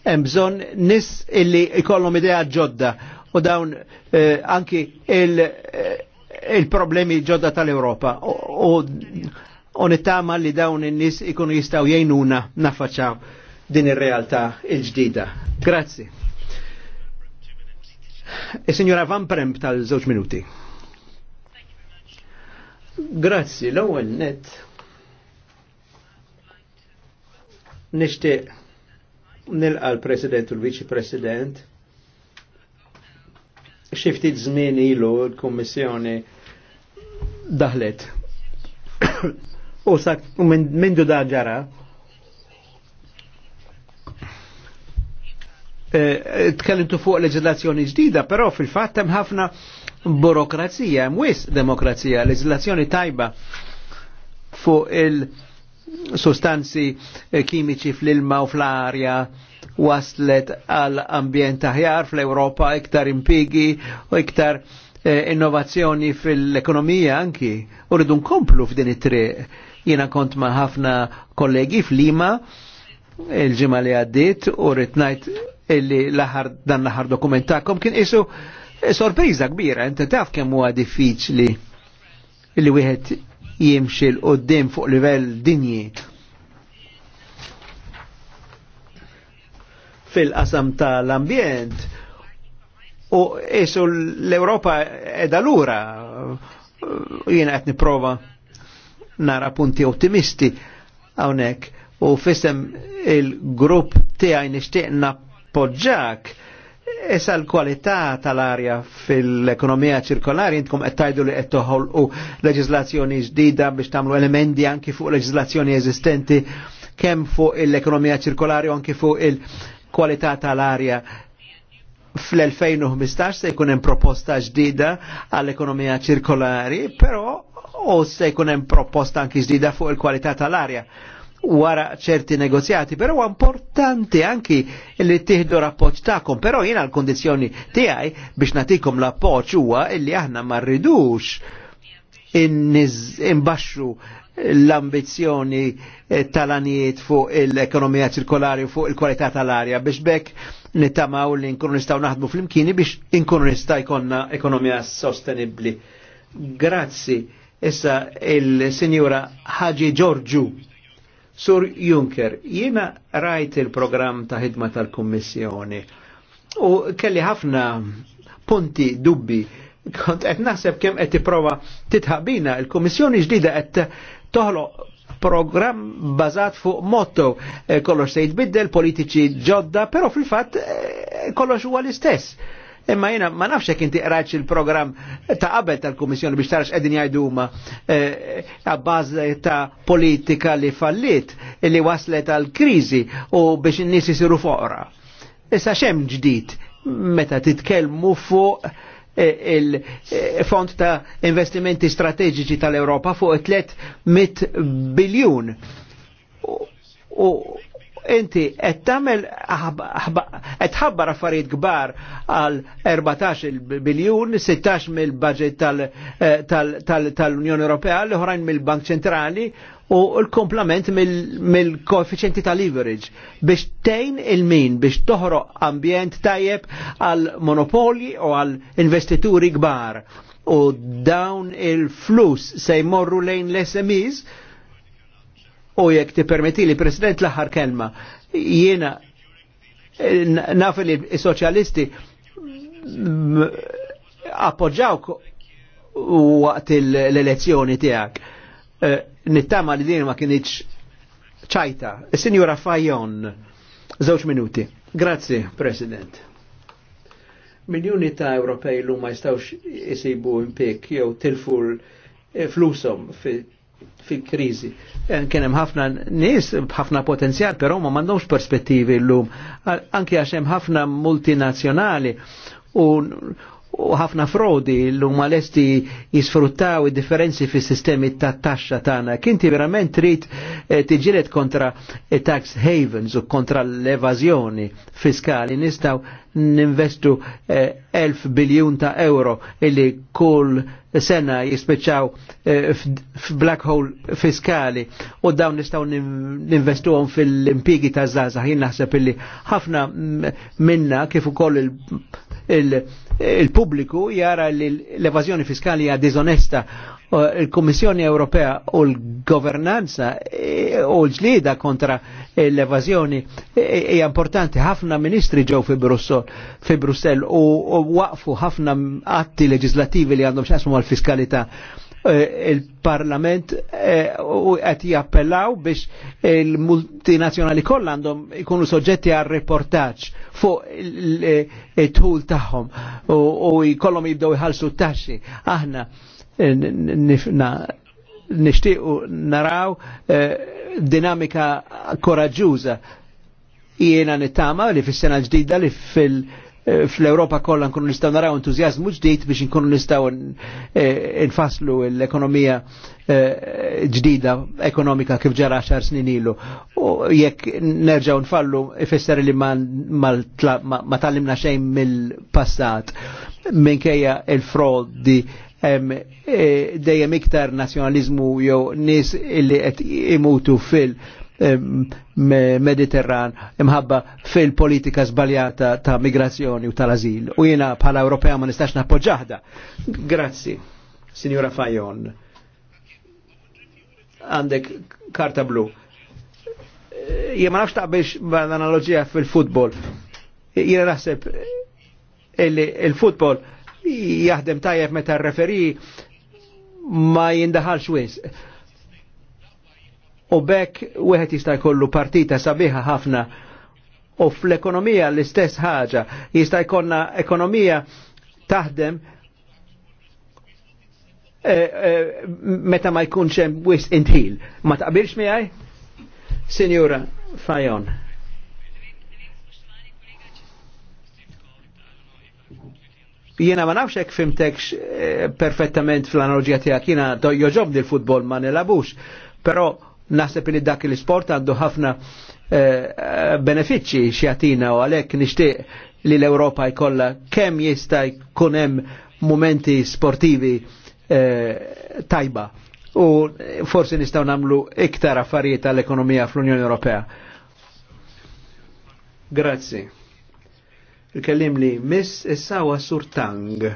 Hemm bżonn nis illi jkollhom idea ġodda u dawn eh, anki il- eh, il-problemi ġodda tal-Europa u nittama li dawn il-nis ikunu jistaw jajnuna naffaċċaw din il realtà il-ġdida. Grazzi. is e, signora Van Premp tal-żewġ minuti. Grazzi, l-ewwel net nixtieq nilqa l-President u l-Viċi President xi ftit żmien ilu l-Kummissjoni daħlet. (coughs) U sak, u da ġara, eh, eh, tkellimtu fuq leġislazzjoni ġdida, però fil-fatt hemm ħafna burokrazija, hemm demokrazija, leġislazzjoni tajba fuq il-sustanzi eh, kimiċi fl-ilma u fl-arja waslet għal ambjent aħjar fl-Europa iktar impigi u iktar Eh, innovazzjoni fil-ekonomija anki u rridu nkomplu f'din it-triq. Jiena kont ma' ħafna kollegi f'Lima il-ġimgħa li għaddiet u rritnajt illi l-aħħar dan l-aħħar dokumentakom kien isu eh, sorpriża kbira, inti taf kemm huwa diffiċli li wieħed jimxi l qoddim fuq livell dinji. Fil-qasam tal-ambjent u esu l-Europa edha lura jina qed nipprova nara punti ottimisti hawnhekk u fissem il-grupp tiegħi nixtieq nappoġġak Issa l-kwalità tal-arja fil-ekonomija ċirkolari intkom qed tajdu li qed toħolqu leġislazzjoni ġdida biex tagħmlu elementi anki fuq leġislazzjoni eżistenti kemm fuq l-ekonomija ċirkolari u anki fuq il-kwalità tal-arja fl-2015 se jkun hemm proposta ġdida għall-ekonomija ċirkolari, però o se jkun hemm proposta anki ġdida fuq il-kwalità tal-arja wara ċerti negozjati, però importanti anki li tiħdu rapporċ ta'kom, però jien l-kondizjoni tiegħi biex natikom l-appoċ huwa illi aħna ma rridux imbaxxu l-ambizjoni eh, tal-anijiet fuq l-ekonomija ċirkolari u fuq il-kwalità tal-arja biex bekk nittamaw li nkunu nistaw naħdmu fl-imkini biex nkunu nistaw ikonna ekonomija sostenibli. Grazzi, issa il senjura Haji Giorgiu. Sur Juncker, jiena rajt il-programm ta' ħidma tal-Kummissjoni u kelli ħafna punti dubbi kont qed naħseb kemm qed tipprova titħabina il-Kummissjoni ġdida qed toħloq program bazat fuq motto e, kollox se jitbiddel, politiċi ġodda, pero fil-fat e, eh, kollox huwa l-istess. Imma jena ma nafx jekk inti qrajt il-programm ta' qabel tal-Kummissjoni biex tarax qegħdin jgħiduma għabbaż eh, e, ta' politika li fallit li waslet għal kriżi u biex in-nies isiru foqra. Issa xem ġdid meta titkellmu fuq E, il-Fond e, ta' Investimenti Strategiċi tal-Europa fuq 300 biljun. U inti qed tagħmel qed tħabbar affarijiet kbar għal 14 biljun, 16 mill-budget e, tal-Unjoni Ewropea, l-oħrajn mill-Bank Ċentrali u l komplement mill-koeffiċenti mil ta' leverage biex tejn il-min biex toħroq ambjent tajjeb għal monopoli u għal investituri kbar u dawn il-flus se jmorru lejn l-SMEs u jekk ti permetti li president l-aħħar kelma jiena naf il soċjalisti appoġġawk waqt l-elezzjoni tiegħek eh, nittama li din ma kienieċ ċajta. Signora Fajon, żewġ minuti. Grazzi, President. Miljoni ta' Ewropej l ma jistawx jisibu impik jew tilfu eh, flusom fi, fi krizi. Eh, Kienem ħafna nis, ħafna potenzjal, però ma mandomx perspettivi l-lum. Anki għaxem ħafna multinazzjonali u u ħafna frodi l-huma lesti jisfruttaw id-differenzi fis sistemi ta' taxxa tagħna. Kinti verament trid eh, tiġilet kontra eh, tax havens u kontra l-evażjoni fiskali nistgħu ninvestu 1000 eh, biljun ta' euro illi kull sena jispiċċaw f'black hole fiskali u dawn nistaw ninvestuhom fil-impigi ta' zazah Jien naħseb illi ħafna mm, minna kif ukoll il-pubbliku jara li l-evazjoni fiskali hija dizonesta. Uh, Il-Kommissjoni Ewropea u l-governanza eh, u l-ġlida kontra l-evazjoni eh, hija importanti. Ħafna ministri ġew fi Brussel u waqfu ħafna atti leġislativi li għandhom xasmu għal-fiskalità Eh, il-Parlament eh, u qed jappellaw biex il-multinazzjonali kollha għandhom ikunu soġġetti għal reportaġġ fuq it-tul tagħhom u jkollhom jibdew jħallsu t-taxxi. Aħna eh, nixtiequ naraw dinamika koraġġuża jiena nittama li fis-sena ġdida li fil- Eh, fl-Europa kollha nkunu nistgħu naraw entużjażmu ġdid biex nkunu nistgħu eh, nfasslu l-ekonomija eh, ġdida ekonomika kif ġara 10 snin ilu. U jekk nerġgħu nfallu ifisser li ma tallimna xejn mill-passat minkejja il-frodi dejjem iktar nazzjonaliżmu jew nies illi qed imutu fil- mediterran imħabba fil-politika zbaljata ta' migrazzjoni u tal-azil. U jena bħala Ewropea ma nistax nappoġġaħda. Grazzi, Signora Fajon. Għandek karta blu. Jema nafx biex l analogija fil-futbol. Jena naħseb il-futbol jaħdem tajjeb meta referi ma jindaħalx wisq u bekk wieħed jista' jkollu partita sabiħa ħafna u fl-ekonomija l-istess ħaġa jista' jkollna ekonomija taħdem eh, eh, meta ma jkunx hemm wisq intil. Ma taqbilx miegħi? Sinjura Fajon. Jiena ma nafx hekk fimtekx eh, perfettament fl-analogija tiegħek jiena joġobni l-futbol ma nilabux, però naħseb li dak l-sport għandu ħafna eh, eh, benefiċċji xjatina u għalhekk nixtieq li l-Ewropa jkollha kemm jista' jkun hemm momenti sportivi eh, tajba u forsi nistgħu nagħmlu iktar affarijiet tal-ekonomija fl-Unjoni Ewropea. Grazzi. Il-kellim li miss issawa surtang.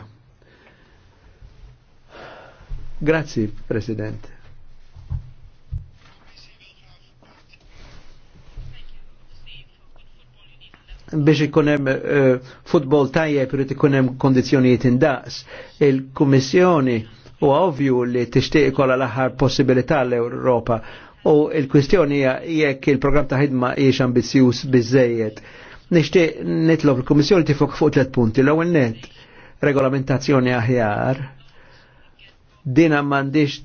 Grazzi, Presidente. biex ikunem hemm eh, futbol tajjeb irid ikunem kondizjonijiet indaqs. Il-Kummissjoni u ovvju li tixtieq ikolla l-aħħar possibilità l-Ewropa u il-kwistjoni hija jekk il-programm ta' ħidma hijiex ambizzjuż biżejjed. Nixtieq nitlob il-Kummissjoni tifok fuq tliet punti. L-ewwel net regolamentazzjoni aħjar dina m'għandix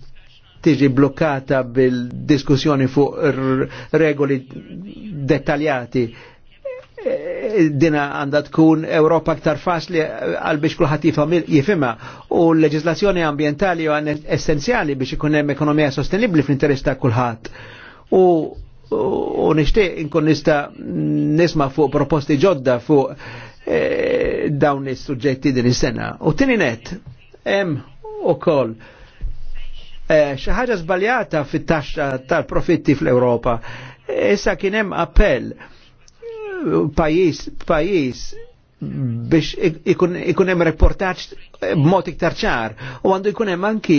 tiġi blokkata bil-diskussjoni fuq regoli dettaljati dina għandha tkun Ewropa aktar faċli għal biex kulħadd jifhimha u l-leġislazzjoni ambientali għan essenzjali biex ikun hemm ekonomija sostenibbli fl-interess ta' kulħadd. U u nixtieq inkun nista' nisma' fuq proposti ġodda fuq E, dawn is-suġġetti din is-sena. U tieni net, hemm ukoll eh, xi ħaġa żbaljata fit-taxxa tal-profitti fl-Ewropa. Issa kien hemm appell pajis, pajis biex ikun hemm reportaġġ eh, b'mod iktar ċar u għandu jkun hemm anki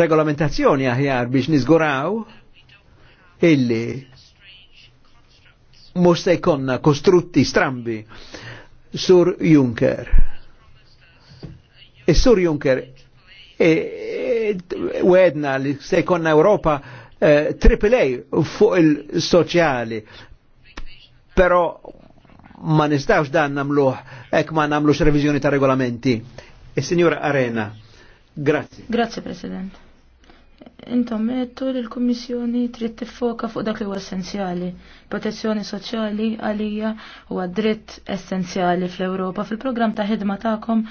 regolamentazzjoni aħjar biex niżguraw illi mhux se jkollna kostrutti strambi sur Juncker. Is-sur e Juncker wedna e, e, li se jkollna Ewropa eh, Triple A fuq il-soċjali Pero ma nistawx dan namluħ ek ma namlux revizjoni ta' regolamenti. Il-Signora e Arena, grazie. Grazie, President. Intom mettu li l-Kommissjoni trid tiffoka fuq dak li huwa essenzjali. Protezzjoni soċjali għalija huwa dritt essenzjali fl-Ewropa. Fil-programm ta' ħidma tagħkom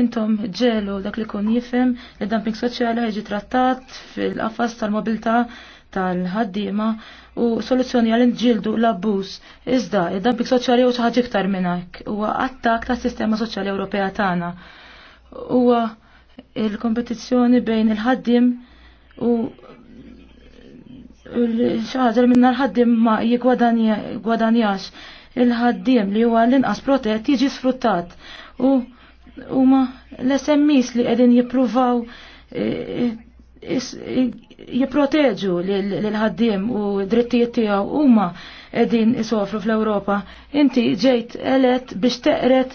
intom ġelu dak li kun jifhem li dumping soċjali ħiġi trattat fil-qafas tal-mobilità tal-ħaddiema u soluzzjoni għal ġildu l-abbuż. Iżda, id dampik soċjali u ħaġa iktar minn hekk. Huwa attak tas-sistema soċjali Ewropea tagħna. Huwa il-kompetizzjoni bejn il ħaddim u xaħġa minna l-ħaddim ma jigwadanjax il-ħaddim li huwa l-inqas protett jiġi sfruttat u huma l-SMIs li qegħdin jippruvaw eh, eh, jiproteġu l-ħaddim u drittijiet tiegħu huma qegħdin isofru fl-Ewropa. Inti ġejt elet biex teqret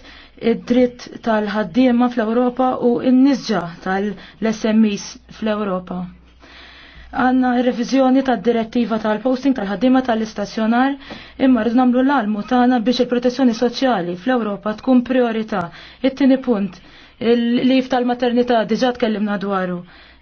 id-dritt tal-ħaddiema fl-Ewropa u n-nisġa tal-SMEs fl-Ewropa. Għanna revizjoni tad direttiva tal-posting tal-ħaddiema tal-istazzjonar imma rridu nagħmlu l-almu tagħna biex il-protezzjoni soċjali fl-Ewropa tkun priorità. It-tieni punt il-lif tal-maternità diġà tkellimna dwaru.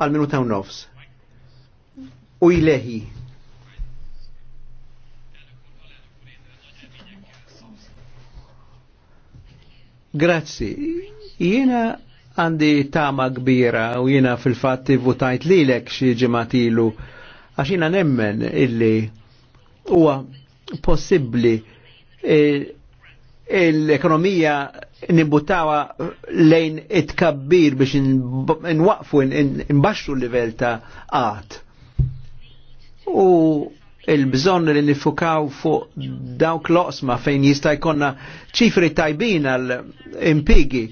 għal minu u nofs. U jleħi. Grazzi. Jiena għandi tama kbira u jiena fil-fatt votajt lilek xi ġematilu għax jiena nemmen illi huwa possibbli eh, l-ekonomija nimbuttawa lejn it-kabbir biex nwaqfu, nbaxxu l-livell ta' għat. U il-bżonn li nifukaw fuq dawk l-oqsma fejn jista' jkollna ċifri tajbin għal impigi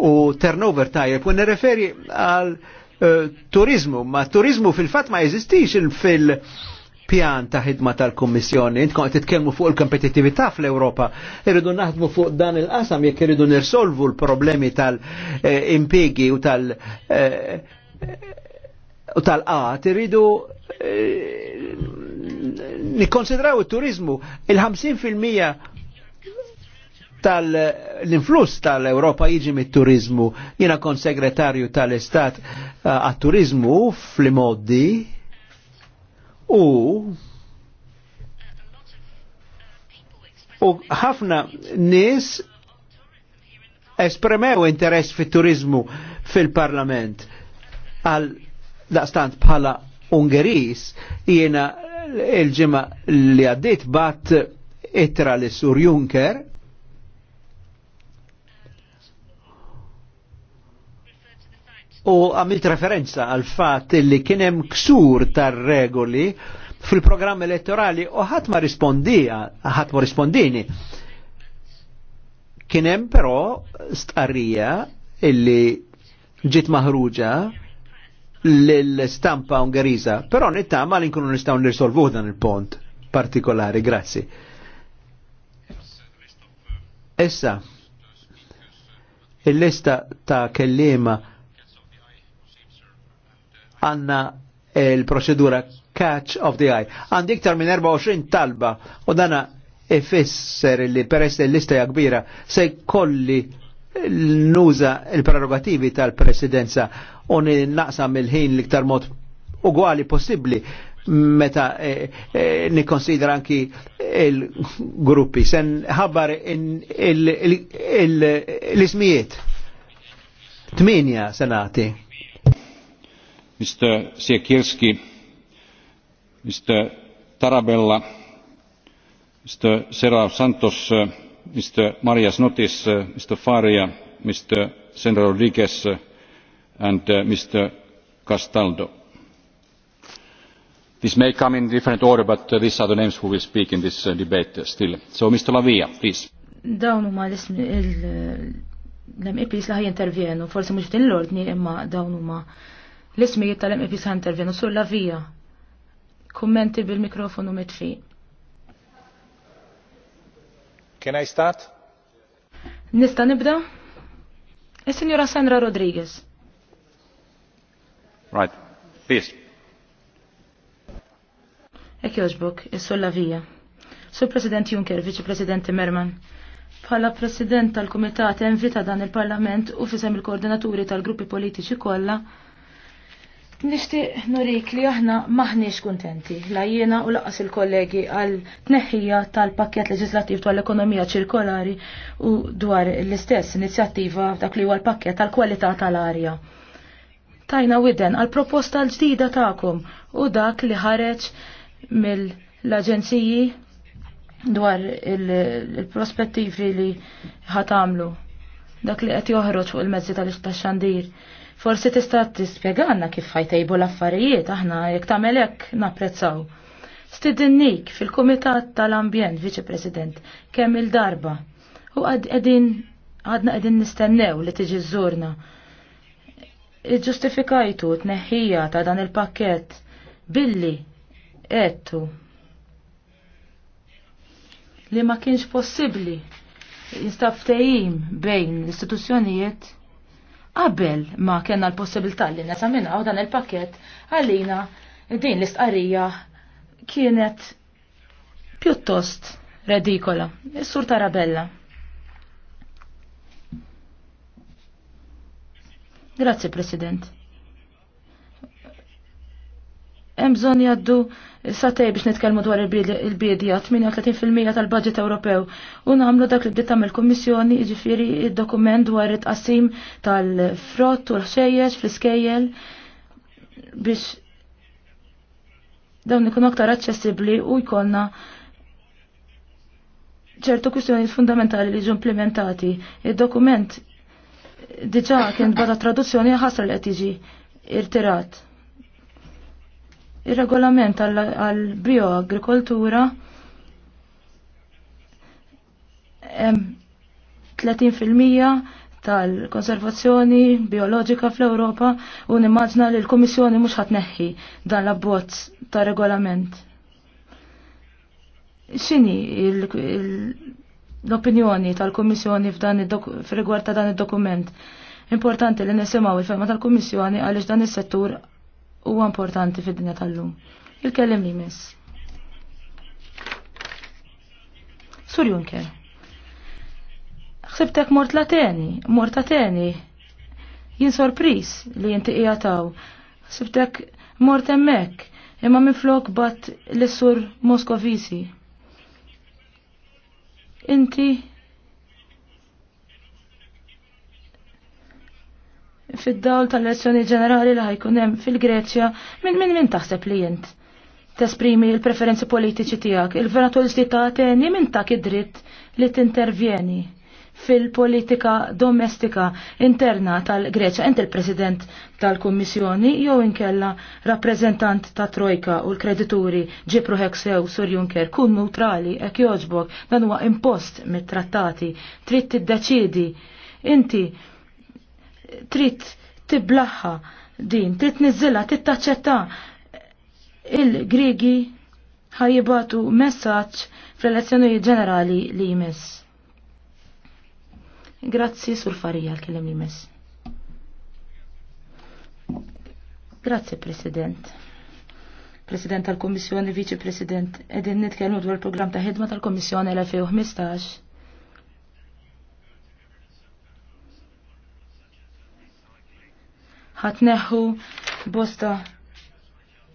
u turnover tajjeb u nirreferi għal eh, turizmu, ma turizmu fil-fat ma jeżistix fil-, -fil pjan ta' ħidma tal-Kommissjoni. Intkom qed titkellmu fuq il-kompetittività fl-Ewropa. Irridu naħdmu fuq dan il-qasam jekk irridu nirsolvu l-problemi tal-impigi u tal- eh, u tal-qat irridu eh, nikkonsidraw it-turizmu il-50% tal-influss tal-Europa jiġi mit-turizmu. Jiena kon segretarju tal-Istat eh, għat-turizmu fl-moddi U ħafna nis espremew interess fit turizmu fil-parlament għal daqstant bħala Ungeris jiena il-ġimma li għaddit bat itra li Sur Juncker u għamilt referenza għal fat li kienem ksur tar regoli fil-programm elettorali u ħadd ma rispondija, ħadd ma rispondini. Kienem però stqarrija illi ġit maħruġa l-stampa Ungariza. però nittama l-inkunu nistgħu nirsolvu dan il-pont partikolari, grazzi. Issa, il-lista ta' kellima għanna il-proċedura catch of the eye. Għandi iktar minn 24 talba u dana ifisser li peress l-lista kbira se kolli nuża il-prerogativi tal-presidenza u naqsam il-ħin l-iktar mod uguali possibli meta eh, eh nikonsidra anki il-gruppi. Sen ħabbar l-ismijiet. Tminja senati. Mr. Siekierski, Mr. Tarabella, Mr. Serra Santos, Mr. Marias Notis, Mr. Faria, Mr. Senra Rodriguez, and Mr. Castaldo. This may come in different order, but these are the names who will speak in this debate still. So, Mr. Lavia, please. Dawn huma l-MEPs li ħaj intervjenu, forse mhux din l-ordni imma dawn huma L-ismijiet tal Hunter intervenu sur la via. Kummenti bil-mikrofonu mitfi. Can I start? Nista nibda? E signora Sandra Rodriguez. Right, please. Ek joġbok, is e, la vija. Sur President Juncker, Vice President Merman, bħala President tal-Kumitat Envi dan il-Parlament u fisem il-Koordinaturi tal-Gruppi Politiċi kollha, Nishtiq nurik li aħna maħniex kontenti la jiena u laqas il-kollegi għal tneħħija tal-pakket leġislattiv tal ekonomija ċirkolari u dwar l-istess inizjattiva dak li huwa l-pakket tal-kwalità tal-arja. Tajna widen għal proposta l-ġdida tagħkom u dak li ħareġ mill-aġenziji dwar il-prospettivi li ħatamlu dak li qed joħroġ fuq il-mezzi tal-xandir. tal xandir Forsi tista' tispjegana kif ħajtejbu l-affarijiet aħna jekk tagħmel hekk napprezzaw. Stidinnik fil-Kumitat tal-Ambjent, Viċi President, kemm il-darba. U qegħdin għadna qegħdin nistennew li tiġi żurna. Iġġustifikajtu t ta' dan il-pakket billi għettu li ma kienx possibbli jinstab bejn l-istituzzjonijiet qabel ma kena l-possibilità li nesamina u dan il-pakket għalina din l-istqarrija kienet pjuttost redikola. Is-sur Tarabella. Grazie, President hemm bżonn jgħaddu satej biex nitkellmu dwar il-bidja 38% tal-budget Ewropew u nagħmlu dak li bdiet tagħmel Kommissjoni jiġifieri il dokument dwar it-qasim tal-frott u l-ħxejjex fl-iskejjel biex dawn ikun aktar aċċessibbli u jkollna ċertu kwistjoni fundamentali li ġu implementati. Id-dokument diġà kien bada traduzzjoni ħasra l qed jiġi irtirat Ir-regolament għal bioagrikoltura 30% tal-konservazzjoni biologika fl-Ewropa u nimmaġna li l-Kummissjoni mhux ħatneħi dan l-abbozz ta' regolament. X'inhi l-opinjoni tal-Kummissjoni f'rigward ta' dan id-dokument? Importanti li nisimaw il-ferma tal-Kummissjoni għaliex dan is-settur huwa importanti fid-dinja tal-lum. Il-kellem li mis. Sur Juncker. Xsibtek mort lateni, mort teni. Jien sorpris li jinti ijataw. Xsibtek mort emmek, imma minn flok bat l-sur Moskovisi. Inti fid-dawl tal-elezzjoni ġenerali li ħajkun hemm fil-Greċja minn min min taħseb li jent? tesprimi l-preferenzi politiċi tiegħek, il-vera ġdita teni minn tak id-dritt li tintervjeni fil-politika domestika interna tal-Greċja, inti il president tal-Kummissjoni jew inkella rappreżentant ta' Trojka u l-kredituri Ġipru Heksew Sur Juncker kun neutrali ek jogħġbok dan huwa impost mit-trattati, trid tiddeċiedi inti trid tiblaħħa din, trid niżilha, trid taċċetta. Il-Griegi ħajibatu messaġġ fl-elezzjonijiet ġenerali li jmiss. Grazzi sur farija l-kellem li jmiss. Grazzi President. President tal-Kommissjoni, Viċi President, edin nitkellmu dwar il-programm ta' ħidma tal-Kommissjoni 2015 ħatneħu bosta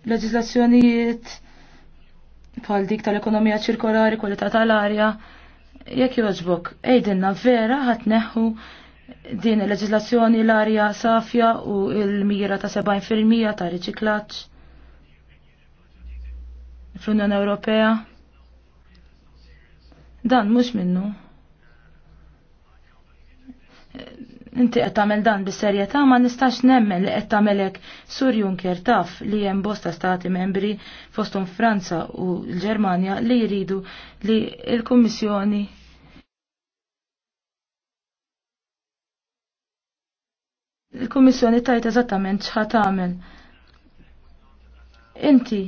leġislazzjonijiet bħal dik tal-ekonomija ċirkolari, kwalità tal-arja, jekk joġbok, ejdinna vera ħatneħħu din il-leġislazzjoni l-arja safja u il-mira ta' 70% ta' riċiklaċ fl-Unjoni Ewropea. Dan mhux minnu. Inti qed tagħmel dan bis-serjetà ma nistax nemmen li qed tagħmelek Sur Juncker taf li hemm bosta stati membri fosthom Franza u l-Ġermanja li jridu li l-Kummissjoni il-Kummissjoni tajt eżattament x'ħat tagħmel. Inti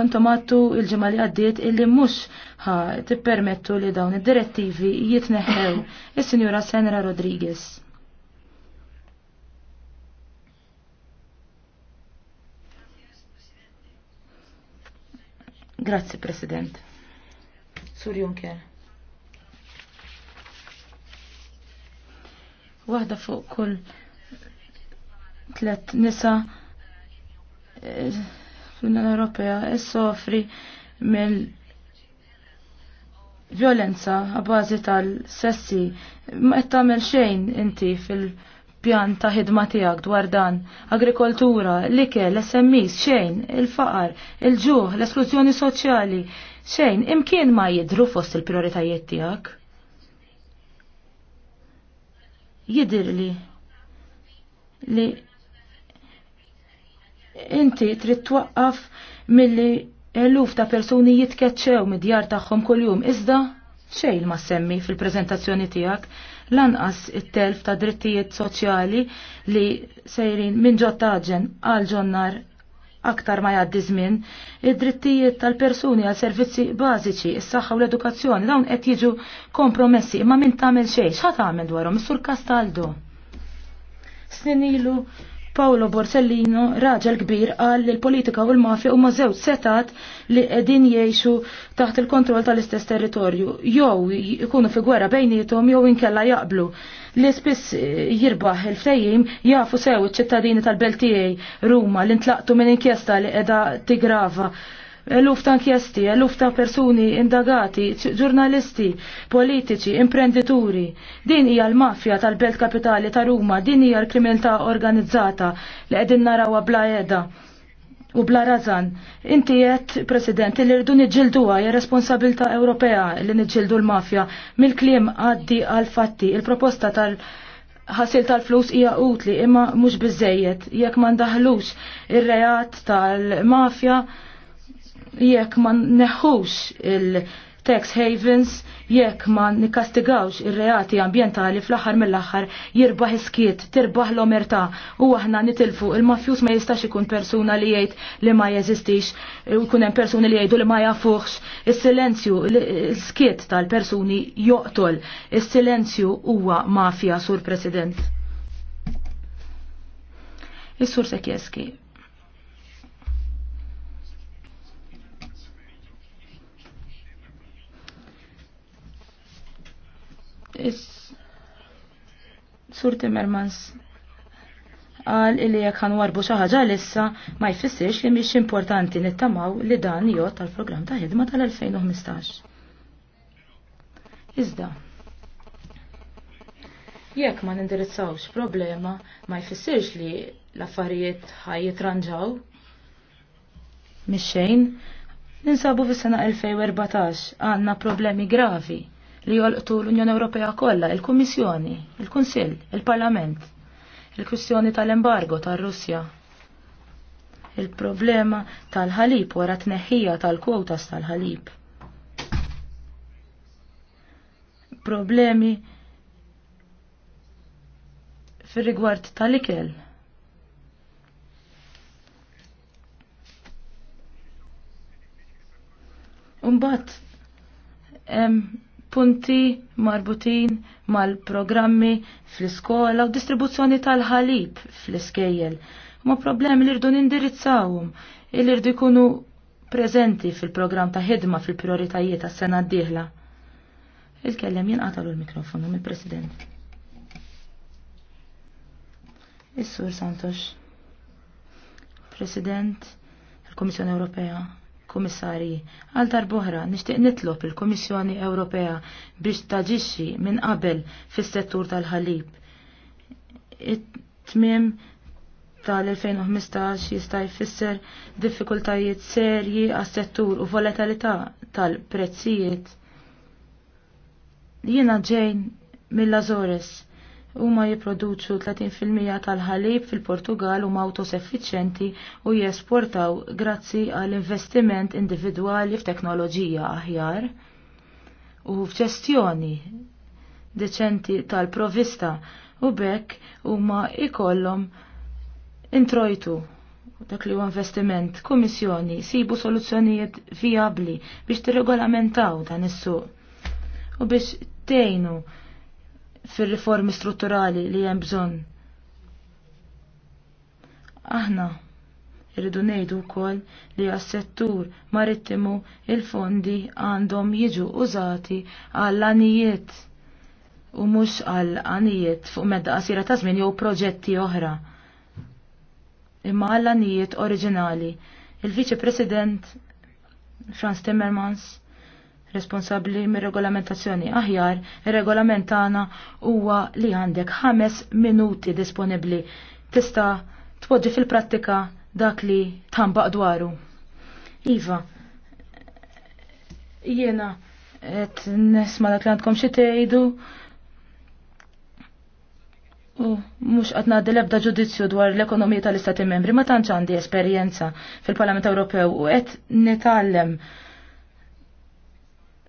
Ontom għattu il ġemal li għaddiet illi mux ħa tippermettu li dawn id-direttivi jitneħew Is-Sinjura Senra Rodriguez. Grazzi, President. Sur Juncker. Waħda fuq kull tlet nisa eh, fl-Unjoni Ewropea issofri eh, mill violenza bażi tal-sessi ma qed tagħmel xejn inti fil- pjan ta' ħidma tiegħek dwar dan. Agrikoltura, l-ikel, SMEs, xejn, il-faqar, il-ġuħ, l-esklużjoni soċjali, xejn, imkien ma jidru fost il-prioritajiet tiegħek. Jidir li inti trid twaqqaf milli eluf ta' persuni jitkeċċew mid-djar tagħhom kuljum iżda xejn ma semmi fil-preżentazzjoni tiegħek lanqas it-telf ta' drittijiet soċjali li sejrin minn ġottaġen għal ġonnar aktar ma jgħaddi żmien, id-drittijiet tal-persuni għal servizzi bażiċi, is-saħħa u l-edukazzjoni dawn qed jiġu kompromessi, imma min tagħmel xejn, x'ħa tagħmel dwarhom, is-sur Castaldo. Snin ilu Paolo Borsellino, raġel kbir, qal li l-politika u l-mafja huma żewġ setat li qegħdin jgħixu taħt il-kontroll tal-istess territorju. Jew ikunu fi gwerra bejnietom jew inkella jaqblu. Li spiss eh, jirbaħ il-fejjim jafu sew iċ-ċittadini tal-belt tiegħi Ruma li ntlaqtu minn inkjesta li qiegħda tigrava eluf ta' inkjesti, eluf ta' persuni indagati, ġurnalisti, politiċi, imprendituri. Din hija l-mafja tal-Belt Kapitali ta' Ruma, din hija l-kriminalità organizzata li qegħdin narawha bla jeda. u bla razan. Inti jett, President, li rridu nġildu għaj responsabilta Ewropea li nġildu l-mafja. Mil-klim għaddi għal-fatti, il-proposta tal- ħasil tal-flus hija utli imma mhux biżejjed jekk ma ndaħlux ir-reat tal-mafja jekk ma neħux il-tax havens, jekk ma nikastigawx ir-reati ambientali fl-aħħar mill-aħħar jirbaħ iskiet, tirbaħ l-omerta u aħna nitilfu il-mafjus ma jistax ikun persuna li jgħid li ma jeżistix u jkun hemm persuni li jgħidu li ma jafuħx. Is-silenzju, l-skiet tal-persuni joqtol. Is-silenzju huwa mafja, Sur President. Is-Sur Sekjeski. Sur Timmermans għal illi jekk ħan warbu xi ħaġa lissa ma jfissirx li mhix importanti nittamaw li dan jgħod tal-programm ta' ħidma tal-2015. Iżda, jekk ma nindirizzawx problema ma jfissirx li l-affarijiet ħajjitranġaw miex xejn ninsabu fis-sena 2014 għandna problemi gravi li jolqtu l-Unjoni Ewropea kollha, il-Kummissjoni, il-Kunsill, il-Parlament, il-kwistjoni tal-embargo tar-Russja. Il-problema tal-ħalib wara tneħħija tal-kwotas tal-ħalib. Problemi fir-rigward tal-ikel. Umbat, punti marbutin mal-programmi fl-iskola u distribuzzjoni tal-ħalib fl-iskejjel. Ma problemi li rridu nindirizzawhom, li rdu jkunu preżenti fil program ta' ħidma fil-prioritajiet ta' sena d-dieħla. Il-kellem jinqatalu l-mikrofonu mill-President. Is-Sur Santos, President, il-Komissjoni Ewropea, Kummissarji, għal darbohra nixtieq nitlob il-Kummissjoni Ewropea biex taġixxi minn qabel fis-settur tal-ħalib. It-tmiem tal-2015 jista' jfisser diffikultajiet serji għas-settur u volatilità tal-prezzijiet. Jiena ġejn mill-Azores huma jipproduċu 30% tal-ħalib fil-Portugal huma autoseffiċjenti u jesportaw grazzi għall investiment individwali f'teknoloġija aħjar u f'ġestjoni deċenti tal-provista u bekk huma ikollhom introjtu dak li huwa investiment, kummissjoni, sibu soluzzjonijiet viabli biex tirregolamentaw dan is-suq u biex tgħinu fil-riformi strutturali li hemm bżonn. Aħna irridu ngħidu wkoll li għas-settur marittimu il-fondi għandhom jiġu użati għall anijiet u mhux għall anijiet fuq medda qasira ta' żmien jew proġetti oħra. Imma għall anijiet oriġinali. Il-Viċi President Franz Timmermans responsabbli mir-regolamentazzjoni aħjar, ir-regolament tagħna huwa li għandek ħames minuti disponibbli tista' tpoġġi fil-prattika dak li tambaq dwaru. Iva, jiena qed nisma' dak li għandkom xi tgħidu U mux għatna l-ebda ġudizzju dwar l-ekonomija tal-Istati membri, ma tantx għandi esperjenza fil-Parlament Ewropew u qed nitgħallem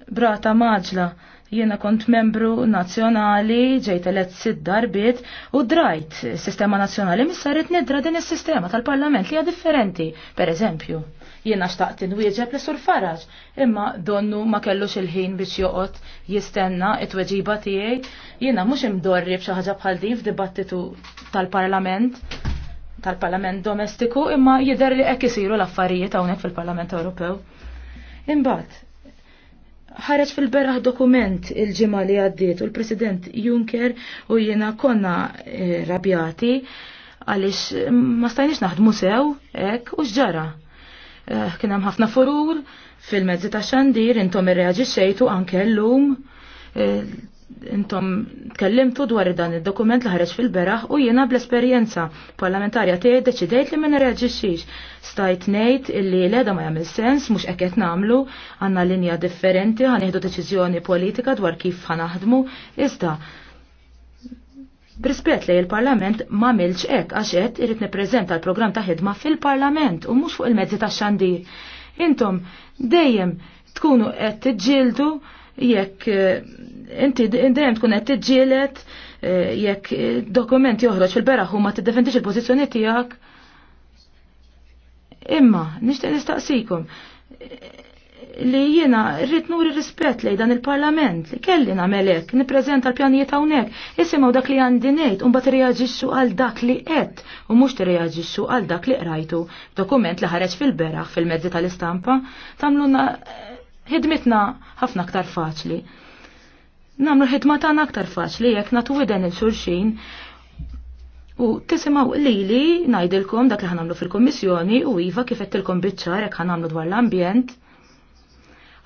brata maġla. Jiena kont membru nazzjonali, ġejt elett sitt darbiet u drajt sistema nazzjonali missaret nidra din is-sistema tal-Parlament li hija differenti, per eżempju. Jiena xtaqt inwieġeb li sur faraġ, imma donnu ma kellux il-ħin biex joqgħod jistenna it-tweġiba tiegħi. Jiena mhux imdorri b'xi ħaġa bħal din f'dibattitu tal-Parlament tal-Parlament domestiku imma jidher li hekk isiru l-affarijiet hawnhekk fil-Parlament Ewropew. Imbagħad, ħareġ fil-berraħ dokument il-ġimgħa li għaddiet u l-President Juncker u jiena konna eh, rabjati għaliex mm, ma stajniex naħdmu sew hekk u x'ġara. Eh, kien hemm ħafna furur fil-mezzi ta' xandir intom xejtu anke llum eh, intom tkellimtu dwar dan id-dokument li ħareġ fil-beraħ u jiena bl-esperjenza parlamentarja tiegħi deċidejt li ma nirreġixxix. Stajt ngħid illi l-eda ma jagħmel sens mhux hekk qed nagħmlu, għandna linja differenti ħanieħdu deċiżjoni politika dwar kif ħanaħdmu iżda Brispet li il-Parlament ma milx ek għax qed irid nippreżenta l-programm ta' ħidma fil-Parlament u mhux fuq il-mezzi tax-xandir. Intom dejjem tkunu qed tiġġieldu jekk eh, inti dejjem tkun qed tiġġieled eh, jekk eh, dokument joħroġ fil-beraħ u ma tiddefendix il-pożizzjoni tiegħek. Imma nixtieq nistaqsikom li jiena rrid nuri rispett lejn dan il-Parlament li kelli nagħmel hekk, nippreżenta l-pjanijiet hawnhekk, isimgħu dak li għandi ngħid u mbagħad irreaġixxu għal dak li qed u mhux tirreaġixxu għal dak li qrajtu dokument li ħareġ fil-beraħ fil-mezzi tal-istampa tagħmluna ħidmitna ħafna aktar faċli. Namlu ħidma tagħna aktar faċli jekk nagħtu weden il-xulxin u tisimgħu lili ngħidilkom dak li ħanamlu fil-Kommissjoni u iva kif qed tilkom biċċar jekk ħanamlu dwar l-ambjent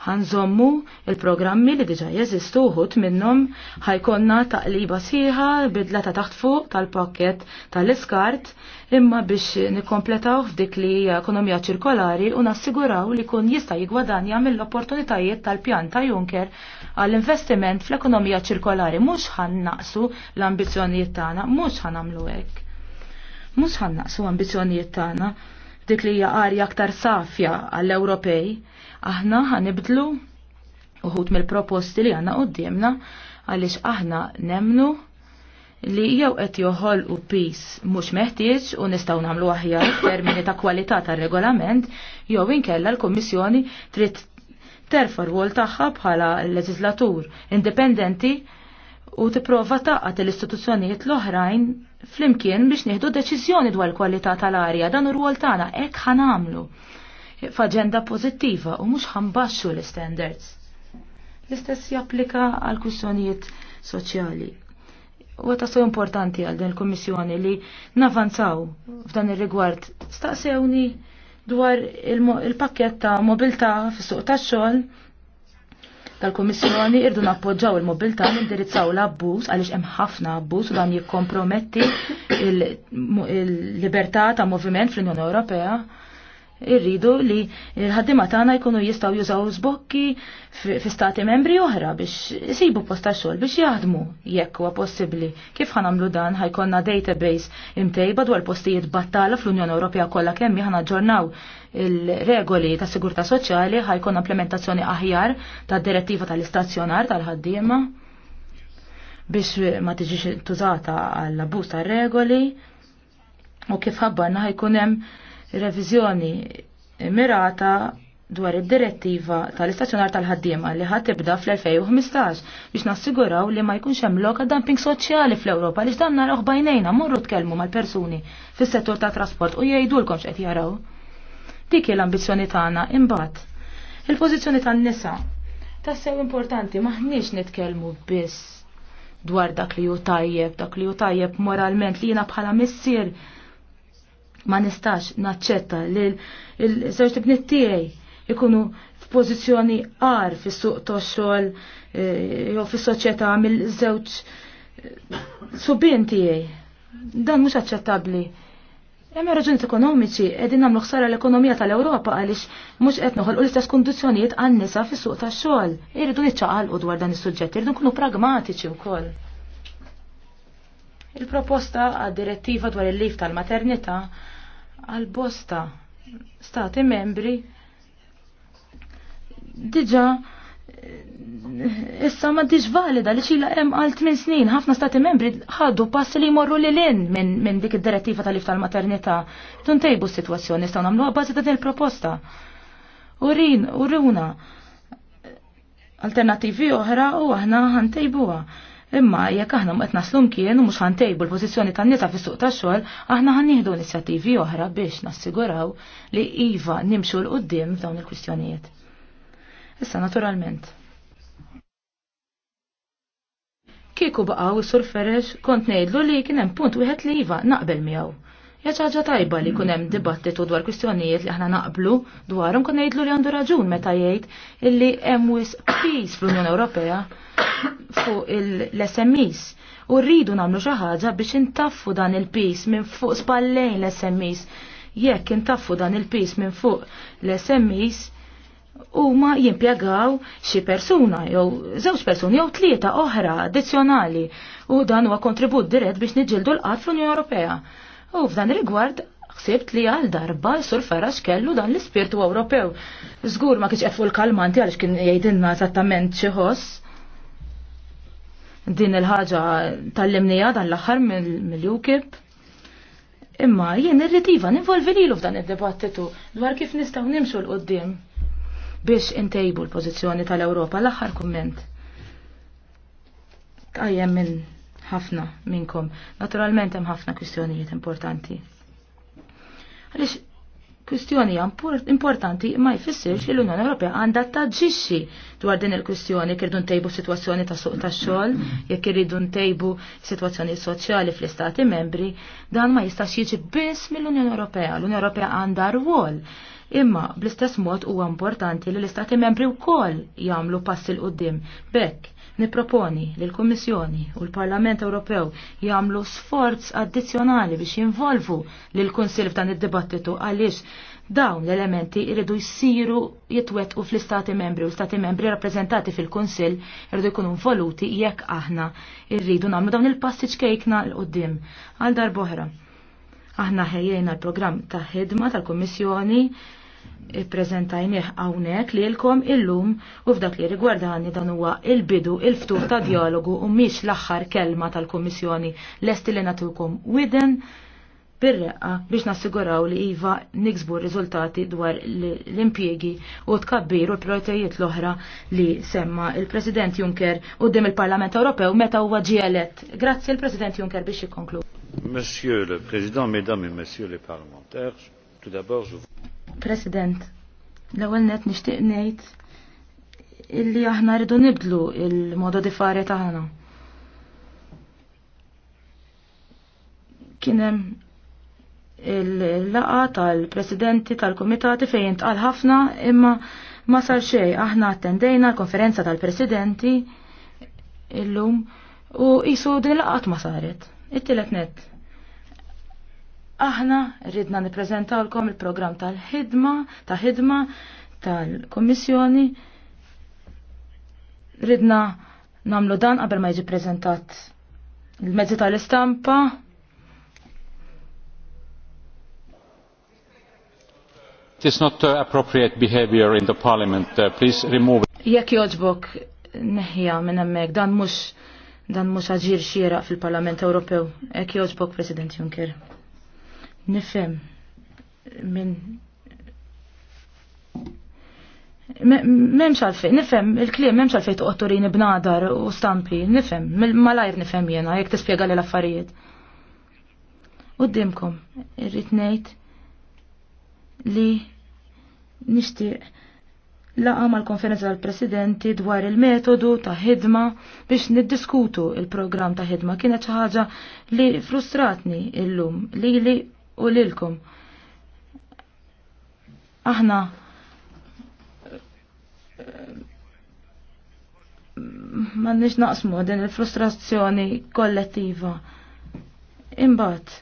ħanżommu il-programmi li diġa jeżistu uħut minnom ħajkonna taqliba sħiħa bidla ta' taħt fuq tal pocket tal-iskart imma biex nikkompletaw f'dik li hija ekonomija ċirkolari u nassiguraw li kun jista' jigwadanja mill-opportunitajiet tal-pjan ta' Juncker għall-investiment fl-ekonomija ċirkolari mhux ħannaqsu l-ambizzjonijiet tagħna, mhux ħanamlu hekk. Mhux ħannaqsu ambizzjonijiet tagħna dik li hija arja aktar safja għall-Ewropej, aħna ħanibdlu uħut mill-proposti li għanna qudiemna għaliex aħna nemnu li jew qed joħolqu pis mhux meħtieġ u nistgħu nagħmlu aħjar (coughs) termini ta' kwalità tar-regolament jew inkella l-Kummissjoni trid terfa' rwol tagħha bħala leġislatur indipendenti u tipprova taqgħet l-istituzzjonijiet l-oħrajn flimkien biex nieħdu deċiżjoni dwar kwalità tal-arja dan ir-rwol tagħna hekk ħanamlu f'aġenda pożittiva u mhux ħambaxxu l-standards. L-istess japplika għal kwistjonijiet soċjali. U so importanti għal din il-Kommissjoni li navanzaw f'dan ir-rigward. Staqsewni dwar il-pakket ta' mobilta fis-suq tax-xogħol tal-Komissjoni irdu nappoġġaw il mobilta l indirizzaw l abbus għaliex hemm ħafna abbuż u dan jikkomprometti il-libertà ta' moviment fl-Unjoni Ewropea irridu li l-ħaddima tagħna jkunu jistgħu jużaw żbokki fi stati membri oħra biex isibu post xogħol biex jaħdmu jekk huwa possibbli. Kif ħanamlu dan ħajkonna database imtejba dwar postijiet battala fl-Unjoni Ewropea kollha kemm ħana ġurnaw il-regoli ta' sigurtà soċjali ħajkun implementazzjoni aħjar tad direttiva tal-istazzjonar tal-ħaddiema biex ma tiġix tużata għall abbuż tar regoli u kif ħabbarna ħajkun hemm Revizjoni mirata dwar id-direttiva tal-istazzjonar tal-ħaddiema li ħad tibda fl-2015 biex nassiguraw li ma jkunx hemm loka dumping soċjali fl-Ewropa li dan naraw bajnejna morru tkellmu mal-persuni fis-settur tat trasport u jgħidulkom x'qed jaraw. Dik l-ambizzjoni tagħna imbagħad. Il-pożizzjoni tan-nisa tassew importanti maħniex nitkellmu biss dwar dak li hu tajjeb, dak li hu tajjeb moralment li jiena bħala missier ma nistax naċċetta li l-żewġ tibnit tiegħi ikunu f'pożizzjoni għar fis-suq tax-xogħol eh, jew fis-soċjetà mill-żewġ eh, subien tiegħi. Dan mhux aċċettabbli. Hemm raġunijiet ekonomiċi qegħdin nagħmlu ħsara l-ekonomija tal-Ewropa għaliex mhux qed noħolqu l-istess kundizzjonijiet għan-nisa fis-suq tax-xogħol. Irridu niċċaqalqu dwar dan is-suġġett, irridu nkunu pragmatiċi wkoll. Il-proposta għad direttiva dwar il-lif tal-maternità għal bosta stati membri diġa eh, issa ma diġ valida li xila hemm għal 8 snin ħafna stati membri ħaddu pass li jmorru li l-in minn min dik id-direttiva tal-lif tal-maternità. Tuntejbu s-sitwazzjoni staw nagħmluha bażi ta' din il-proposta. Urin, uruna, alternativi oħra u aħna ħantejbuha. Imma jekk aħna qed naslu mkien u mhux ħantejbu l-pożizzjoni tan-nisa fis-suq tax-xogħol, aħna ħanieħdu inizjattivi oħra biex nassiguraw li iva nimxu l qudiem f'dawn il-kwistjonijiet. Issa naturalment. Kieku baqgħu sur Ferex kont ngħidlu li kien hemm punt wieħed li iva naqbel miegħu Ja ċaġa tajba li kunem dibattitu dwar kwistjonijiet li aħna naqblu dwarum kun ngħidlu li għandu raġun meta jgħid illi hemm wis peace fl-Unjoni Ewropea fuq l-SMEs. U rridu nagħmlu xi ħaġa biex intaffu dan il-peace minn fuq spallejn l-SMEs. Jekk intaffu dan il-peace minn fuq l-SMEs, huma jimpjegaw xi persuna jew żewġ persuni jew tlieta oħra addizzjonali u dan huwa kontribut dirett biex niġildu l-qatt fl-Unjoni Ewropea. U f'dan rigward ħsibt li għal darba sur farax kellu dan l-ispirtu Ewropew. Żgur ma kienx qed l-kalmanti għaliex kien jgħidilna esattament xi ħoss din il-ħaġa tal-limnija dan l-axar mill-UKIP. Imma jien irritiva ninvolvi lilu f'dan id debattitu dwar kif nistgħu nimxu l qoddim biex intejbu l-pożizzjoni tal-Ewropa l-aħħar kumment. Għajem minn ħafna minnkom. Naturalment hemm ħafna kwistjonijiet importanti. Għaliex kwistjoni importanti ma jfissirx li l-Unjoni Ewropea għandha taġixxi dwar din il-kwistjoni kirdu ntejbu sitwazzjoni ta' suq tax-xogħol, jekk irridu ntejbu sitwazzjoni soċjali fl-istati membri, dan ma jistax jiġi biss mill-Unjoni Ewropea. L-Unjoni Ewropea għandha rwol imma bl-istess mod huwa importanti li l-istati membri wkoll jagħmlu pass il qudiem Bekk, Niproponi li l-Kummissjoni u l-Parlament Ewropew jagħmlu sforz addizzjonali biex jinvolvu lil kunsil f'dan id-dibattitu għaliex dawn l-elementi jridu jsiru jitwetqu fl-Istati membri u l-Stati membri rappreżentati fil-Kunsill jridu jkunu involuti jekk aħna rridu nagħmlu dawn il-passiġġ kejkna l qudiem għal darboħra. Aħna ħejjejna l-programm ta' ħidma tal-Kummissjoni Ippreżentajnieh hawnhekk lilkom illum u f'dak li rigwardani dan huwa il-bidu il-ftuħ ta' dialogu u mhix l-aħħar kelma tal-Kummissjoni lesti li natukom widen bir-reqqa biex nassiguraw li iva niksbu riżultati dwar l impjiegi u tkabbir u l-prioritajiet l-oħra li semma il-President Juncker u dim il-Parlament Ewropew meta huwa ġielet. Grazzi il-President Juncker biex jikkonklu. Monsieur le Président, Mesdames et Messieurs les parlementaires, tout d'abord je vous President, l-ewwel net nixtieq ngħid illi aħna rridu nibdlu il-modo diffari tagħna. Kien hemm il-laqa tal-presidenti tal-komitati fejn tqal ħafna imma ma sar xejn aħna attendejna l-konferenza tal-presidenti illum u qisu din il-laqat ma saret. It-tielet net Aħna ridna niprezentawlkom il-programm tal-ħidma, ta' ħidma tal kummissjoni Ridna namlu dan qabel ma jiġi prezentat il-mezzi tal-istampa, It is not uh, appropriate behavior in the parliament. Uh, please remove it. Jekk joġbok neħja minn hemmhekk dan mhux dan mhux aġir xieraq fil-Parlament Ewropew. Jekk joġbok President Juncker nifhem minn Memx għalfej, nifem, il-kliem memx għalfej turini b'nadar u stampi, nifem, malajr nifem jena, jek t-spiega li l-affarijiet. U d-dimkom, rritnejt li nishti laqa mal-konferenza tal-presidenti dwar il-metodu ta' ħidma biex niddiskutu il-program ta' ħidma kienet ħaġa li frustratni illum li li u lilkom. Aħna ma nix naqsmu din il-frustrazzjoni kollettiva. Imbat,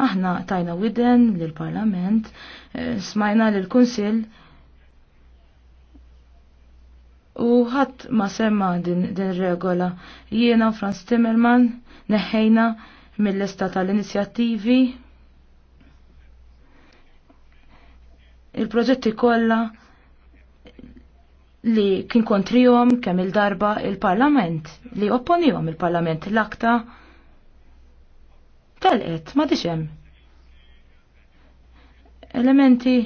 aħna tajna widen l-parlament, eh, smajna l-kunsil, U ħadd ma semma din, din regola. Jiena Franz Timmerman neħħejna mill-lista tal-inizjattivi il-proġetti kollha li kien kontrijom kemm il-darba il-Parlament, li opponijom il-Parlament l-akta telqet ma diċem. Elementi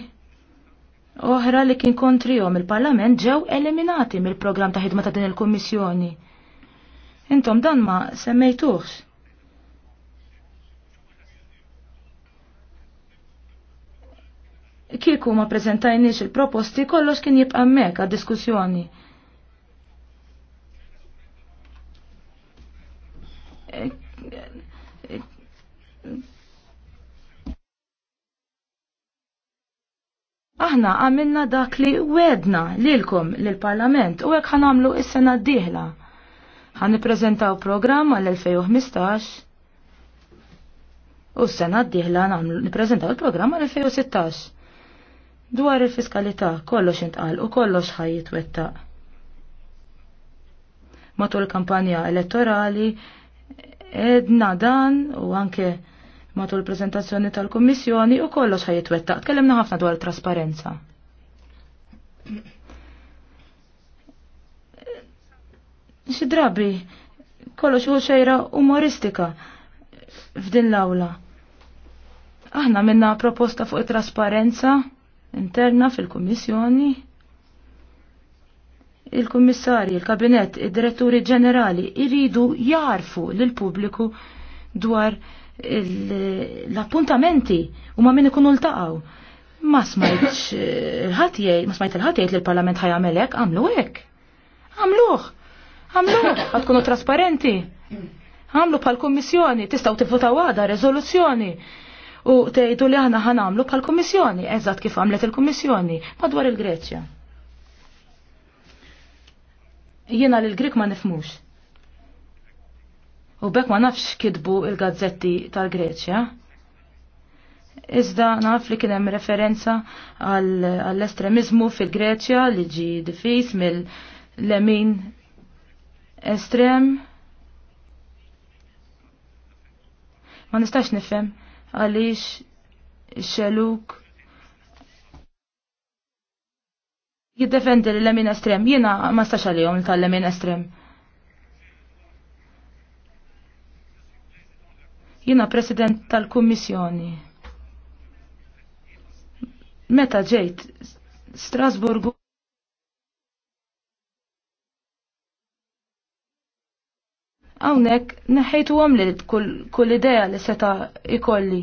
oħra li kien kontrijom il-Parlament ġew eliminati mill-programm ta' ħidma ta' din il-Kummissjoni. Intom dan ma semmejtuħx. kieku ma prezentajniex il-proposti kollox kien jibqa' hemmhekk għad-diskussjoni. Aħna għamilna dak li wedna lilkom lill-Parlament u hekk ħanamlu is-sena d-dieħla. Ħan nippreżentaw programm għall-2015 u s-sena d-dieħla nippreżentaw il program għal 2016 Dwar il-fiskalità kollox intqal u kollox ħaj wetta. Matul kampanja elettorali edna dan u anke matul prezentazzjoni tal-Kommissjoni u kollox ħaj jitwettaq. Tkellimna ħafna dwar trasparenza. Xi drabi kollox u xejra umoristika f'din l-awla. Aħna minna proposta fuq it-trasparenza interna fil-Kummissjoni, il-Kummissarji, il-Kabinett, id-Diretturi Ġenerali iridu jarfu lill-pubbliku dwar l-appuntamenti u ma minn ikunu l-taqaw. Ma smajtx eh, il-ħatijaj, ma smajt il-ħatijaj li l-Parlament ħajamelek, għamlu hekk. Għamluħ, għamluħ, għatkunu trasparenti. Għamlu pal-Kommissjoni, tistaw tifutaw għada, rezoluzzjoni u tgħidu li aħna ħanamlu bħal-Kummissjoni, eżatt kif għamlet il-Kummissjoni madwar il-Greċja. Jiena lil Grik ma nifmux. U bekk ma nafx kidbu il-gazzetti tal-Greċja. Iżda naf li kien hemm referenza għall-estremizmu fil-Greċja li ġi difis mill-lemin estrem. Ma nistax nifhem għalix xeluk jiddefendi l-lemin estrem, Jina ma stax għalihom tal-lemin estrem. Jiena president tal-kummissjoni. Meta ġejt Strasburgu għawnek neħejtu għom li kull ideja li seta' ikolli.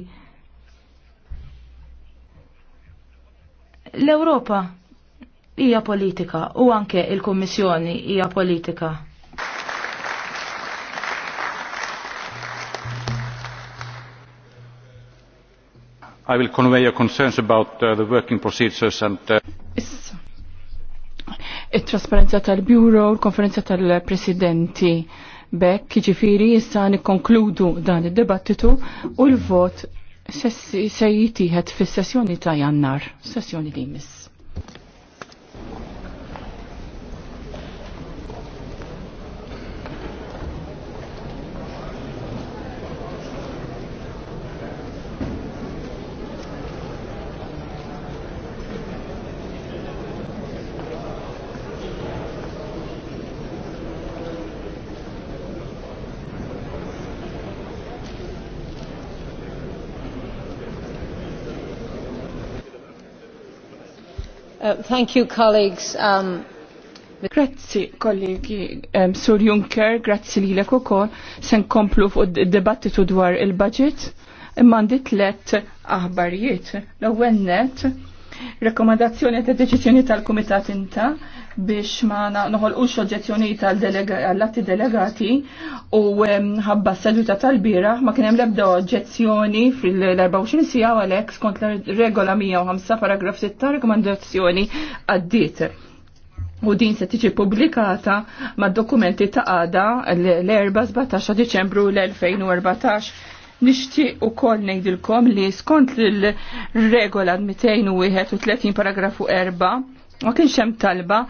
l europa hija politika u anke il-Kummissjoni hija politika. I will convey your concerns about uh, the working procedures and uh... it-trasparenza tal-Bureau, l-konferenza tal-Presidenti Bekk ġifiri issa nikkonkludu dan id debattitu u l-vot se jitiħed fis-sessjoni ta' jannar, sessjoni li miss. Uh, thank you, colleagues. Um, Grazzi, kollegi, um, Sur Juncker, grazzi li l sen komplu fuq dibattitu dwar il-budget, imma dit let aħbarijiet, l-għennet, rekomendazzjoni ta' deċiżjoni tal-Kumitat inta biex ma noħolqux oġġezzjoni tal-atti delegati u ħabba s-seduta tal-bira ma kien hemm l-ebda oġġezzjoni fil-24 sija għalhekk skont regola 105 paragraf 6 rekomendazzjoni għaddiet. U din se tiġi publikata mad dokumenti ta' għada l erba 17 Deċembru l-2014 Nixtieq ukoll ngħidilkom li skont l regola 231 paragrafu 4 ma kienx hemm talba